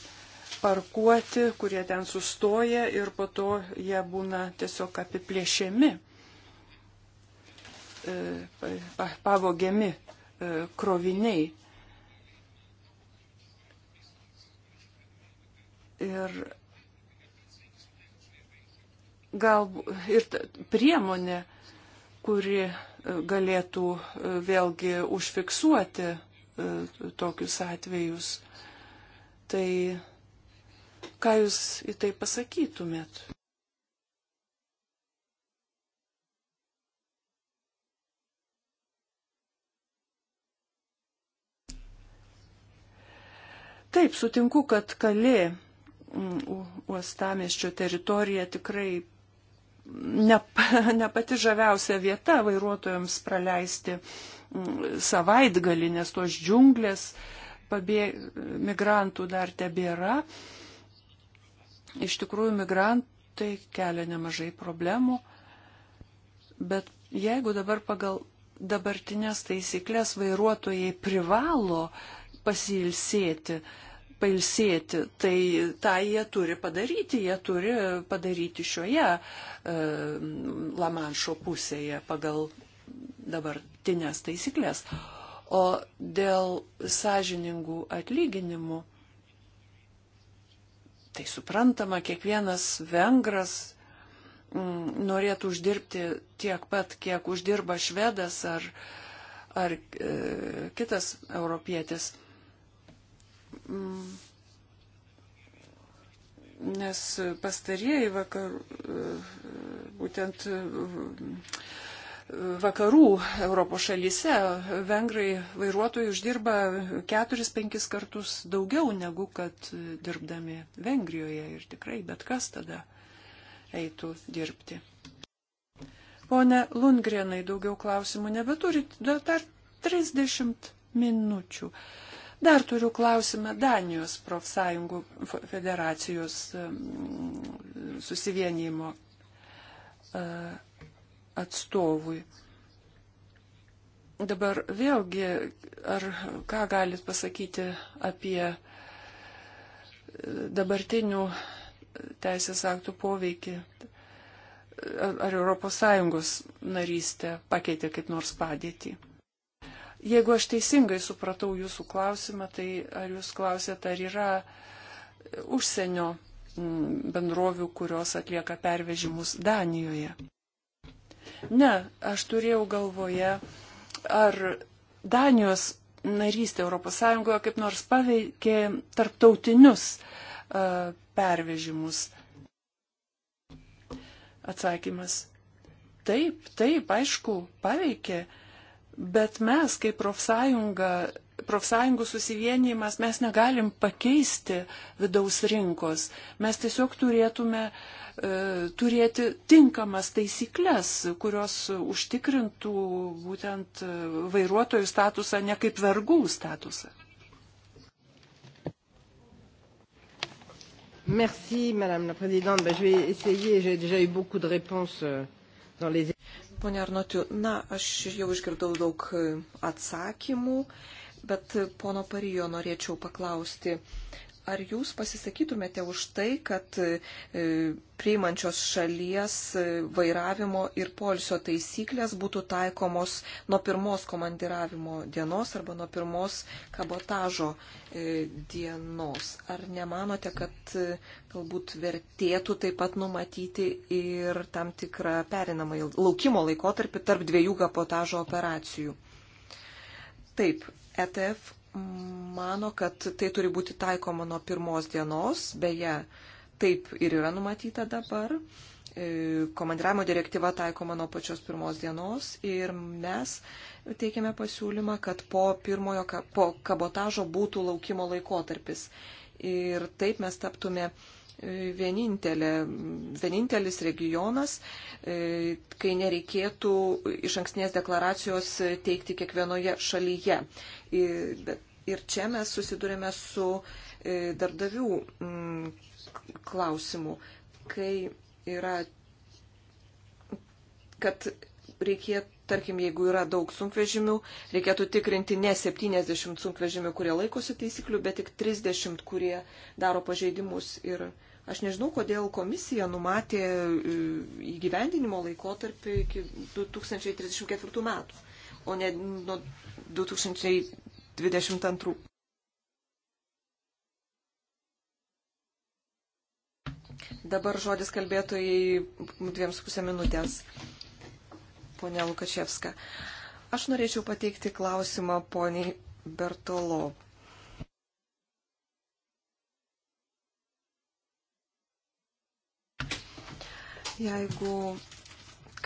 parkuoti, kurie ten sustoja ir po to jie būna tiesiog apiplėšiami, e, pavogiami kroviniai. Ir gal ir priemonė, kuri e, galėtų e, vėlgi užfiksuoti e, tokius atvejus. Tai ką jūs į tai pasakytumėt? Taip, sutinku, kad kalė uostamieščio teritorija tikrai ne, ne pati žaviausia vieta vairuotojams praleisti mm, savaitgalį, nes tos džiunglės pabė, migrantų dar tebėra. Iš tikrųjų, migrantai kelia nemažai problemų, bet jeigu dabar pagal dabartinės taisyklės vairuotojai privalo pasilsėti, pailsėti, tai tą jie turi padaryti, jie turi padaryti šioje e, Lamanšo pusėje pagal dabartinės taisyklės. O dėl sąžiningų atlyginimų, tai suprantama, kiekvienas vengras mm, norėtų uždirbti tiek pat, kiek uždirba švedas ar, ar e, kitas europietis. Mm. Nes pastarieji vakarų, e, būtent e, vakarų Europos šalyse vengrai vairuotojai uždirba 4-5 kartus daugiau negu kad dirbdami Vengrijoje ir tikrai bet kas tada eitų dirbti. Pone Lundgrenai, daugiau klausimų nebeturit, dar 30 minučių. Dar turiu klausimą Danijos profsąjungų federacijos susivienimo e, atstovui. Dabar vėlgi, ar ką galit pasakyti apie e, dabartinių teisės aktų poveikį, ar ES narystė pakeitė kaip nors padėtį? Jeigu aš teisingai supratau jūsų klausimą, tai ar jūs klausėt, ar yra užsienio mm, bendrovių, kurios atlieka pervežimus Danijoje? Ne, aš turėjau galvoje, ar Danijos narystė ES kaip nors paveikė tarptautinius uh, pervežimus. Atsakymas. Taip, taip, aišku, paveikė. Uh, Bet mes, kaip profsąjunga, profsąjungų susivienijimas, mes negalim pakeisti vidaus rinkos. Mes tiesiog turėtume e, turėti tinkamas taisyklės, kurios užtikrintų būtent e, vairuotojų statusą, ne kaip vergų statusą.
Merci, Madame la Présidente. Ben, je vais essayer. J'ai déjà eu beaucoup de réponses euh, dans les.
Pone Arnotiu, na, aš jau išgirdau daug atsakymų, bet pono Parijo norėčiau paklausti, ar jūs pasisakytumėte už tai, kad e, priimančios šalies e, vairavimo ir polsio taisyklės būtų taikomos nuo pirmos komandiravimo dienos arba nuo pirmos kabotažo e, dienos? Ar nemanote, kad galbūt vertėtų taip pat numatyti ir tam tikrą perinamą laukimo laikotarpį tarp dviejų kabotažo operacijų? Taip, ETF mano, kad tai turi būti taikoma nuo pirmos dienos, beje, taip ir yra numatyta dabar. E, komandiravimo direktyva taikoma nuo pačios pirmos dienos ir mes teikiame pasiūlymą, kad po pirmojo po kabotažo būtų laukimo laikotarpis. Ir taip mes taptume E, vienintelė, vienintelis regionas, e, kai nereikėtų iš ankstinės deklaracijos teikti kiekvienoje šalyje. Ir čia mes susidurėme su e, darbdavių mm, klausimu, kai yra, kad reikėtų, tarkim, jeigu yra daug sunkvežimių, reikėtų tikrinti ne 70 sunkvežimių, kurie laikosi taisyklių, bet tik 30, kurie daro pažeidimus. Ir aš nežinau, kodėl komisija numatė e, įgyvendinimo laikotarpį iki 2034 metų, o ne nuo 2022. Dabar žodis kalbėtojai dviems pusę minutės ponia Lukačevska. Aš norėčiau pateikti klausimą poniai Bertolo. Jeigu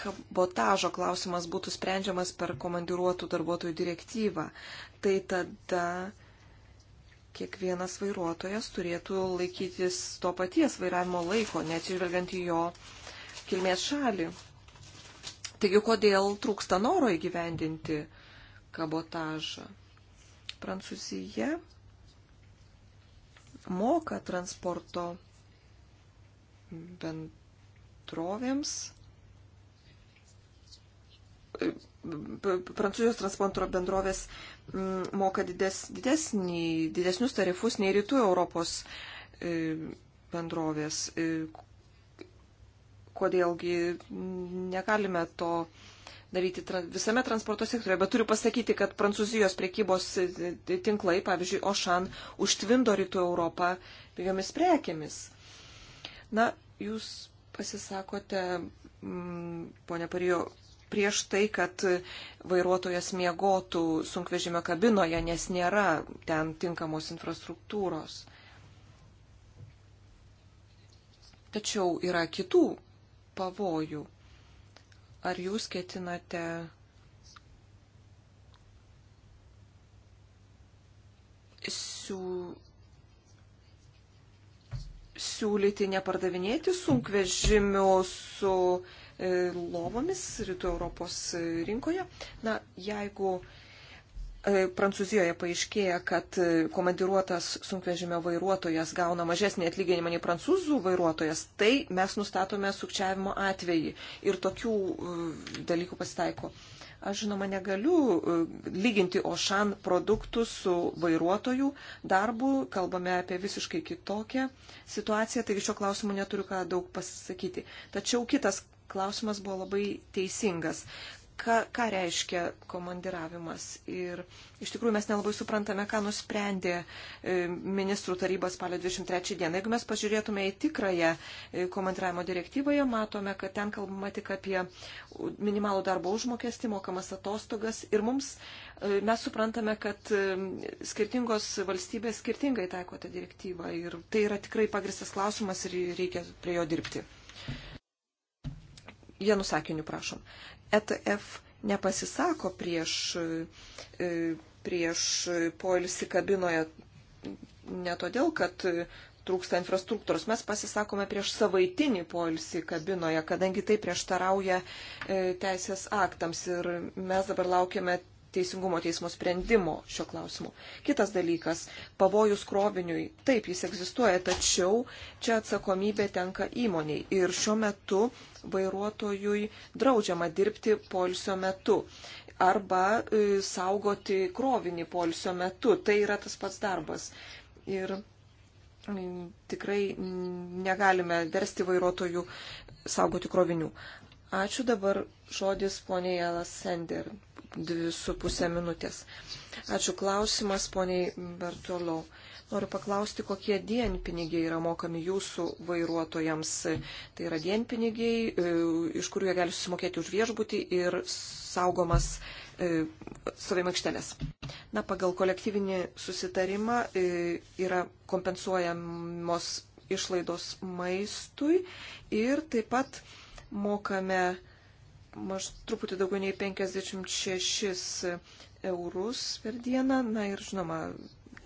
kabotažo klausimas būtų sprendžiamas per komandiruotų darbuotojų direktyvą, tai tada kiekvienas vairuotojas turėtų laikytis to paties vairavimo laiko, neatsižvelgiant į jo kilmės šalį. Taigi, kodėl trūksta noro įgyvendinti kabotažą? Prancūzija moka transporto bendrovėms. Prancūzijos transporto bendrovės mm, moka dides, didesnį, didesnius tarifus nei rytų Europos e, bendrovės, e, kodėlgi negalime to daryti visame transporto sektoriuje, bet turiu pasakyti, kad Prancūzijos priekybos tinklai, pavyzdžiui, Ošan, užtvindo rytų Europą pigiomis prekėmis. Na, jūs pasisakote, mm, ponia Parijo, prieš tai, kad vairuotojas miegotų sunkvežimio kabinoje, nes nėra ten tinkamos infrastruktūros. Tačiau yra kitų pavojų. Ar jūs ketinate siū... siūlyti nepardavinėti sunkvežimių su e, lovomis rytų Europos rinkoje? Na, jeigu E, Prancūzijoje paaiškėja, kad e, komandiruotas sunkvežimio vairuotojas gauna mažesnį atlyginimą nei prancūzų vairuotojas, tai mes nustatome sukčiavimo atvejį. Ir tokių e, dalykų pasitaiko. Aš žinoma negaliu lyginti Ošan produktų su vairuotojų darbu, kalbame apie visiškai kitokią situaciją, taigi šio klausimu neturiu ką daug pasakyti. Tačiau kitas klausimas buvo labai teisingas ką, ką reiškia komandiravimas. Ir iš tikrųjų mes nelabai suprantame, ką nusprendė e, ministrų taryba spalio 23 dieną. Jeigu mes pažiūrėtume į tikrąją e, komandiravimo direktyvoje, matome, kad ten kalbama tik apie minimalų darbo užmokestį, mokamas atostogas. Ir mums, e, mes suprantame, kad skirtingos valstybės skirtingai taiko tą direktyvą. Ir tai yra tikrai pagristas klausimas ir reikia prie jo dirbti vienu sakiniu prašom. ETF nepasisako prieš, e, prieš poilsį kabinoje ne todėl, kad trūksta infrastruktūros. Mes pasisakome prieš savaitinį poilsį kabinoje, kadangi tai prieštarauja e, teisės aktams. Ir mes dabar laukiame Teisingumo teismo sprendimo šio klausimu. Kitas dalykas - pavojus kroviniui. Taip, jis egzistuoja, tačiau čia atsakomybė tenka įmoniai. Ir šiuo metu vairuotojui draudžiama dirbti polsio metu arba e, saugoti krovinį polsio metu. Tai yra tas pats darbas. Ir tikrai negalime versti vairuotojų saugoti krovinių. Ačiū dabar žodis poniai Elas Sender dvi su pusė minutės. Ačiū klausimas, poniai Bertolau. Noriu paklausti, kokie dienpinigiai yra mokami jūsų vairuotojams. Tai yra dienpinigiai, e, iš kurių jie gali susimokėti už viešbutį ir saugomas e, savimakštelės. Na, pagal kolektyvinį susitarimą e, yra kompensuojamos išlaidos maistui ir taip pat mokame maž truputį daugiau nei 56 eurus per dieną. Na ir žinoma,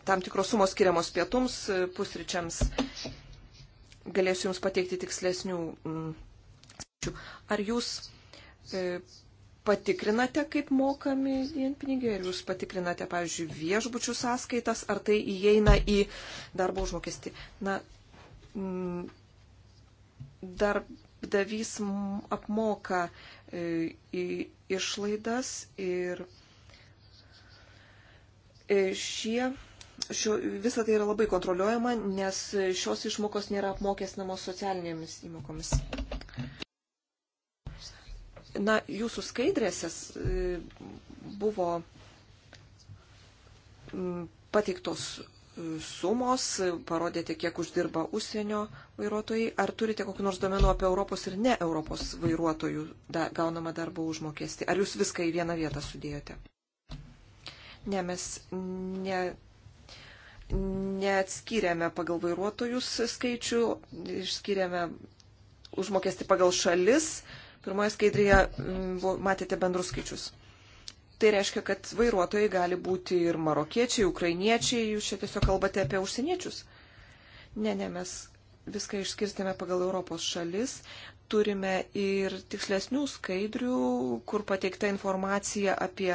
tam tikros sumos skiriamos pietums, pusryčiams. Galėsiu Jums pateikti tikslesnių. Mm, ar Jūs e, patikrinate, kaip mokami dienpinigiai, ar Jūs patikrinate, pavyzdžiui, viešbučių sąskaitas, ar tai įeina į darbo užmokestį? Na, mm, m, darbdavys apmoka išlaidas ir e, šie šio, visa tai yra labai kontroliuojama, nes šios išmokos nėra apmokestinamos socialinėmis įmokomis. Na, jūsų skaidrėse e, buvo pateiktos sumos, parodėte, kiek uždirba užsienio vairuotojai. Ar turite kokiu nors domenu apie Europos ir ne Europos vairuotojų da, gaunamą darbo užmokestį? Ar jūs viską į vieną vietą sudėjote? Ne, mes ne, neatskiriame pagal vairuotojus skaičių, išskiriame užmokestį pagal šalis. Pirmoje skaidrėje mm, matėte bendrus skaičius. Tai reiškia, kad vairuotojai gali būti ir marokiečiai, ukrainiečiai, jūs čia tiesiog kalbate apie užsieniečius. Ne, ne, mes viską išskirstėme pagal Europos šalis, turime ir tikslesnių skaidrių, kur pateikta informacija apie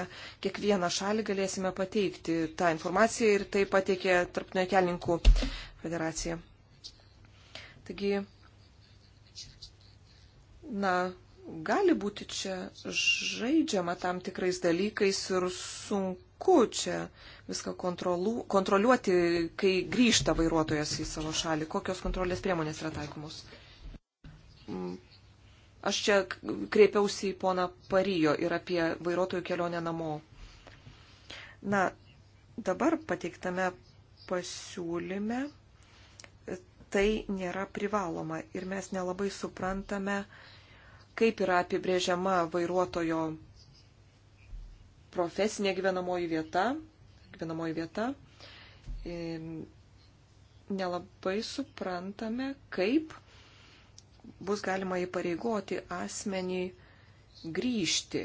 kiekvieną šalį galėsime pateikti tą informaciją ir tai pateikė Tarptinio kelininkų federacija. Taigi, na, gali būti čia žaidžiama tam tikrais dalykais ir sunku čia viską kontrolu, kontroliuoti, kai grįžta vairuotojas į savo šalį. Kokios kontrolės priemonės yra taikomos? Mm. Aš čia kreipiausi į poną Parijo ir apie vairuotojų kelionę namo. Na, dabar pateiktame pasiūlyme tai nėra privaloma ir mes nelabai suprantame, uh, kaip yra apibrėžiama vairuotojo profesinė gyvenamoji vieta, gyvenamoji vieta, nelabai suprantame, kaip bus galima įpareigoti asmenį grįžti.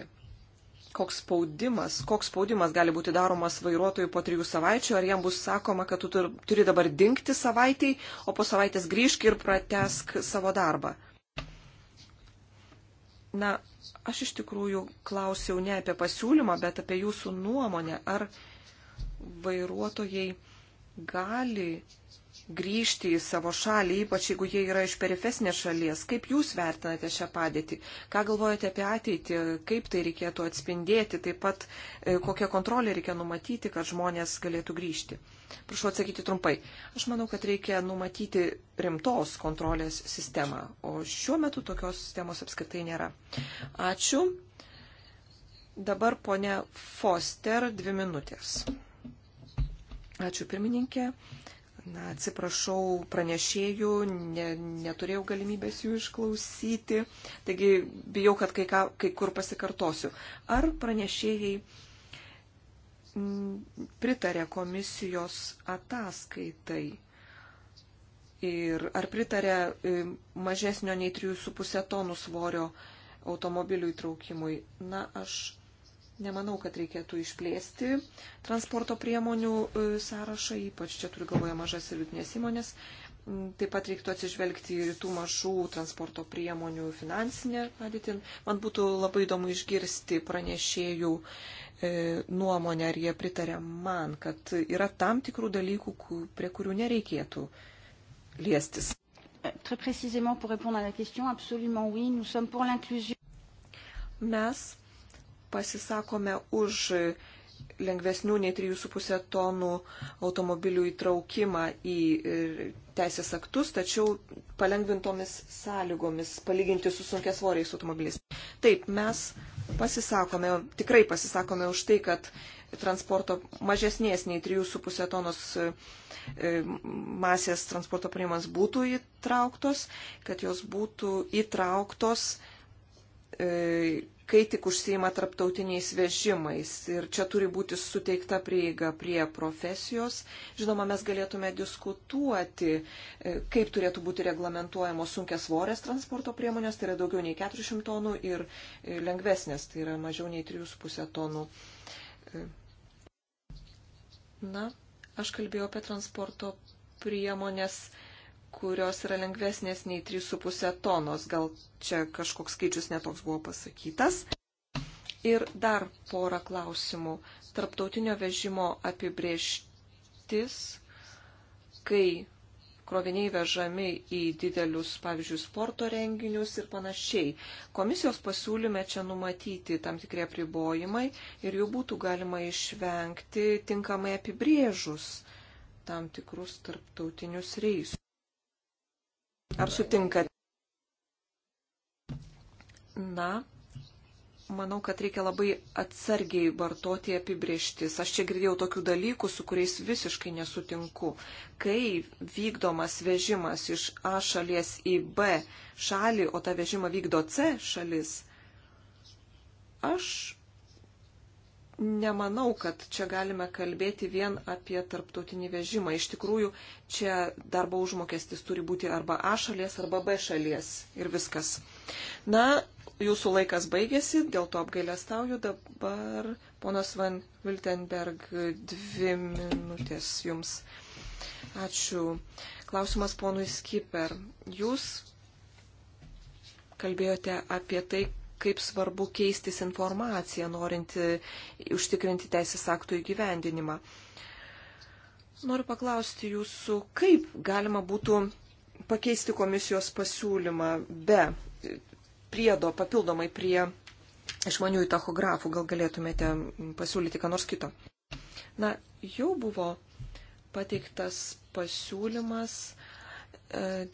Koks spaudimas, koks spaudimas gali būti daromas vairuotojui po trijų savaičių, ar jam bus sakoma, kad tu turi dabar dinkti savaitėj, o po savaitės grįžk ir pratesk savo darbą. Na, aš iš tikrųjų klausiau ne apie pasiūlymą, bet apie jūsų nuomonę, ar vairuotojai gali grįžti į savo šalį, ypač jeigu jie yra iš perifesnės šalies. Kaip Jūs vertinate šią padėtį? Ką galvojate apie ateitį? Kaip tai reikėtų atspindėti? Taip pat e, kokią kontrolę reikia numatyti, kad žmonės galėtų grįžti? Prašau atsakyti trumpai. Aš manau, kad reikia numatyti rimtos kontrolės sistemą, o šiuo metu tokios sistemos apskritai nėra. Ačiū. Dabar ponia Foster, dvi minutės. Ačiū pirmininkė. Na, atsiprašau pranešėjų, ne, neturėjau galimybės jų išklausyti, taigi bijau, kad kai, ką, kai kur pasikartosiu. Ar pranešėjai mm, pritarė komisijos ataskaitai? Ir ar pritarė e, mažesnio nei 3,5 tonų svorio automobilių įtraukimui? Na, aš Nemanau, kad reikėtų išplėsti transporto priemonių e, sąrašą, ypač čia turiu galvoje mažas ir vidutinės įmonės. Mm, taip pat reiktų atsižvelgti ir tų mažų transporto priemonių finansinę padėtį. Man būtų labai įdomu išgirsti pranešėjų e, nuomonę, ar jie pritarė man, kad yra tam tikrų dalykų, prie kurių nereikėtų liestis. Très précisément, pour répondre à la question, absolument oui, nous sommes pour l'inclusion. Mes pasisakome už lengvesnių nei 3,5 tonų automobilių įtraukimą į e, teisės aktus, tačiau palengvintomis sąlygomis palyginti su sunkia svoriais automobiliais. Taip, mes pasisakome, tikrai pasisakome už tai, kad transporto mažesnės nei 3,5 tonos e, e, masės transporto priemonės būtų įtrauktos, kad jos būtų įtrauktos kai tik užsieima tarptautiniais vežimais. Ir čia turi būti suteikta prieiga prie profesijos. Žinoma, mes galėtume diskutuoti, e, kaip turėtų būti reglamentuojamos sunkias svorės transporto priemonės, tai yra daugiau nei 400 tonų ir e, lengvesnės, tai yra mažiau nei 3,5 tonų. E, na, aš kalbėjau apie transporto priemonės kurios yra lengvesnės nei 3,5 tonos. Gal čia kažkoks skaičius netoks buvo pasakytas. Ir dar porą klausimų. Tarptautinio vežimo apibrieštis, kai kroviniai vežami į didelius, pavyzdžiui, sporto renginius ir panašiai. Komisijos pasiūlyme čia numatyti tam tikrie pribojimai ir jų būtų galima išvengti tinkamai apibrėžus tam tikrus tarptautinius reisus. Ar sutinkat? Na, manau, kad reikia labai atsargiai vartoti apibrieštis. Aš čia girdėjau tokių dalykų, su kuriais visiškai nesutinku. Kai vykdomas vežimas iš A šalies į B šalį, o tą vežimą vykdo C šalis, aš nemanau, kad čia galime kalbėti vien apie tarptautinį vežimą. Iš tikrųjų, čia darbo užmokestis turi būti arba A šalies, arba B šalies ir viskas. Na, jūsų laikas baigėsi, dėl to apgailestauju. Dabar ponas Van Wiltenberg, dvi minutės jums. Ačiū. Klausimas ponui Skiper. Jūs kalbėjote apie tai, kaip svarbu keistis informaciją, norint užtikrinti teisės aktų įgyvendinimą. Noriu paklausti jūsų, kaip galima būtų pakeisti komisijos pasiūlymą be priedo papildomai prie išmaniųjų tachografų, gal galėtumėte pasiūlyti ką nors kito. Na, jau buvo pateiktas pasiūlymas e,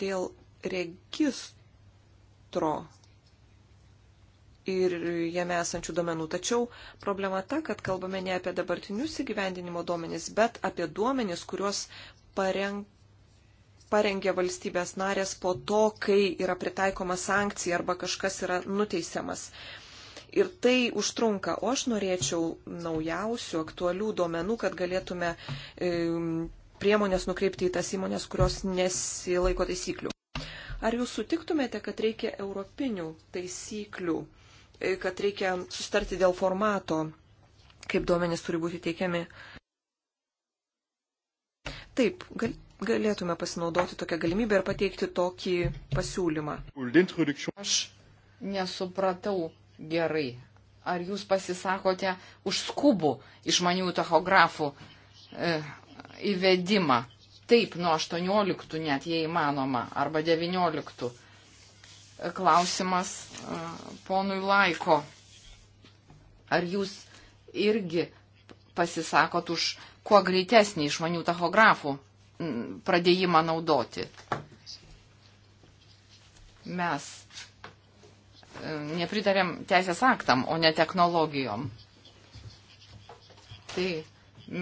dėl registro ir jame esančių duomenų. Tačiau problema ta, kad kalbame ne apie dabartinius įgyvendinimo duomenys, bet apie duomenys, kuriuos pareng, parengia valstybės narės po to, kai yra pritaikoma sankcija arba kažkas yra nuteisiamas. Ir tai užtrunka, o aš norėčiau naujausių, aktualių duomenų, kad galėtume e, priemonės nukreipti į tas įmonės, kurios nesilaiko taisyklių. Ar jūs sutiktumėte, kad reikia europinių taisyklių E, kad reikia sustarti dėl formato, kaip duomenys turi būti teikiami. Taip, gal, galėtume pasinaudoti tokią galimybę ir pateikti tokį
pasiūlymą. Aš nesupratau gerai. Ar jūs pasisakote už skubų išmanių tachografų e, įvedimą? Taip, nuo 18 net jei įmanoma, arba 19 klausimas ponui Laiko. Ar jūs irgi pasisakot už kuo greitesnį išmanių tachografų pradėjimą naudoti? Mes e, nepritarėm teisės aktam, o ne technologijom. Tai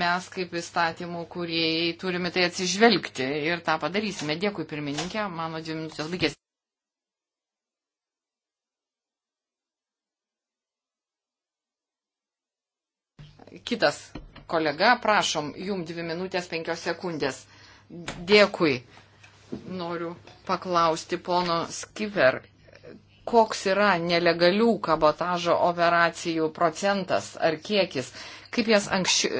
mes kaip įstatymų kuriejai turime tai atsižvelgti ir tą padarysime. Dėkui pirmininkė, mano dvi minutės baigėsi. Kitas kolega, prašom, jum dvi minutės penkios sekundės. Dėkui. Noriu paklausti pono Skiver, koks yra nelegalių kabotažo operacijų procentas ar kiekis, kaip jas anksči,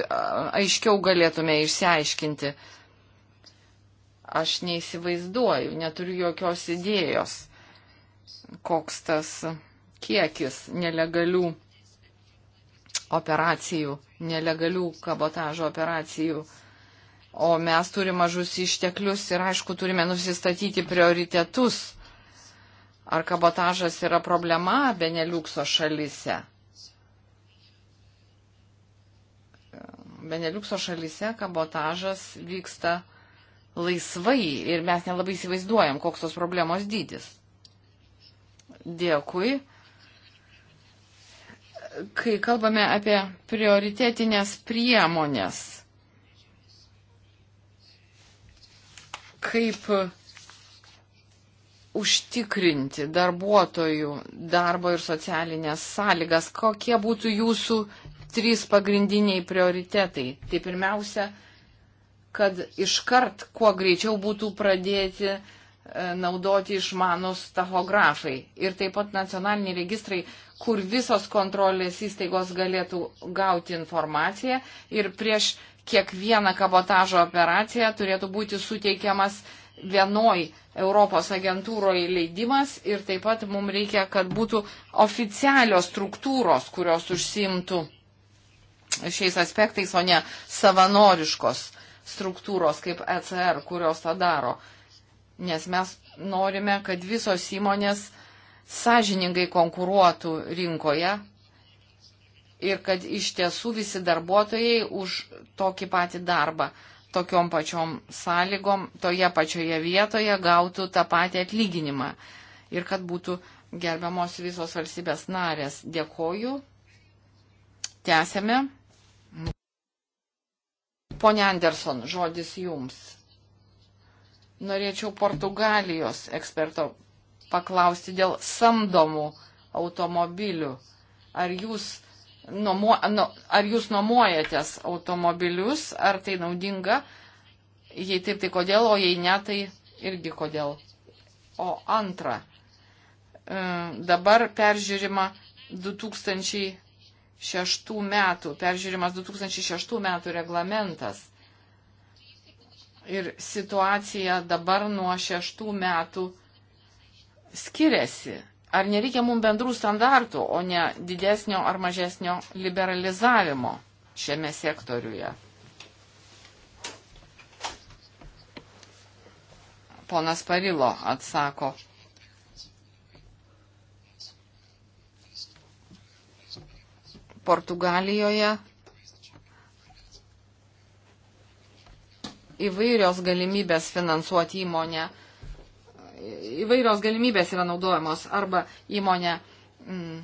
aiškiau galėtume išsiaiškinti. Aš neįsivaizduoju, neturiu jokios idėjos, koks tas kiekis nelegalių operacijų, nelegalių kabotažo operacijų. O mes turime mažus išteklius ir aišku turime nusistatyti prioritetus. Ar kabotažas yra problema Beneliukso šalise? Beneliukso šalise kabotažas vyksta laisvai ir mes nelabai įsivaizduojam, koks tos problemos dydis. Dėkui kai kalbame apie prioritetinės priemonės, kaip užtikrinti darbuotojų darbo ir socialinės sąlygas, kokie būtų jūsų trys pagrindiniai prioritetai. Tai pirmiausia, kad iškart kuo greičiau būtų pradėti uh, E, naudoti išmanus tachografai ir taip pat nacionaliniai registrai, kur visos kontrolės įstaigos galėtų gauti informaciją ir prieš kiekvieną kabotažo operaciją turėtų būti suteikiamas vienoj Europos agentūroje leidimas ir taip pat mums reikia, kad būtų oficialios struktūros, kurios užsimtų šiais aspektais, o ne savanoriškos struktūros kaip ECR, kurios tą daro. Uh, nes mes norime, kad visos įmonės sąžiningai konkuruotų rinkoje ir kad iš tiesų visi darbuotojai už tokį patį darbą, tokiom pačiom sąlygom, toje pačioje vietoje gautų tą patį atlyginimą ir kad būtų gerbiamos visos valstybės narės. Dėkoju. Tęsėme. Pone Anderson, žodis jums norėčiau Portugalijos eksperto paklausti dėl samdomų automobilių. Ar jūs, nuomo, nu, ar jūs nuomojatės automobilius, ar tai naudinga? Jei taip, tai kodėl, o jei ne, tai irgi kodėl. O antra, e, dabar peržiūrima 2006 metų, peržiūrimas 2006 metų reglamentas ir situacija dabar nuo šeštų metų skiriasi. Ar nereikia mums bendrų standartų, o ne didesnio ar mažesnio liberalizavimo šiame sektoriuje? Ponas Parilo atsako. Portugalijoje įvairios galimybės finansuoti įmonę. Įvairios galimybės yra naudojamos. Arba įmonė mm,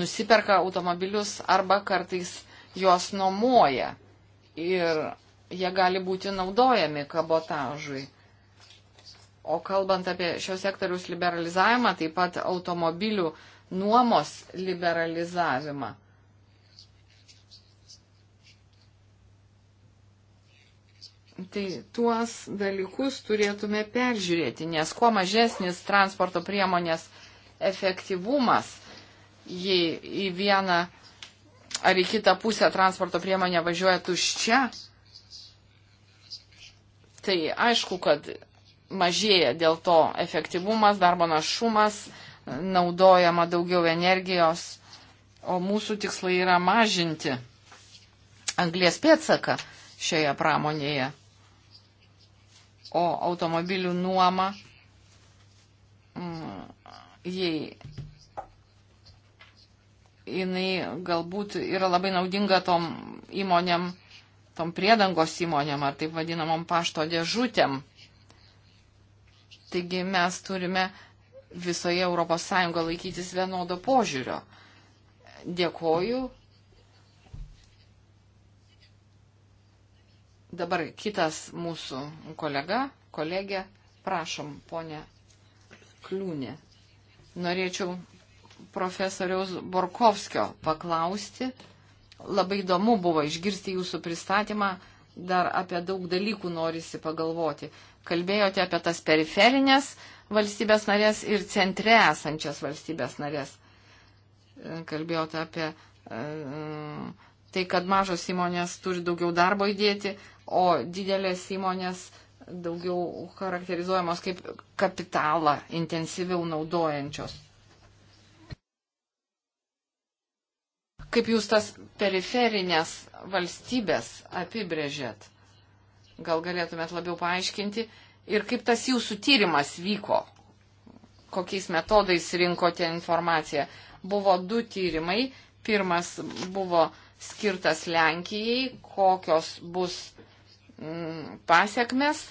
nusiperka automobilius, arba kartais juos nuomoja. Ir jie gali būti naudojami kabotažui. O kalbant apie šios sektoriaus liberalizavimą, taip pat automobilių nuomos liberalizavimą. Tai tuos dalykus turėtume peržiūrėti, nes kuo mažesnis transporto priemonės efektyvumas, jei į vieną ar į kitą pusę transporto priemonė važiuoja tuščia, tai aišku, kad mažėja dėl to efektyvumas, darbo našumas, naudojama daugiau energijos, o mūsų tikslai yra mažinti anglės pėtsaką šioje pramonėje o automobilių nuoma, mm, jei jinai galbūt yra labai naudinga tom įmonėm, tom priedangos įmonėm ar taip vadinamom pašto dėžutėm. Taigi mes turime visoje ES laikytis vienodo požiūrio. Dėkoju Dabar kitas mūsų kolega, kolegė, prašom, ponė Kliūnė. Norėčiau profesoriaus Borkovskio paklausti. Labai įdomu buvo išgirsti jūsų pristatymą, dar apie daug dalykų norisi pagalvoti. Kalbėjote apie tas periferinės valstybės narės ir centre esančias valstybės narės. Kalbėjote apie e, e tai, kad mažos įmonės turi daugiau darbo įdėti, o didelės įmonės daugiau charakterizuojamos kaip kapitalą intensyviau naudojančios. Kaip jūs tas periferinės valstybės apibrėžėt? Gal galėtumėt labiau paaiškinti ir kaip tas jūsų tyrimas vyko? Kokiais metodais rinkote informaciją? Buvo du tyrimai. Pirmas buvo skirtas Lenkijai, kokios bus Mm, pasiekmes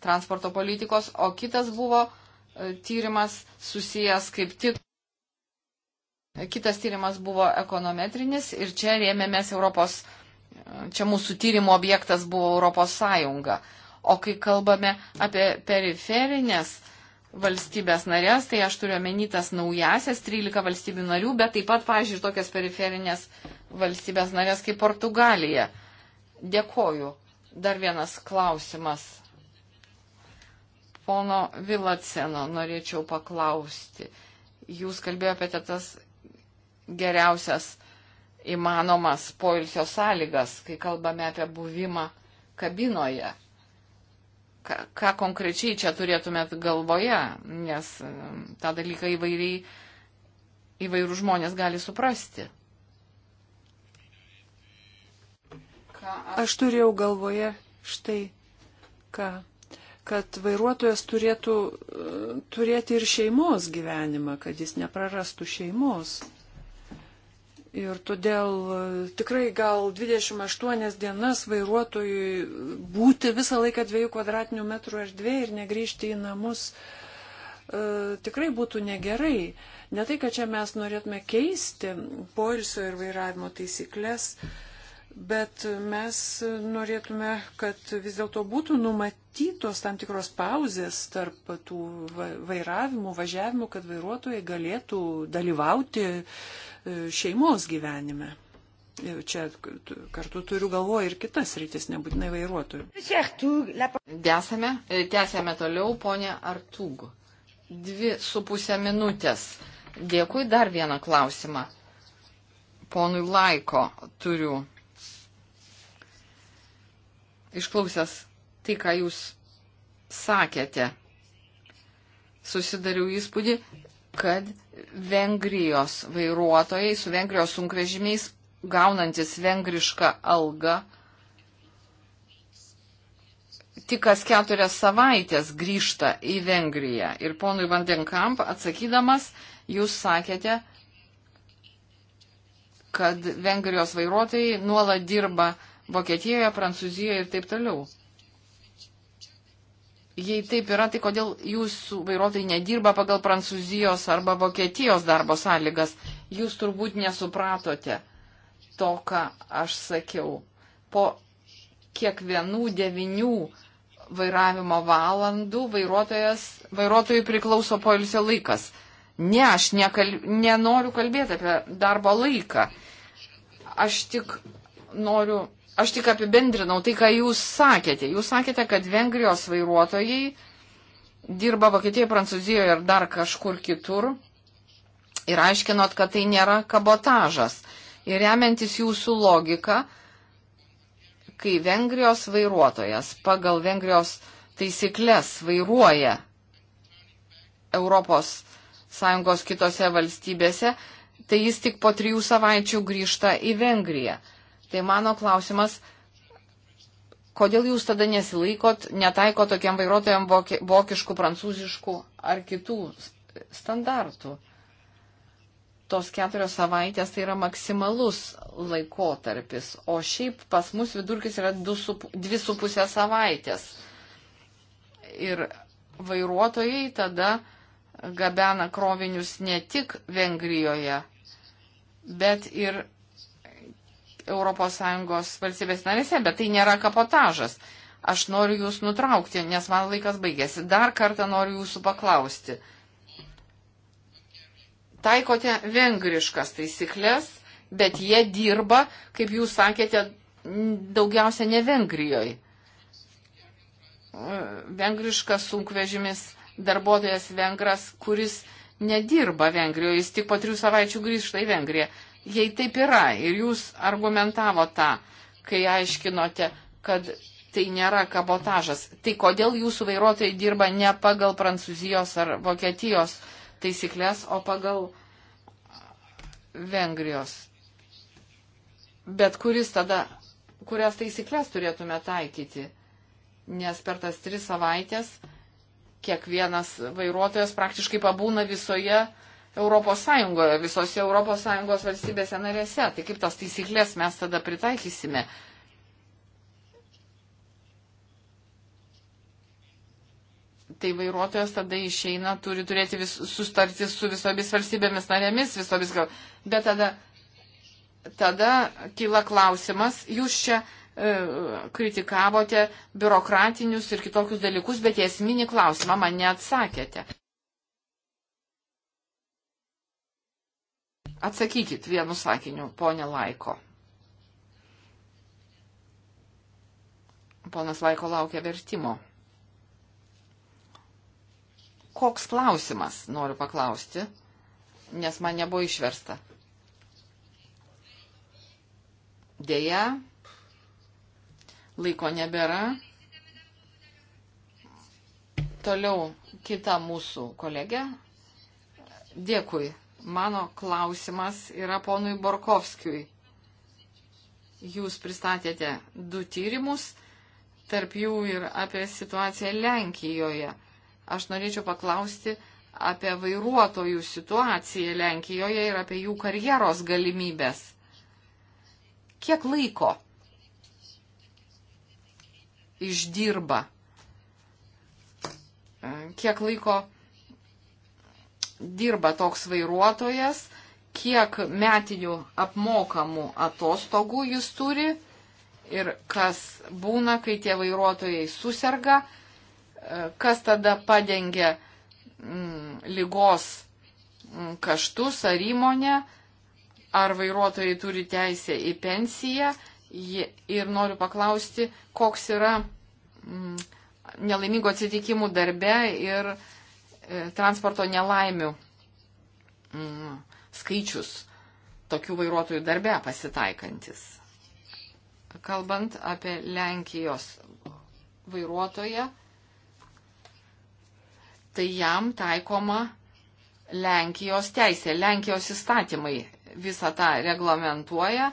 transporto politikos, o kitas buvo e, tyrimas susijęs kaip tik. Kitas tyrimas buvo ekonometrinis ir čia rėmėmės Europos, e, čia mūsų tyrimo objektas buvo Europos Sąjunga. O kai kalbame apie periferinės valstybės narės, tai aš turiu omeny tas naujasias 13 valstybių narių, bet taip pat, pažiūrėjau, tokias periferinės valstybės narės kaip Portugalija. Dėkoju. Dar vienas klausimas. Pono Vilaceno norėčiau paklausti. Jūs kalbėjote apie tas geriausias įmanomas poilsio sąlygas, kai kalbame apie buvimą kabinoje. Ką, ką konkrečiai čia turėtumėt galvoje, nes mm, tą dalyką įvairiai, įvairių žmonės gali suprasti. Aš turėjau galvoje štai ką kad
vairuotojas turėtų e, turėti ir šeimos gyvenimą, kad jis neprarastų šeimos. Ir todėl e, tikrai gal 28 dienas vairuotojui būti visą laiką 2 kvadratinių metrų erdvė ir negrįžti į namus e, tikrai būtų negerai. Ne tai, kad čia mes norėtume keisti poilsio ir vairavimo taisyklės, e, bet mes norėtume, kad vis dėlto būtų numatytos tam tikros pauzės tarp tų vairavimų, važiavimų, kad vairuotojai galėtų dalyvauti e, šeimos gyvenime. Čia kartu turiu
galvoje ir kitas rytis, nebūtinai vairuotojų. Dėsame, e, tęsėme toliau, ponė Artūg. Dvi su pusė minutės. Dėkui, dar vieną klausimą. Ponui Laiko turiu išklausęs tai, ką jūs sakėte, susidariau įspūdį, kad Vengrijos vairuotojai su Vengrijos sunkvežimiais gaunantis vengrišką algą tik kas keturias savaitės grįžta į Vengriją. Ir ponui Vandenkamp atsakydamas, jūs sakėte, kad Vengrijos vairuotojai nuolat dirba Vokietijoje, Prancūzijoje ir taip toliau. Jei taip yra, tai kodėl jūsų vairuotojai nedirba pagal Prancūzijos arba Vokietijos darbo sąlygas? Jūs turbūt nesupratote to, ką aš sakiau. Po kiekvienų devinių vairavimo valandų vairuotojui priklauso poilsio laikas. Ne, aš nekal, nenoriu kalbėti apie darbo laiką. Aš tik noriu Aš tik apibendrinau tai, ką jūs sakėte. Jūs sakėte, kad Vengrijos vairuotojai dirba Vokietijoje, Prancūzijoje ir dar kažkur kitur ir aiškinot, kad tai nėra kabotažas. Ir remiantis jūsų logika, kai Vengrijos vairuotojas pagal Vengrijos taisyklės vairuoja Europos Sąjungos kitose valstybėse, tai jis tik po trijų savaičių grįžta į Vengriją. Tai mano klausimas, kodėl jūs tada nesilaikot, netaiko tokiam vairuotojam vokiškų, prancūziškų ar kitų standartų? Tos keturios savaitės tai yra maksimalus laikotarpis, o šiaip pas mus vidurkis yra su, dvi su pusė savaitės. Ir vairuotojai tada gabena krovinius ne tik Vengrijoje, bet ir ES valstybės narėse, bet tai nėra kapotažas. Aš noriu jūs nutraukti, nes man laikas baigėsi. Dar kartą noriu jūsų paklausti. Taikote vengriškas taisyklės, bet jie dirba, kaip jūs sakėte, daugiausia ne Vengrijoje. Vengriškas sunkvežimis darbuotojas vengras, kuris nedirba Vengrijoje, jis tik po trijų savaičių grįžta į Vengriją jei taip yra ir jūs argumentavo tą, kai aiškinote, kad tai nėra kabotažas, tai kodėl jūsų vairuotojai dirba ne pagal Prancūzijos ar Vokietijos taisyklės, o pagal Vengrijos? Bet kuris tada, kurias taisyklės turėtume taikyti? Nes per tas tris savaitės kiekvienas vairuotojas praktiškai pabūna visoje uh, Europos Sąjungoje, visose Europos Sąjungos valstybėse narėse. Tai kaip tas taisyklės mes tada pritaikysime? Tai vairuotojas tada išeina, turi turėti vis, sustartis su visomis valstybėmis narėmis, visomis gal. Bet tada, tada kyla klausimas, jūs čia e, kritikavote biurokratinius ir kitokius dalykus, bet esminį klausimą man neatsakėte. Atsakykit vienu sakiniu, ponė Laiko. Ponas Laiko laukia vertimo. Koks klausimas, noriu paklausti, nes man nebuvo išversta. Deja, laiko nebėra. Toliau kita mūsų kolegė. Dėkui. Mano klausimas yra ponui Borkovskijui. Jūs pristatėte du tyrimus, tarp jų ir apie situaciją Lenkijoje. Aš norėčiau paklausti apie vairuotojų situaciją Lenkijoje ir apie jų karjeros galimybės. Kiek laiko išdirba? Kiek laiko dirba toks vairuotojas, kiek metinių apmokamų atostogų jis turi ir kas būna, kai tie vairuotojai susirga, e, kas tada padengia m, mm, lygos m, mm, kaštus ar įmonę, ar vairuotojai turi teisę į pensiją. Ir noriu paklausti, koks yra m, mm, nelaimingo atsitikimų darbe ir uh, E, transporto nelaimių mm, skaičius tokių vairuotojų darbe pasitaikantis. Kalbant apie Lenkijos vairuotoją, tai jam taikoma Lenkijos teisė, Lenkijos įstatymai visą tą reglamentuoja,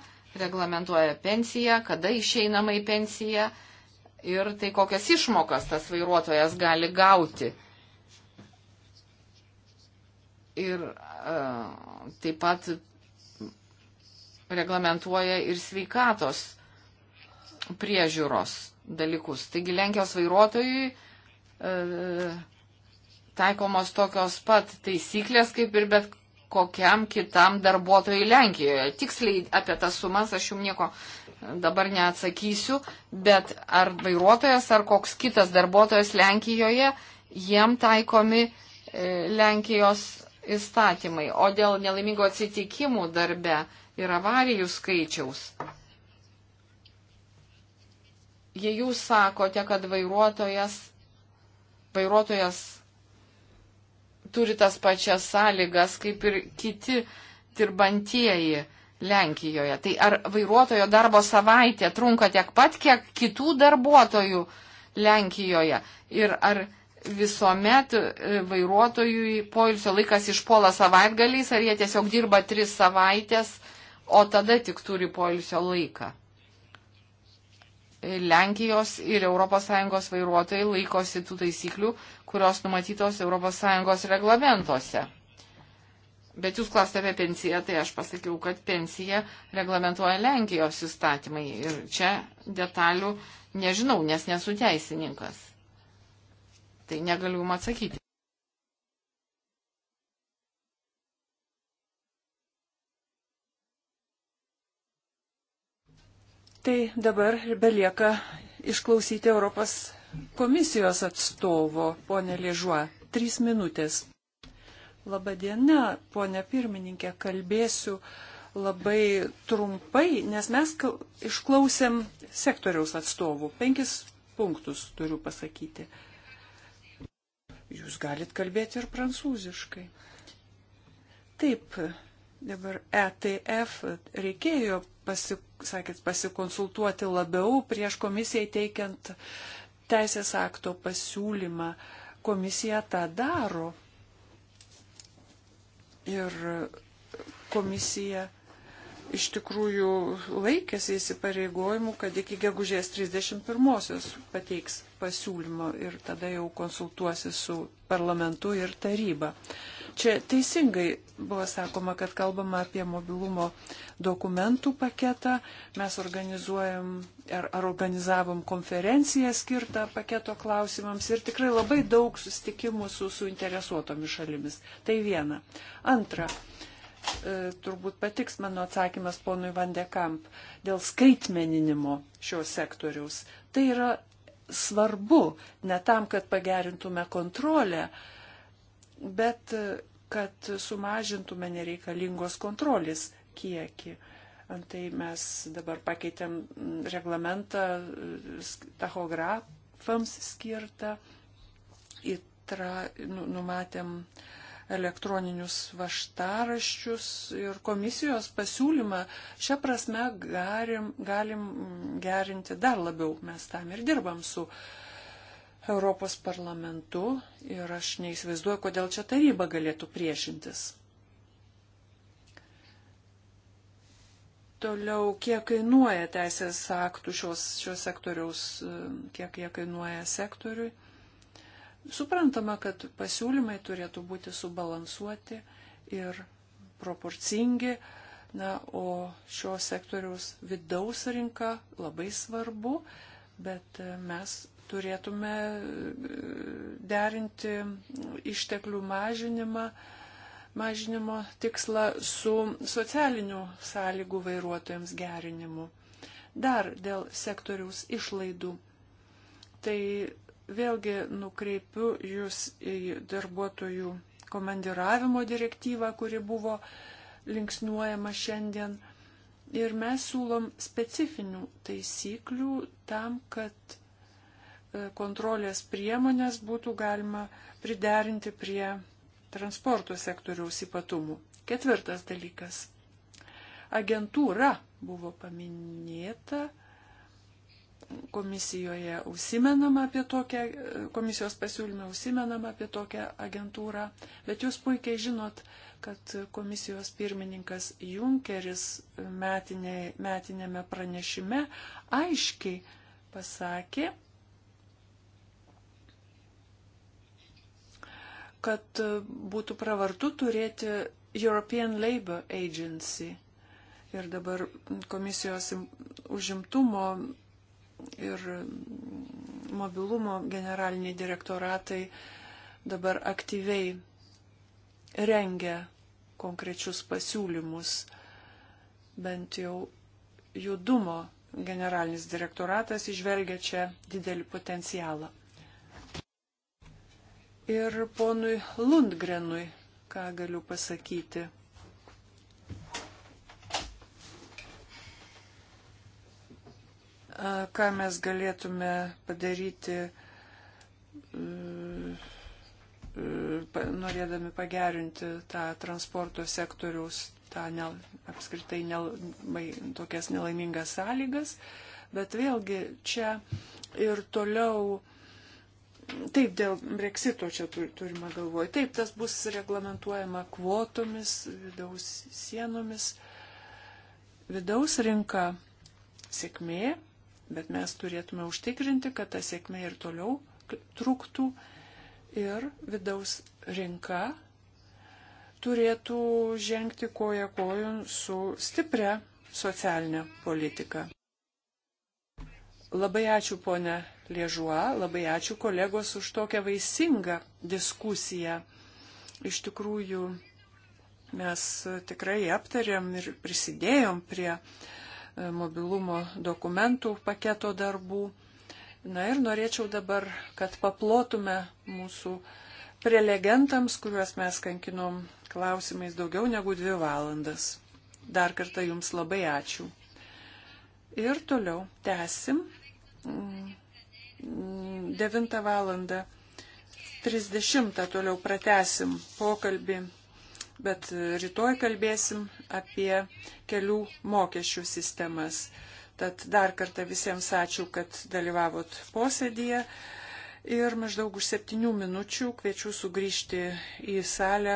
reglamentuoja pensiją, kada išeinama į pensiją ir tai kokias išmokas tas vairuotojas gali gauti ir a, taip pat reglamentuoja ir sveikatos priežiūros dalykus. Taigi Lenkijos vairuotojui a, taikomos tokios pat taisyklės kaip ir bet kokiam kitam darbuotojui Lenkijoje. Tiksliai apie tas sumas aš jums nieko dabar neatsakysiu, bet ar vairuotojas, ar koks kitas darbuotojas Lenkijoje, jiem taikomi e, Lenkijos įstatymai, o dėl nelaimingo atsitikimų darbe ir avarijų skaičiaus. Jei jūs sakote, kad vairuotojas, vairuotojas turi tas pačias sąlygas kaip ir kiti dirbantieji Lenkijoje, tai ar vairuotojo darbo savaitė trunka tiek pat, kiek kitų darbuotojų Lenkijoje? Ir ar visuomet e, vairuotojui poilsio laikas išpuola savaitgaliais, ar jie tiesiog dirba tris savaitės, o tada tik turi poilsio laiką. Lenkijos ir ES vairuotojai laikosi tų taisyklių, kurios numatytos ES reglamentuose. Bet jūs klausite apie pensiją, tai aš pasakiau, kad pensiją reglamentuoja Lenkijos įstatymai. Ir čia detalių nežinau, nes nesu teisininkas. Tai negaliu jums atsakyti. Tai dabar
belieka išklausyti Europos komisijos atstovo, ponė Liežuo. Trys minutės. Labadiena, ponė pirmininkė, kalbėsiu labai trumpai, nes mes išklausėm sektoriaus atstovų. Penkis punktus turiu pasakyti. Jūs galit kalbėti ir prancūziškai. Taip, dabar ETF reikėjo, pasi, sakėt, pasikonsultuoti labiau prieš komisijai teikiant teisės akto pasiūlymą. Komisija tą daro. Ir komisija iš tikrųjų laikėsi įsipareigojimų, kad iki gegužės 31-osios pateiks pasiūlymą ir tada jau konsultuosi su parlamentu ir taryba. Čia teisingai buvo sakoma, kad kalbama apie mobilumo dokumentų paketą. Mes organizuojam ar, ar organizavom konferenciją skirtą paketo klausimams ir tikrai labai daug susitikimų su suinteresuotomis šalimis. Tai viena. Antra. Uh, E, turbūt patiks mano atsakymas ponui Vandekamp dėl skaitmeninimo šio sektoriaus. Tai yra svarbu ne tam, kad pagerintume kontrolę, bet e, kad sumažintume nereikalingos kontrolės kiekį. Antai mes dabar pakeitėm reglamentą e, tachografams skirtą, įtra, nu, numatėm uh, elektroninius vaštaraščius ir komisijos pasiūlymą šią prasme galim, galim gerinti dar labiau. Mes tam ir dirbam su Europos parlamentu ir aš neįsivaizduoju, kodėl čia taryba galėtų priešintis. Toliau, kiek kainuoja teisės aktų šios, šios sektoriaus, kiek jie kainuoja sektoriui. Suprantama, kad pasiūlymai turėtų būti subalansuoti ir proporcingi, na, o šio sektoriaus vidaus rinka labai svarbu, bet e, mes turėtume e, derinti išteklių mažinimą, mažinimo tikslą su socialinių sąlygų vairuotojams gerinimu. Dar dėl sektoriaus išlaidų. Tai Vėlgi nukreipiu jūs į darbuotojų komandiravimo direktyvą, kuri buvo linksniuojama šiandien. Ir mes siūlom specifinių taisyklių tam, kad e, kontrolės priemonės būtų galima priderinti prie transporto sektoriaus ypatumų. Ketvirtas dalykas. Agentūra buvo paminėta komisijoje užsimenama apie tokią, komisijos pasiūlymą užsimenama apie tokią agentūrą, bet jūs puikiai žinot, kad komisijos pirmininkas Junkeris metinė, metinėme pranešime aiškiai pasakė, kad būtų pravartu turėti European Labour Agency. Ir dabar komisijos užimtumo ir mobilumo generaliniai direktoratai dabar aktyviai rengia konkrečius pasiūlymus. Bent jau judumo generalinis direktoratas išvelgia čia didelį potencialą. Ir ponui Lundgrenui, ką galiu pasakyti. ką mes galėtume padaryti, e, e, norėdami pagerinti tą transporto sektoriaus, tą ne, apskritai ne, tokias nelaimingas sąlygas. Bet vėlgi čia ir toliau Taip, dėl breksito čia turime galvoje. Taip, tas bus reglamentuojama kvotomis, vidaus sienomis. Vidaus rinka sėkmė Bet mes turėtume užtikrinti, kad ta sėkmė ir toliau truktų ir vidaus rinka turėtų žengti koja kojon su stipria socialinė politika. Labai ačiū ponė Liežuo, labai ačiū kolegos už tokią vaisingą diskusiją. Iš tikrųjų, mes tikrai aptarėm ir prisidėjom prie uh, E, mobilumo dokumentų paketo darbų. Na ir norėčiau dabar, kad paplotume mūsų prelegentams, kuriuos mes kankinom klausimais daugiau negu dvi valandas. Dar kartą Jums labai ačiū. Ir toliau tęsim. 9 val. 30 toliau pratesim pokalbį bet rytoj kalbėsim apie kelių mokesčių sistemas. Tad dar kartą visiems ačiū, kad dalyvavot posėdėje. Ir maždaug už septynių minučių kviečiu sugrįžti į salę.